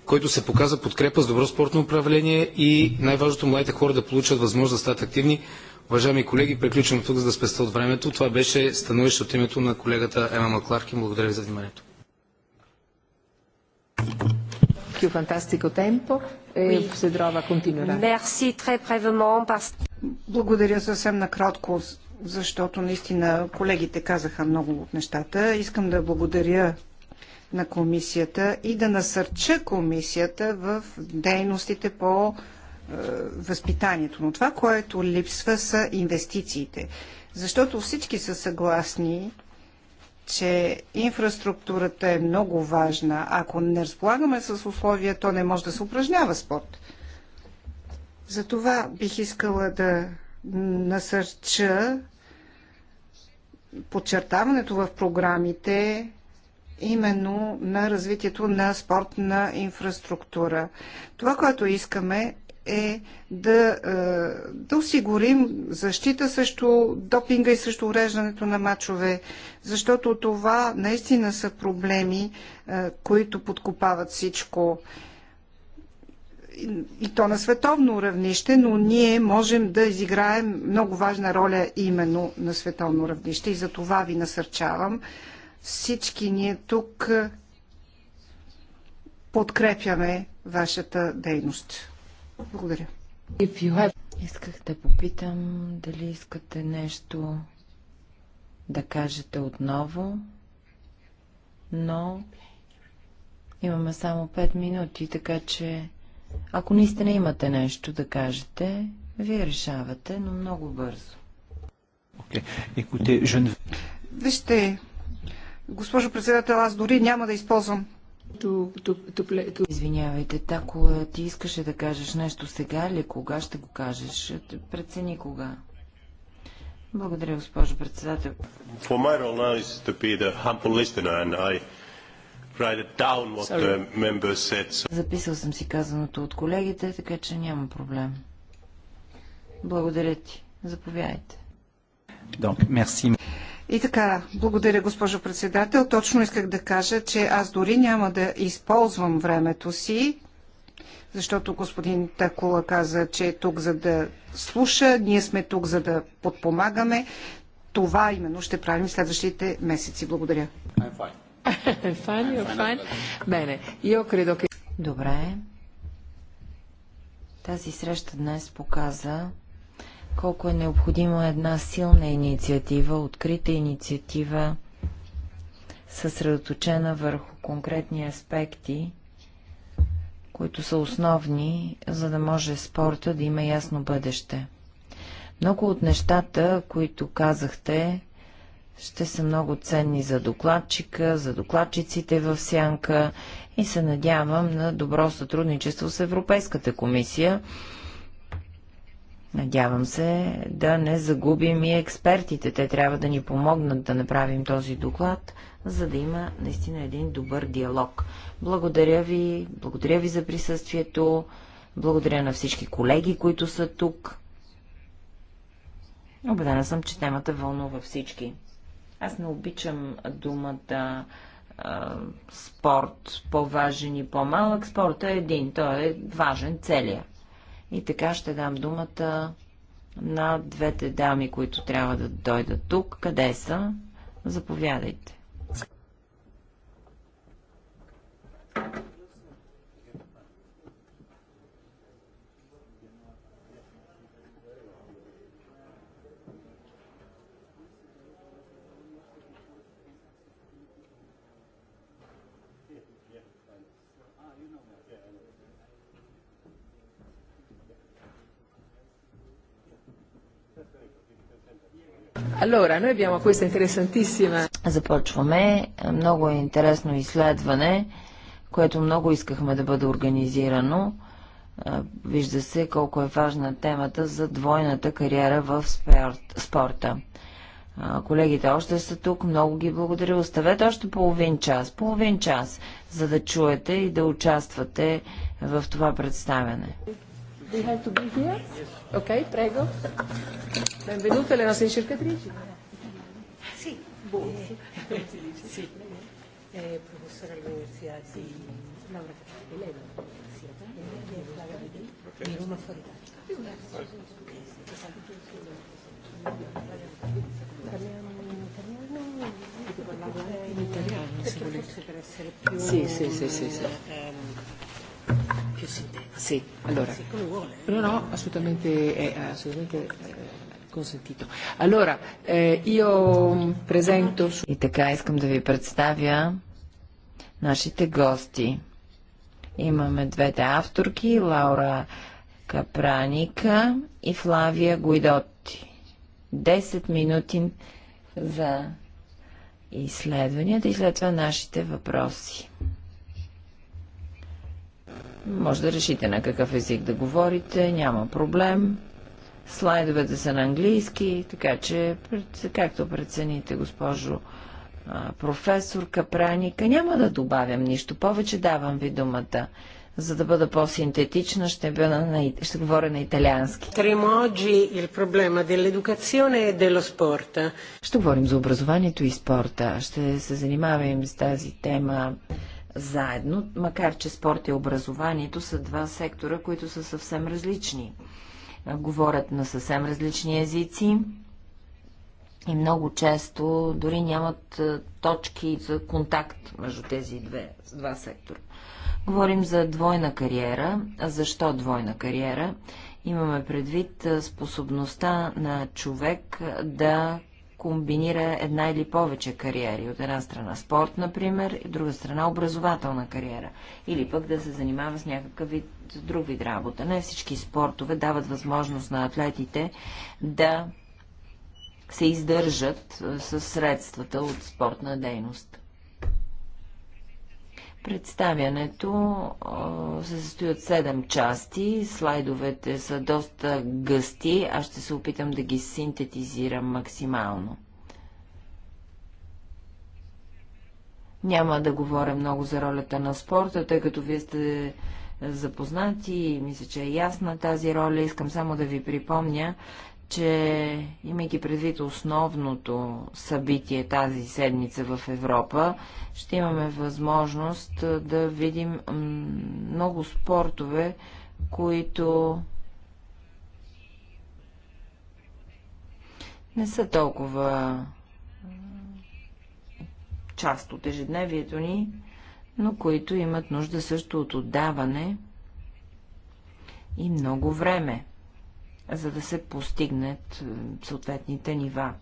който се показа подкрепа с добро спортно управление и най-важното младите хора да получат възможност да стават активни. Уважаеми колеги, приключвам тук, за да спеста от времето. Това беше становище от името на колегата Ема Макларки. благодаря ви за вниманието. E благодаря съвсем накратко, защото наистина колегите казаха много от нещата. Искам да благодаря на комисията и да насърча комисията в дейностите по е, възпитанието. Но това, което липсва, са инвестициите. Защото всички са съгласни, че инфраструктурата е много важна. Ако не разполагаме с условия, то не може да се упражнява спорт. Затова бих искала да насърча подчертаването в програмите именно на развитието на спортна инфраструктура. Това, което искаме е да, е, да осигурим защита срещу допинга и срещу уреждането на мачове, защото това наистина са проблеми, е, които подкопават всичко и то на световно равнище, но ние можем да изиграем много важна роля именно на световно равнище и за това ви насърчавам. Всички ние тук е, подкрепяме вашата дейност. Благодаря. Have... Исках да попитам дали искате нещо да кажете отново, но имаме само 5 минути, така че ако наистина имате нещо да кажете, вие решавате, но много бързо. Okay. Écoutez, je Вижте, госпожо председател, аз дори няма да използвам Извинявайте, Тако, ти искаше да кажеш нещо сега или кога ще го кажеш? Прецени кога. Благодаря, госпожо председател. For my role now is to be the humble listener and I Записал съм си казаното от колегите, така че няма проблем. Благодаря ти. Заповядайте. Donc, merci. И така, благодаря, госпожо председател. Точно исках да кажа, че аз дори няма да използвам времето си, защото господин Такула каза, че е тук за да слуша, ние сме тук за да подпомагаме. Това именно ще правим следващите месеци. Благодаря. I'm fine. fine, fine. Bene, io credo che... Добре. Тази среща днес показа колко е необходима една силна инициатива, открита инициатива, съсредоточена върху конкретни аспекти, които са основни, за да може спорта да има ясно бъдеще. Много от нещата, които казахте, ще са много ценни за докладчика, за докладчиците в Сянка и се надявам на добро сътрудничество с Европейската комисия. Надявам се да не загубим и експертите. Те трябва да ни помогнат да направим този доклад, за да има наистина един добър диалог. Благодаря ви, благодаря ви за присъствието, благодаря на всички колеги, които са тук. Обедена съм, че темата вълнува всички. Аз не обичам думата а, спорт, по-важен и по-малък. спорт е един, той е важен целия. И така ще дам думата на двете дами, които трябва да дойдат тук. Къде са? Заповядайте. Allora, noi abbiamo questa interessantissima... Започваме много е интересно изследване, което много искахме да бъде организирано. Вижда се колко е важна темата за двойната кариера в спорта. Колегите още са тук, много ги благодаря. Оставете още половин час, половин час, за да чуете и да участвате в това представяне. They have to be here? Yes. Ok, prego. Benvenute le nostre ricercatrici. Sì, buoni. Sì. Eh, professore all'Università di Laura Cattoli, lei non è di Roma fuori Parliamo in italiano, se volete. Sì, sì, sì, sì. sì. Sì, allora. sì, come vuole. No, no, assolutamente, è eh, assolutamente eh, consentito. Allora, eh, io presento... И така искам да ви представя нашите гости. Имаме двете авторки, Лаура Капраника и Флавия Гуидотти. Десет минути за изследванията и след това нашите въпроси. Може да решите на какъв език да говорите, няма проблем. Слайдовете са на английски, така че както прецените, госпожо професор Капраника, няма да добавям нищо. Повече давам ви думата. За да бъда по-синтетична, ще, бъда на, ще говоря на италиански. E ще говорим за образованието и спорта. Ще се занимавам с тази тема заедно, макар че спорт и образованието са два сектора, които са съвсем различни. Говорят на съвсем различни езици и много често дори нямат точки за контакт между тези две, два сектора. Говорим за двойна кариера. А защо двойна кариера? Имаме предвид способността на човек да комбинира една или повече кариери. От една страна спорт, например, и от друга страна образователна кариера. Или пък да се занимава с някакъв вид, с друг вид работа. Не всички спортове дават възможност на атлетите да се издържат с средствата от спортна дейност. Представянето се състои от 7 части. Слайдовете са доста гъсти. Аз ще се опитам да ги синтетизирам максимално. Няма да говоря много за ролята на спорта, тъй като вие сте запознати и мисля, че е ясна тази роля. Искам само да ви припомня, че имайки предвид основното събитие тази седмица в Европа, ще имаме възможност да видим много спортове, които не са толкова част от ежедневието ни, но които имат нужда също от отдаване и много време за да се постигнат е, съответните нива.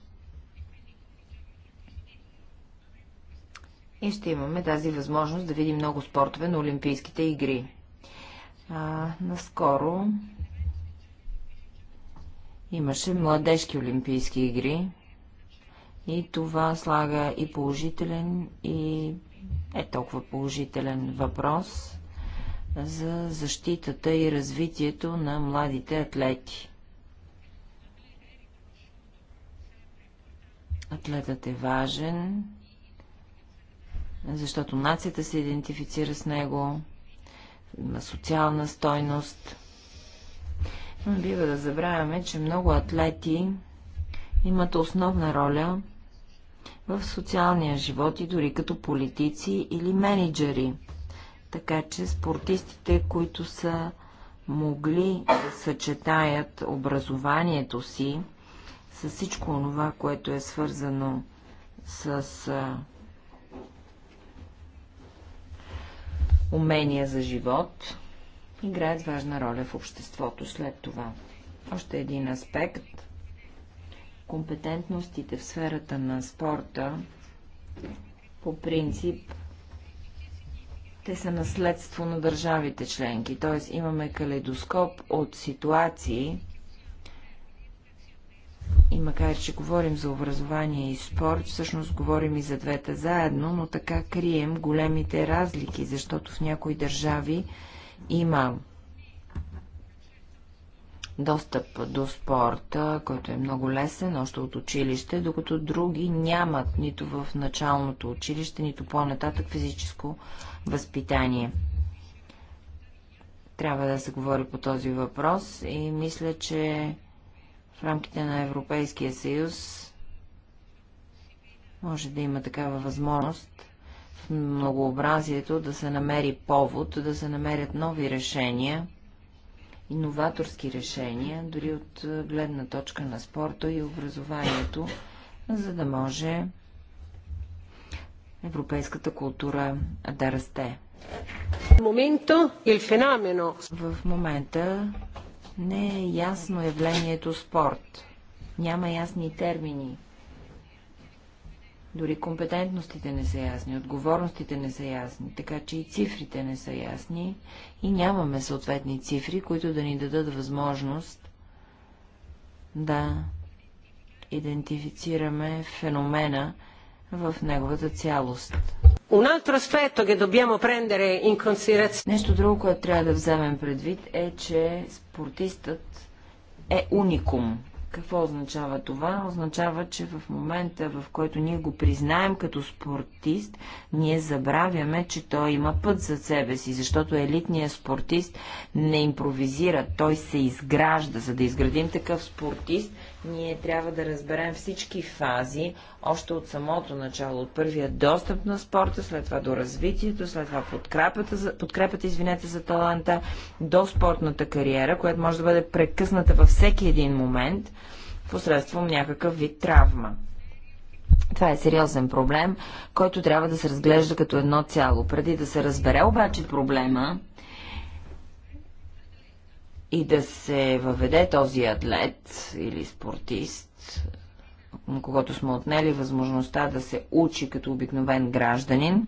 И ще имаме тази възможност да видим много спортове на Олимпийските игри. А, наскоро имаше младежки Олимпийски игри и това слага и положителен, и е толкова положителен въпрос за защитата и развитието на младите атлети. Атлетът е важен, защото нацията се идентифицира с него, има социална стойност. Но бива да забравяме, че много атлети имат основна роля в социалния живот и дори като политици или менеджери. Така че спортистите, които са могли да съчетаят образованието си с всичко това, което е свързано с умения за живот, играят важна роля в обществото след това. Още един аспект. Компетентностите в сферата на спорта по принцип те са наследство на държавите членки, т.е. имаме калейдоскоп от ситуации, и макар, че говорим за образование и спорт, всъщност говорим и за двете заедно, но така крием големите разлики, защото в някои държави има достъп до спорта, който е много лесен, още от училище, докато други нямат нито в началното училище, нито по-нататък физическо възпитание. Трябва да се говори по този въпрос и мисля, че в рамките на Европейския съюз може да има такава възможност в многообразието да се намери повод, да се намерят нови решения, иноваторски решения, дори от е, гледна точка на спорта и образованието, за да може европейската култура да расте. В момента е не е ясно явлението спорт. Няма ясни термини. Дори компетентностите не са ясни, отговорностите не са ясни, така че и цифрите не са ясни и нямаме съответни цифри, които да ни дадат възможност да идентифицираме феномена в неговата цялост. Нещо друго, което трябва да вземем предвид е, че спортистът е уникум. Какво означава това? Означава, че в момента, в който ние го признаем като спортист, ние забравяме, че той има път за себе си, защото елитният спортист не импровизира, той се изгражда. За да изградим такъв спортист, ние трябва да разберем всички фази, още от самото начало, от първия достъп на спорта, след това до развитието, след това подкрепата, подкрепата извинете, за таланта, до спортната кариера, която може да бъде прекъсната във всеки един момент, посредством някакъв вид травма. Това е сериозен проблем, който трябва да се разглежда като едно цяло. Преди да се разбере обаче проблема, и да се въведе този атлет или спортист, на когото сме отнели възможността да се учи като обикновен гражданин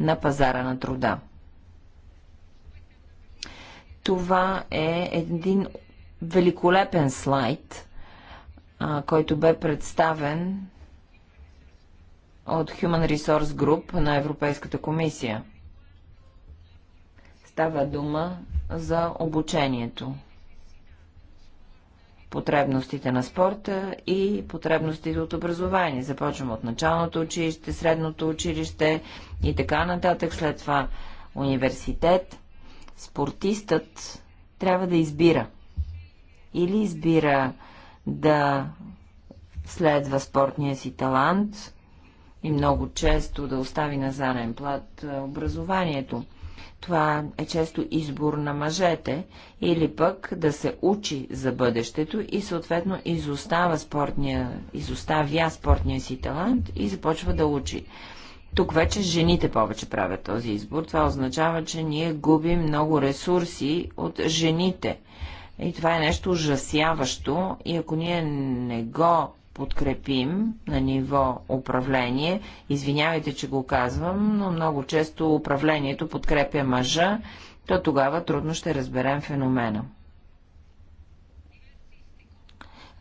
на пазара на труда. Това е един великолепен слайд, който бе представен от Human Resource Group на Европейската комисия. Става дума за обучението, потребностите на спорта и потребностите от образование. Започваме от началното училище, средното училище и така нататък. След това университет. Спортистът трябва да избира. Или избира да следва спортния си талант и много често да остави на заден плат образованието – това е често избор на мъжете или пък да се учи за бъдещето и съответно изостава спортния, изоставя спортния си талант и започва да учи. Тук вече жените повече правят този избор. Това означава, че ние губим много ресурси от жените. И това е нещо ужасяващо и ако ние не го подкрепим на ниво управление. Извинявайте, че го казвам, но много често управлението подкрепя мъжа, то тогава трудно ще разберем феномена.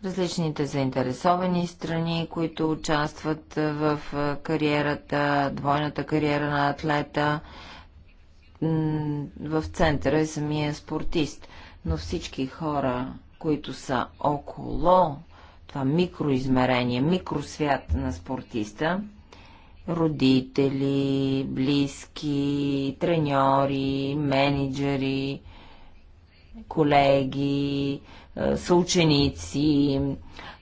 Различните заинтересовани страни, които участват в кариерата, двойната кариера на атлета, в центъра е самия спортист. Но всички хора, които са около това микроизмерение, микросвят на спортиста, родители, близки, треньори, менеджери, колеги, съученици,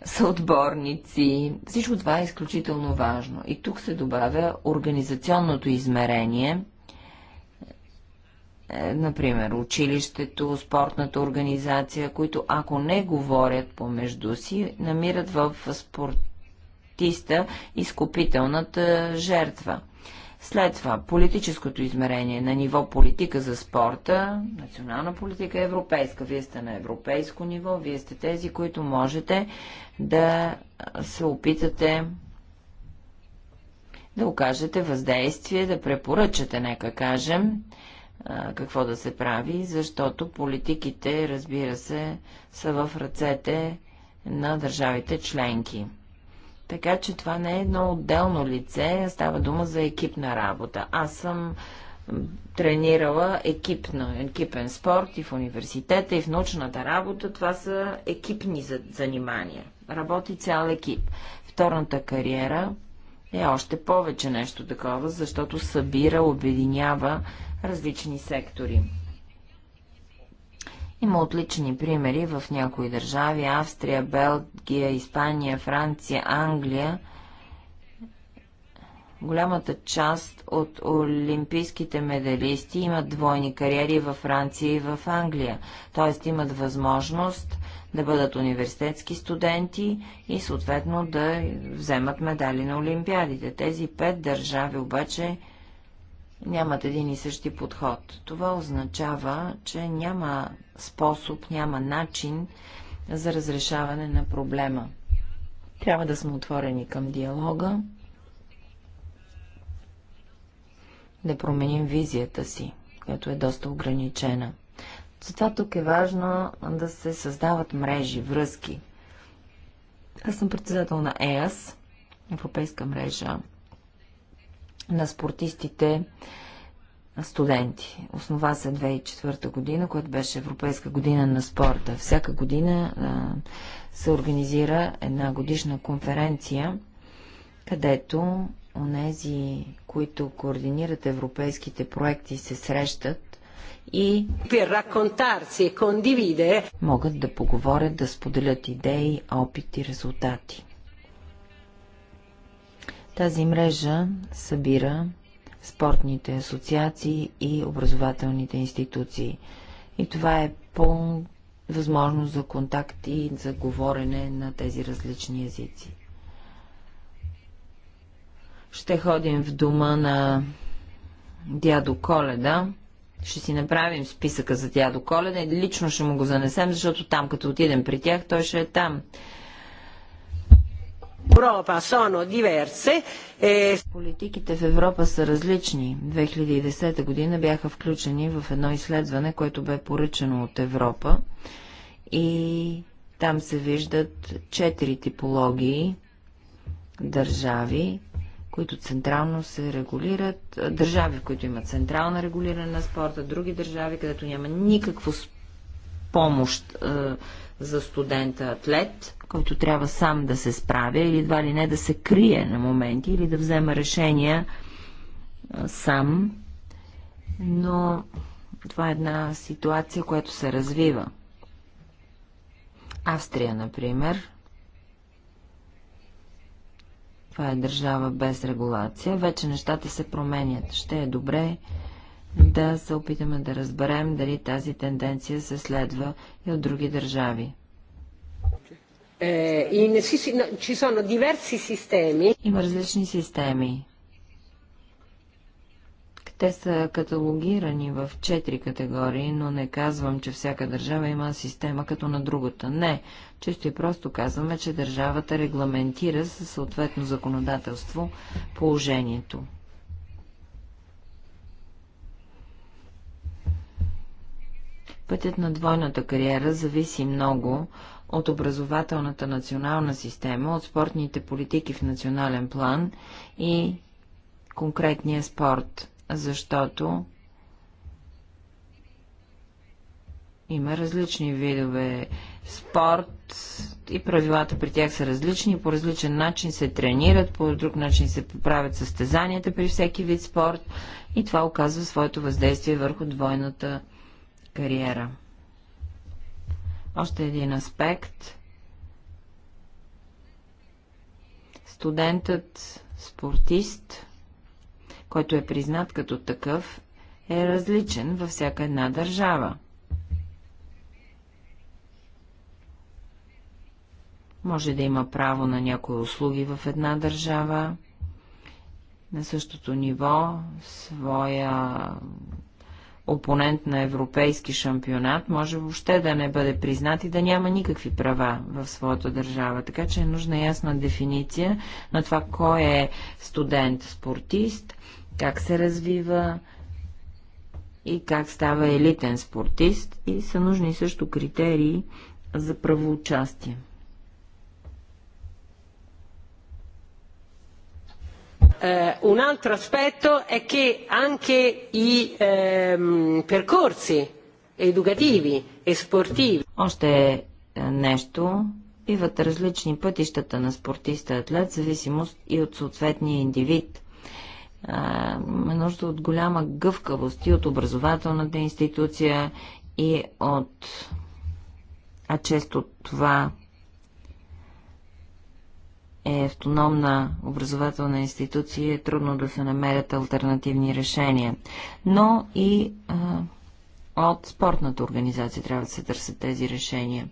съотборници. Всичко това е изключително важно. И тук се добавя организационното измерение – е, например, училището, спортната организация, които ако не говорят помежду си, намират в спортиста изкупителната жертва. След това, политическото измерение на ниво политика за спорта, национална политика е европейска. Вие сте на европейско ниво, вие сте тези, които можете да се опитате да окажете въздействие, да препоръчате, нека кажем, какво да се прави, защото политиките, разбира се, са в ръцете на държавите членки. Така че това не е едно отделно лице, става дума за екипна работа. Аз съм тренирала екипно, екипен спорт и в университета, и в научната работа. Това са екипни занимания. Работи цял екип. Вторната кариера е още повече нещо такова, защото събира, обединява различни сектори. Има отлични примери в някои държави – Австрия, Белгия, Испания, Франция, Англия. Голямата част от олимпийските медалисти имат двойни кариери във Франция и в Англия, т.е. имат възможност да бъдат университетски студенти и съответно да вземат медали на Олимпиадите. Тези пет държави обаче – нямат един и същи подход. Това означава, че няма способ, няма начин за разрешаване на проблема. Трябва да сме отворени към диалога, да променим визията си, която е доста ограничена. Затова тук е важно да се създават мрежи, връзки. Аз съм председател на ЕАС, Европейска мрежа на спортистите студенти. Основа се 2004 година, която беше Европейска година на спорта. Всяка година а, се организира една годишна конференция, където онези, които координират европейските проекти, се срещат и e могат да поговорят, да споделят идеи, опит и резултати. Тази мрежа събира спортните асоциации и образователните институции. И това е пълна възможност за контакт и за говорене на тези различни езици. Ще ходим в дома на дядо Коледа. Ще си направим списъка за дядо Коледа и лично ще му го занесем, защото там, като отидем при тях, той ще е там. Европа диверсе diverse. Е, Политиките в Европа са различни. 2010 година бяха включени в едно изследване, което бе поръчано от Европа. И там се виждат четири типологии държави, които централно се регулират, държави, в които има централна регулиране на спорта, други държави, където няма никакво помощ е, за студента-атлет, който трябва сам да се справя или едва ли не да се крие на моменти или да взема решения сам. Но това е една ситуация, която се развива. Австрия, например, това е държава без регулация. Вече нещата се променят. Ще е добре да се опитаме да разберем дали тази тенденция се следва и от други държави. Е, има различни системи. Те са каталогирани в четири категории, но не казвам, че всяка държава има система като на другата. Не, Често и просто казваме, че държавата регламентира със съответно законодателство положението. Пътят на двойната кариера зависи много от образователната национална система, от спортните политики в национален план и конкретния спорт, защото има различни видове спорт и правилата при тях са различни, по различен начин се тренират, по друг начин се поправят състезанията при всеки вид спорт и това оказва своето въздействие върху двойната кариера. Още един аспект. Студентът, спортист, който е признат като такъв, е различен във всяка една държава. Може да има право на някои услуги в една държава, на същото ниво, своя опонент на европейски шампионат може въобще да не бъде признат и да няма никакви права в своята държава. Така че е нужна ясна дефиниция на това кой е студент-спортист, как се развива и как става елитен спортист и са нужни също критерии за правоучастие. Eh, un altro aspetto è che anche i ehm, percorsi educativi e sportivi. Още е, нещо. Биват различни пътищата на спортиста атлет, зависимост и от съответния индивид. Е, има нужда от голяма гъвкавост и от образователната институция и от а често това е автономна образователна институция, е трудно да се намерят альтернативни решения. Но и а, от спортната организация трябва да се търсят тези решения.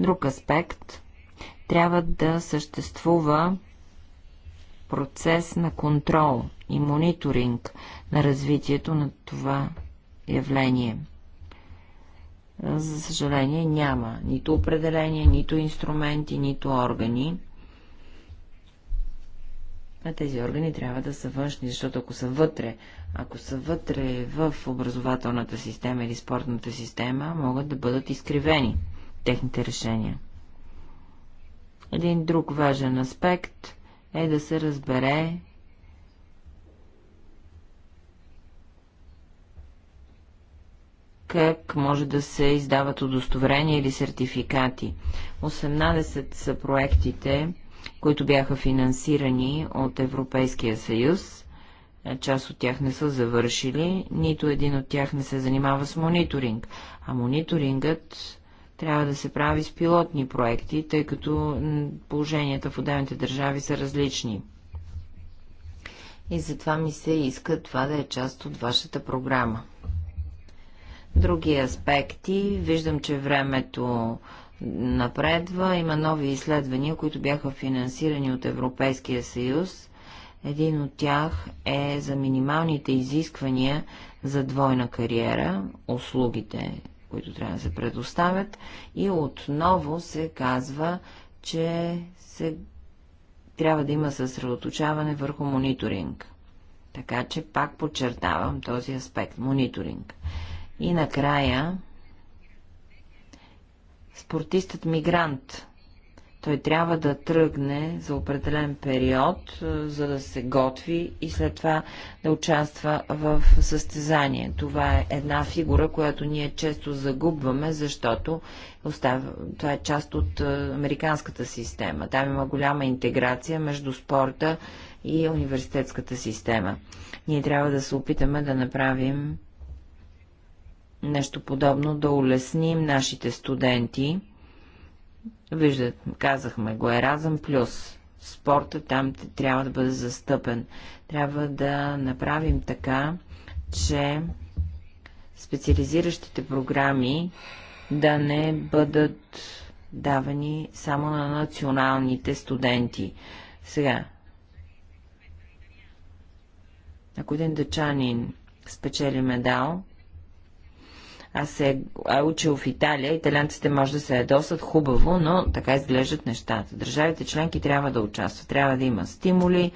Друг аспект трябва да съществува процес на контрол и мониторинг на развитието на това явление. За съжаление няма нито определения, нито инструменти, нито органи, тези органи трябва да са външни, защото ако са вътре, ако са вътре в образователната система или спортната система, могат да бъдат изкривени техните решения. Един друг важен аспект е да се разбере как може да се издават удостоверения или сертификати. 18 са проектите, които бяха финансирани от Европейския съюз. Е, част от тях не са завършили, нито един от тях не се занимава с мониторинг. А мониторингът трябва да се прави с пилотни проекти, тъй като положенията в отделните държави са различни. И затова ми се иска това да е част от вашата програма. Други аспекти. Виждам, че времето напредва. Има нови изследвания, които бяха финансирани от Европейския съюз. Един от тях е за минималните изисквания за двойна кариера, услугите, които трябва да се предоставят. И отново се казва, че се... трябва да има съсредоточаване върху мониторинг. Така че пак подчертавам този аспект – мониторинг. И накрая спортистът мигрант. Той трябва да тръгне за определен период, е, за да се готви и след това да участва в състезание. Това е една фигура, която ние често загубваме, защото остава... това е част от е, американската система. Там има голяма интеграция между спорта и университетската система. Ние трябва да се опитаме да направим нещо подобно, да улесним нашите студенти. Виждат, казахме го, Еразъм плюс. Спорта там трябва да бъде застъпен. Трябва да направим така, че специализиращите програми да не бъдат давани само на националните студенти. Сега, ако един дъчанин спечели медал, аз се е, учил в Италия, италянците може да се ядосат хубаво, но така изглеждат нещата. Държавите членки трябва да участват, трябва да има стимули.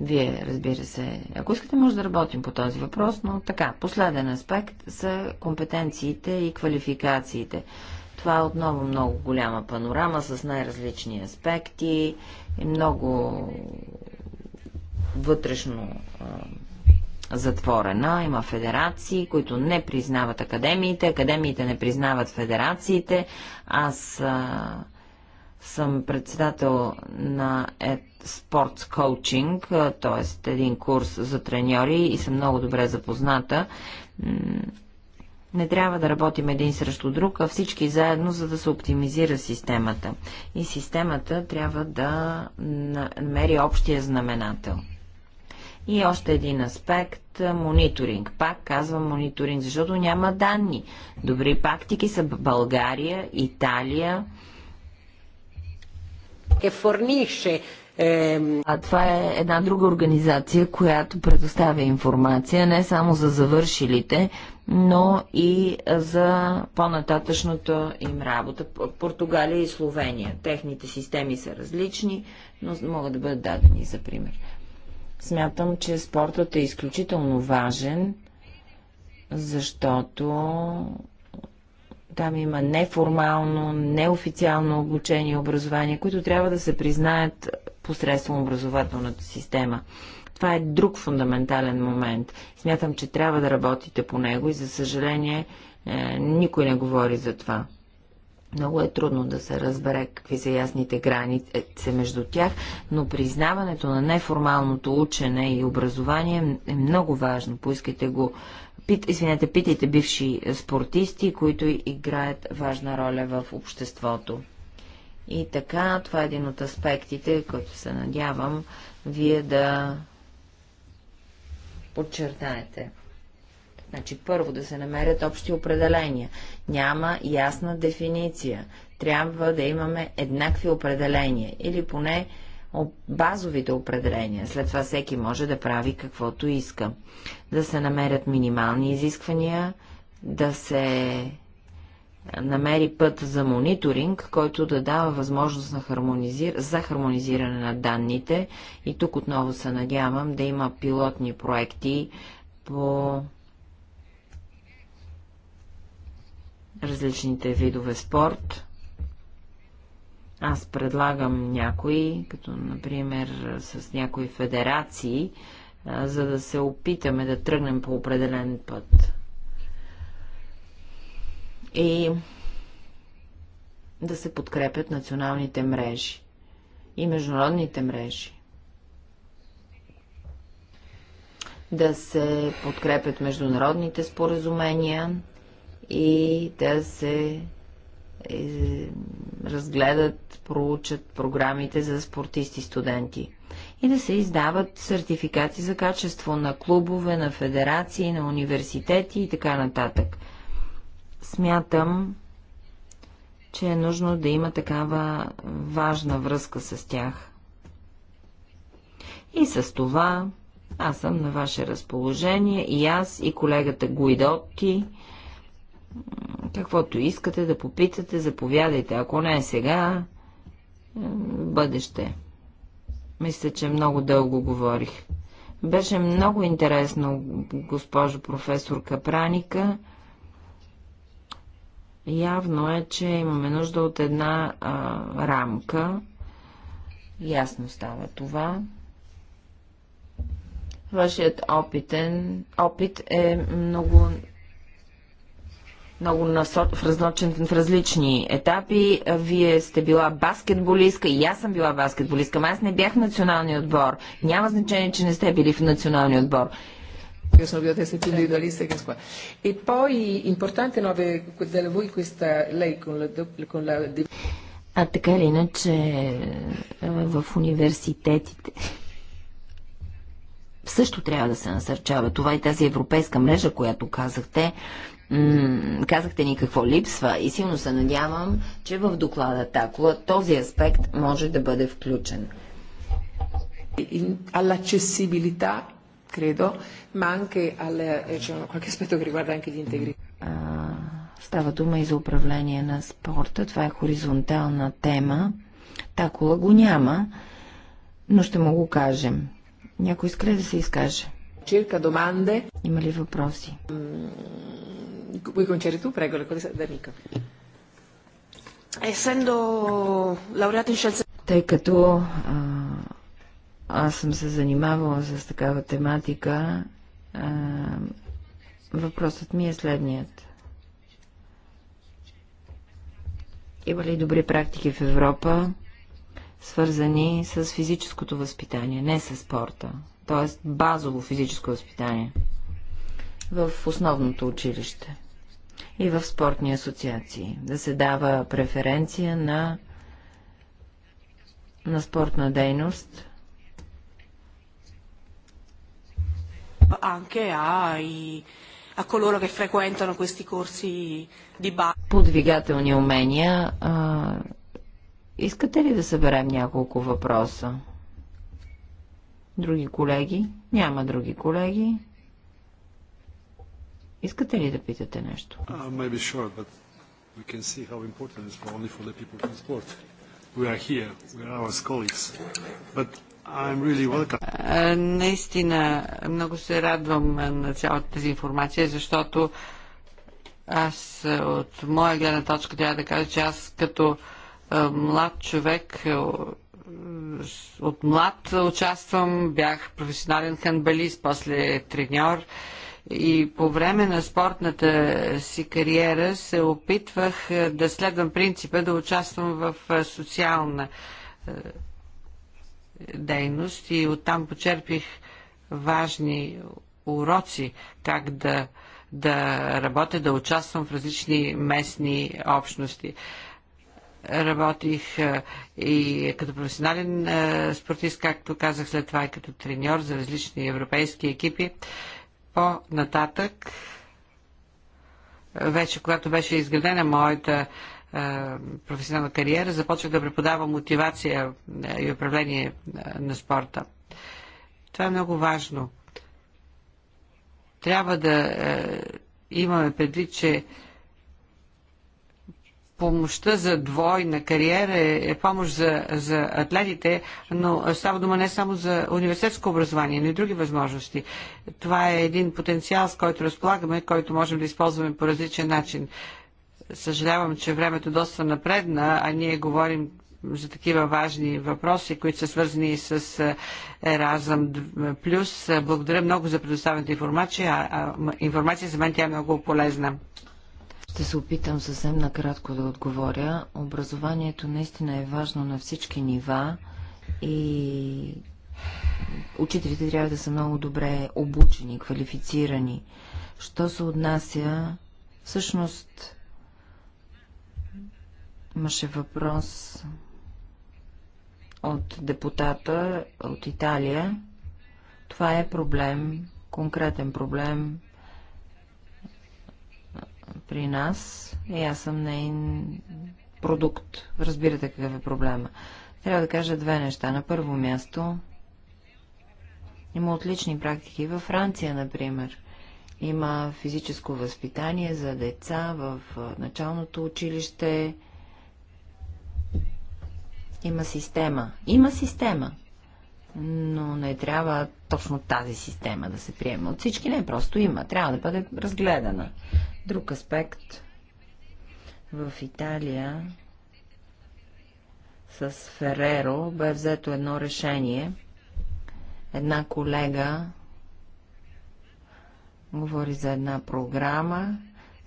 Вие, разбира се, ако искате, може да работим по този въпрос, но така, последен аспект са компетенциите и квалификациите. Това е отново много голяма панорама с най-различни аспекти и много вътрешно затворена. Има федерации, които не признават академиите, академиите не признават федерациите. Аз а, съм председател на Sports Coaching, коучинг, т.е. един курс за треньори и съм много добре запозната. Не трябва да работим един срещу друг, а всички заедно, за да се оптимизира системата. И системата трябва да намери общия знаменател. И още един аспект – мониторинг. Пак казвам мониторинг, защото няма данни. Добри практики са България, Италия. Е форнише а това е една друга организация, която предоставя информация не само за завършилите, но и за по-нататъчната им работа. Португалия и Словения. Техните системи са различни, но могат да бъдат дадени за пример. Смятам, че спортът е изключително важен, защото там има неформално, неофициално обучение и образование, които трябва да се признаят посредством образователната система. Това е друг фундаментален момент. Смятам, че трябва да работите по него и, за съжаление, е, никой не говори за това. Много е трудно да се разбере какви са ясните граници между тях, но признаването на неформалното учене и образование е много важно. Поискайте го пит, извинете, питайте бивши спортисти, които играят важна роля в обществото. И така, това е един от аспектите, който се надявам вие да подчертаете. Значи първо да се намерят общи определения. Няма ясна дефиниция. Трябва да имаме еднакви определения или поне базовите определения. След това всеки може да прави каквото иска. Да се намерят минимални изисквания, да се е, намери път за мониторинг, който да дава възможност на хармонизир... за хармонизиране на данните. И тук отново се надявам да има пилотни проекти по различните видове спорт. Аз предлагам някои, като например с някои федерации, за да се опитаме да тръгнем по определен път. И да се подкрепят националните мрежи и международните мрежи. Да се подкрепят международните споразумения и да се е, разгледат, проучат програмите за спортисти студенти и да се издават сертификати за качество на клубове, на федерации, на университети и така нататък. Смятам, че е нужно да има такава важна връзка с тях. И с това аз съм на ваше разположение и аз и колегата Гуидотки Каквото искате да попитате, заповядайте. Ако не е сега, е, бъдеще. Мисля, че много дълго говорих. Беше много интересно, госпожо професор Капраника. Явно е, че имаме нужда от една а, рамка. Ясно става това. Вашият опитен, опит е много много насот, в, разночен, в различни етапи. Вие сте била баскетболистка и аз съм била баскетболистка, аз не бях в националния отбор. Няма значение, че не сте били в националния отбор. Io sono più adesso più individualista che squadra. E poi importante no, avere voi questa, lei con la, con la... А така или иначе в университетите също трябва да се насърчава. Това и е тази европейска мрежа, която казахте, казахте ни какво липсва и силно се надявам, че в доклада Такова този аспект може да бъде включен. All'accessibilità, credo, ma anche al, eh, qualche aspetto che riguarda anche l'integrità. Става дума и за управление на спорта. Това е хоризонтална тема. Такова го няма, но ще му го кажем. Някой иска да се изкаже? Има ли въпроси? vuoi cominciare tu? Prego, la collega D'Amico. Essendo laureato in scienze... Тъй като а, аз съм се занимавала с такава тематика, а, въпросът ми е следният. Има ли добри практики в Европа, свързани с физическото възпитание, не с спорта, т.е. базово физическо възпитание? в основното училище и в спортни асоциации. Да се дава преференция на, на спортна дейност. Anche ai, a coloro che frequentano questi corsi di Подвигателни умения. А, искате ли да съберем няколко въпроса? Други колеги? Няма други колеги. Искате ли да питате нещо? Uh, uh, наистина много се радвам uh, на цялата тази информация, защото аз от моя гледна точка трябва да кажа, че аз като млад човек от млад участвам, бях професионален хандбалист, после треньор и по време на спортната си кариера се опитвах е, да следвам принципа да участвам в е, социална е, дейност и оттам почерпих важни уроци как да, да работя, да участвам в различни местни общности работих и като професионален спортист, както казах след това и като треньор за различни европейски екипи по-нататък, вече когато беше изградена моята е, професионална кариера, започнах да преподавам мотивация е, и управление е, на спорта. Това е много важно. Трябва да имаме предвид, че помощта за двойна кариера е, е помощ за, за атлетите, но става дума не само за университетско образование, но и други възможности. Това е един потенциал, с който разполагаме, който можем да използваме по различен начин. Съжалявам, че времето доста напредна, а ние говорим за такива важни въпроси, които са свързани с е, Еразъм е, Плюс. Благодаря много за предоставената информация. А, информация за мен тя е много полезна. Ще се опитам съвсем накратко да отговоря. Образованието наистина е важно на всички нива и учителите трябва да са много добре обучени, квалифицирани. Що се отнася, всъщност имаше въпрос от депутата от Италия. Това е проблем, конкретен проблем при нас и аз съм нейн продукт. Разбирате какъв е проблема. Трябва да кажа две неща. На първо място има отлични практики във Франция, например. Има физическо възпитание за деца в началното училище. Има система. Има система но не трябва точно тази система да се приема от всички. Не, просто има. Трябва да бъде разгледана. Друг аспект в Италия с Фереро бе взето едно решение. Една колега говори за една програма,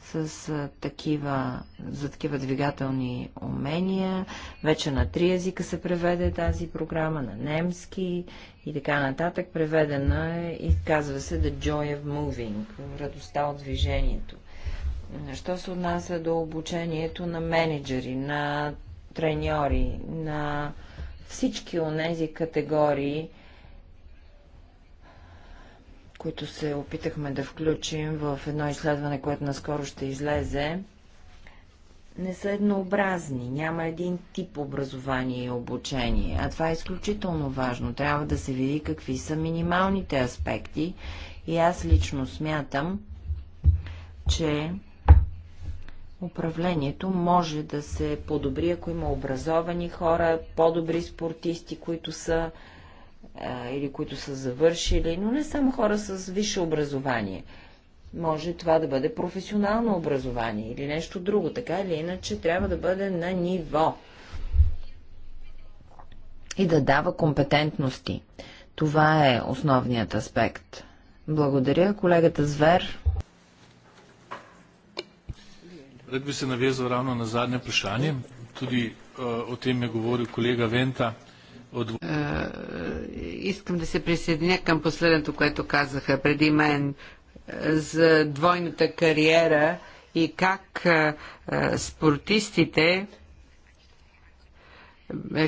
с такива, за такива двигателни умения. Вече на три езика се преведе тази програма, на немски и така нататък. Преведена е и казва се The Joy of Moving, радостта от движението. Що се отнася до обучението на менеджери, на треньори, на всички тези категории, които се опитахме да включим в едно изследване, което наскоро ще излезе, не са еднообразни. Няма един тип образование и обучение. А това е изключително важно. Трябва да се види какви са минималните аспекти. И аз лично смятам, че управлението може да се подобри, ако има образовани хора, по-добри спортисти, които са а, или които са завършили, но не само хора с висше образование. Може това да бъде професионално образование или нещо друго, така или иначе трябва да бъде на ниво и да дава компетентности. Това е основният аспект. Благодаря, колегата Звер. Rad би се navezal рано на задне vprašanje. Туди uh, o tem колега Вента. От... Е, искам да се присъединя към последното, което казаха преди мен е, за двойната кариера и как е, спортистите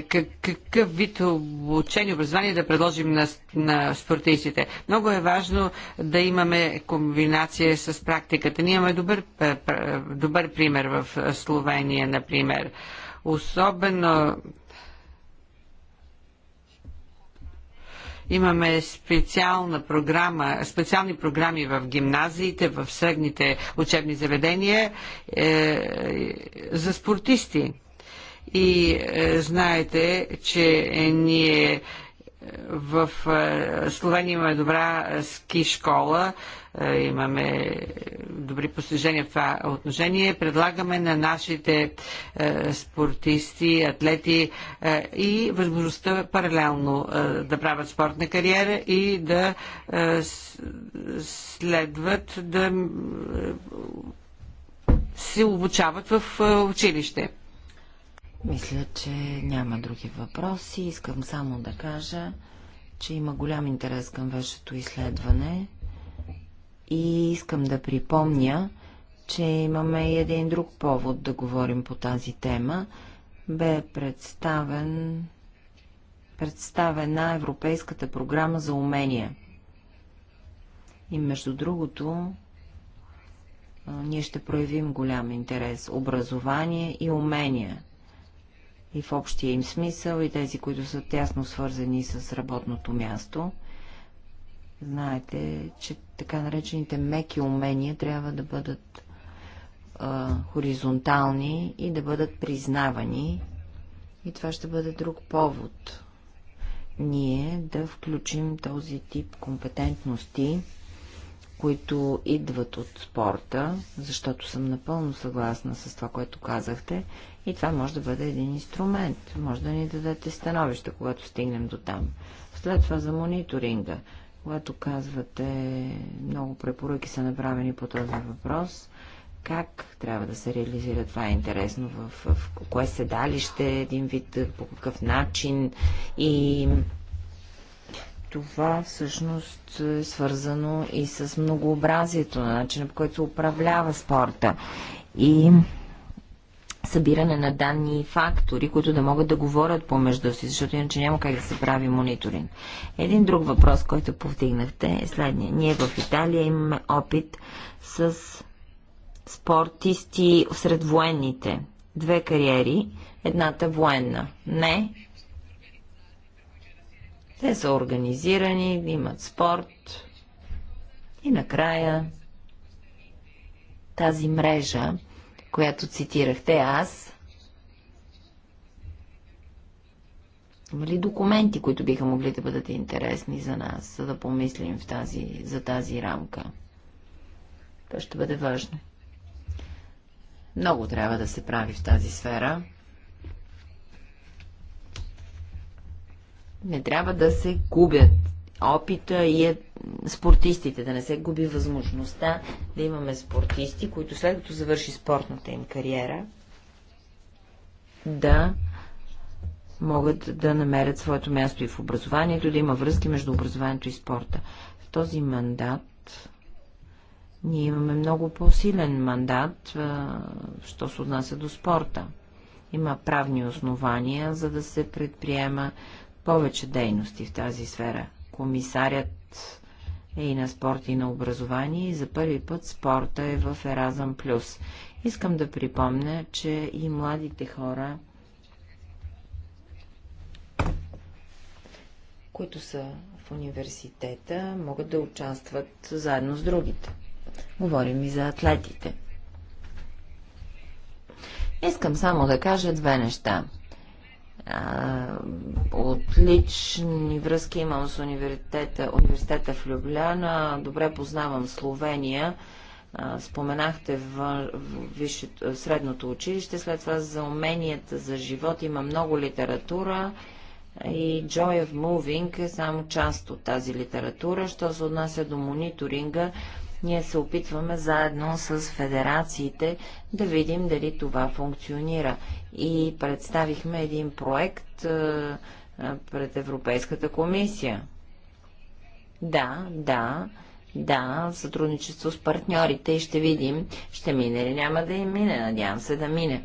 какъв вид обучение, образование да предложим на, на спортистите. Много е важно да имаме комбинация с практиката. Ние имаме добър, добър пример в Словения, например. Особено Имаме специална програма, специални програми в гимназиите, в средните учебни заведения е, за спортисти. И е, знаете, че ние е, в е, Словения имаме добра ски школа, е, имаме добри постижения в това отношение. Предлагаме на нашите е, спортисти, атлети е, и възможността паралелно да правят спортна кариера и да следват да се обучават в училище. Мисля, че няма други въпроси. Искам само да кажа, че има голям интерес към вашето изследване. И искам да припомня, че имаме и един друг повод да говорим по тази тема. Бе представен, представена Европейската програма за умения. И между другото, ние ще проявим голям интерес. Образование и умения. И в общия им смисъл, и тези, които са тясно свързани с работното място – Знаете, че така наречените меки умения трябва да бъдат а, хоризонтални и да бъдат признавани. И това ще бъде друг повод ние да включим този тип компетентности, които идват от спорта, защото съм напълно съгласна с това, което казахте, и това може да бъде един инструмент. Може да ни дадете становище, когато стигнем до там. След това за мониторинга. Когато казвате, много препоръки са направени по този въпрос, как трябва да се реализира това е интересно, в, в, в кое седалище, един вид, по какъв начин и това всъщност е свързано и с многообразието на начина, по който се управлява спорта. И събиране на данни и фактори, които да могат да говорят помежду си, защото иначе няма как да се прави мониторинг. Един друг въпрос, който повдигнахте е следния. Ние в Италия имаме опит с спортисти сред военните. Две кариери, едната военна. Не. Те са организирани, имат спорт. И накрая тази мрежа която цитирахте аз. Има ли документи, които биха могли да бъдат интересни за нас, за да помислим в тази, за тази рамка? Това ще бъде важно. Много трябва да се прави в тази сфера. Не трябва да се губят опита и е спортистите, да не се губи възможността да имаме спортисти, които след като завърши спортната им кариера, да могат да намерят своето място и в образованието, да има връзки между образованието и спорта. В този мандат ние имаме много по-силен мандат, що се отнася до спорта. Има правни основания, за да се предприема повече дейности в тази сфера комисарят е и на спорт и на образование и за първи път спорта е в Еразъм Плюс. Искам да припомня, че и младите хора, които са в университета, могат да участват заедно с другите. Говорим и за атлетите. Искам само да кажа две неща – от отлични връзки имам с университета, университета в Любляна. Добре познавам Словения. споменахте в, в в средното училище. След това за уменията за живот има много литература. И Joy of Moving е само част от тази литература. Що се отнася до мониторинга, ние се опитваме заедно с федерациите да видим дали това функционира и представихме един проект пред Европейската комисия. Да, да, да, сътрудничество с партньорите и ще видим, ще мине или няма да и мине. Надявам се да мине.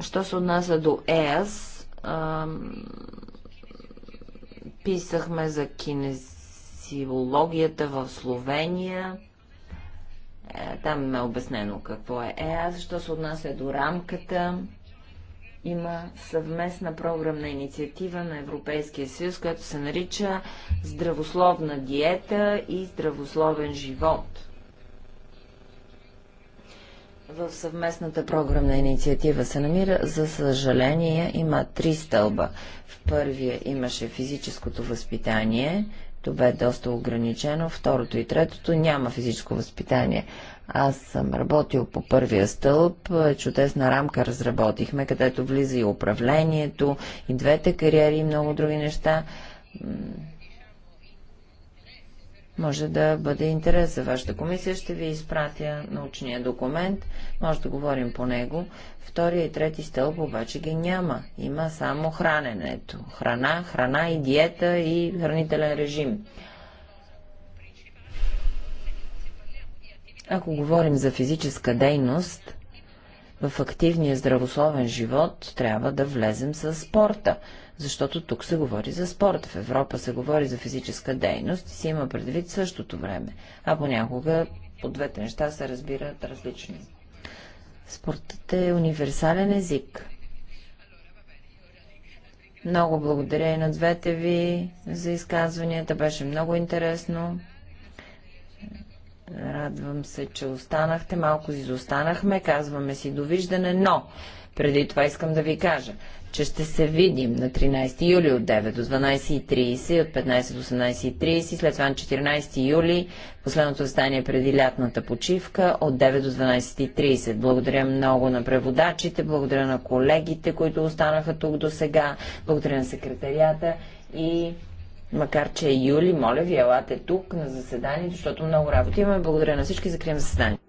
Що се отнася до ЕАС, писахме за кинесиологията в Словения. Е, там ме е обяснено какво е ЕАС. Що се отнася до рамката, има съвместна програмна инициатива на Европейския съюз, която се нарича Здравословна диета и здравословен живот. В съвместната програмна инициатива се намира, за съжаление, има три стълба. В първия имаше физическото възпитание, то бе доста ограничено. Второто и третото няма физическо възпитание. Аз съм работил по първия стълб, чудесна рамка разработихме, където влиза и управлението, и двете кариери, и много други неща. Може да бъде интерес за вашата комисия. Ще ви изпратя научния документ. Може да говорим по него. Втория и трети стълб обаче ги няма. Има само храненето. Храна, храна и диета и хранителен режим. Ако говорим за физическа дейност, в активния здравословен живот трябва да влезем с спорта, защото тук се говори за спорт, в Европа се говори за физическа дейност и се има предвид същото време, а понякога по двете неща се разбират различно. Спортът е универсален език. Много благодаря и на двете ви за изказванията, беше много интересно. Радвам се, че останахте. Малко изостанахме. Казваме си довиждане, но преди това искам да ви кажа, че ще се видим на 13 юли от 9 до 12.30, от 15 до 18.30, след това на 14 юли, последното застание преди лятната почивка, от 9 до 12.30. Благодаря много на преводачите, благодаря на колегите, които останаха тук до сега, благодаря на секретарията и Макар, че е юли, моля ви, елате тук на заседанието, защото много работи имаме. Благодаря на всички. Закрием заседанието.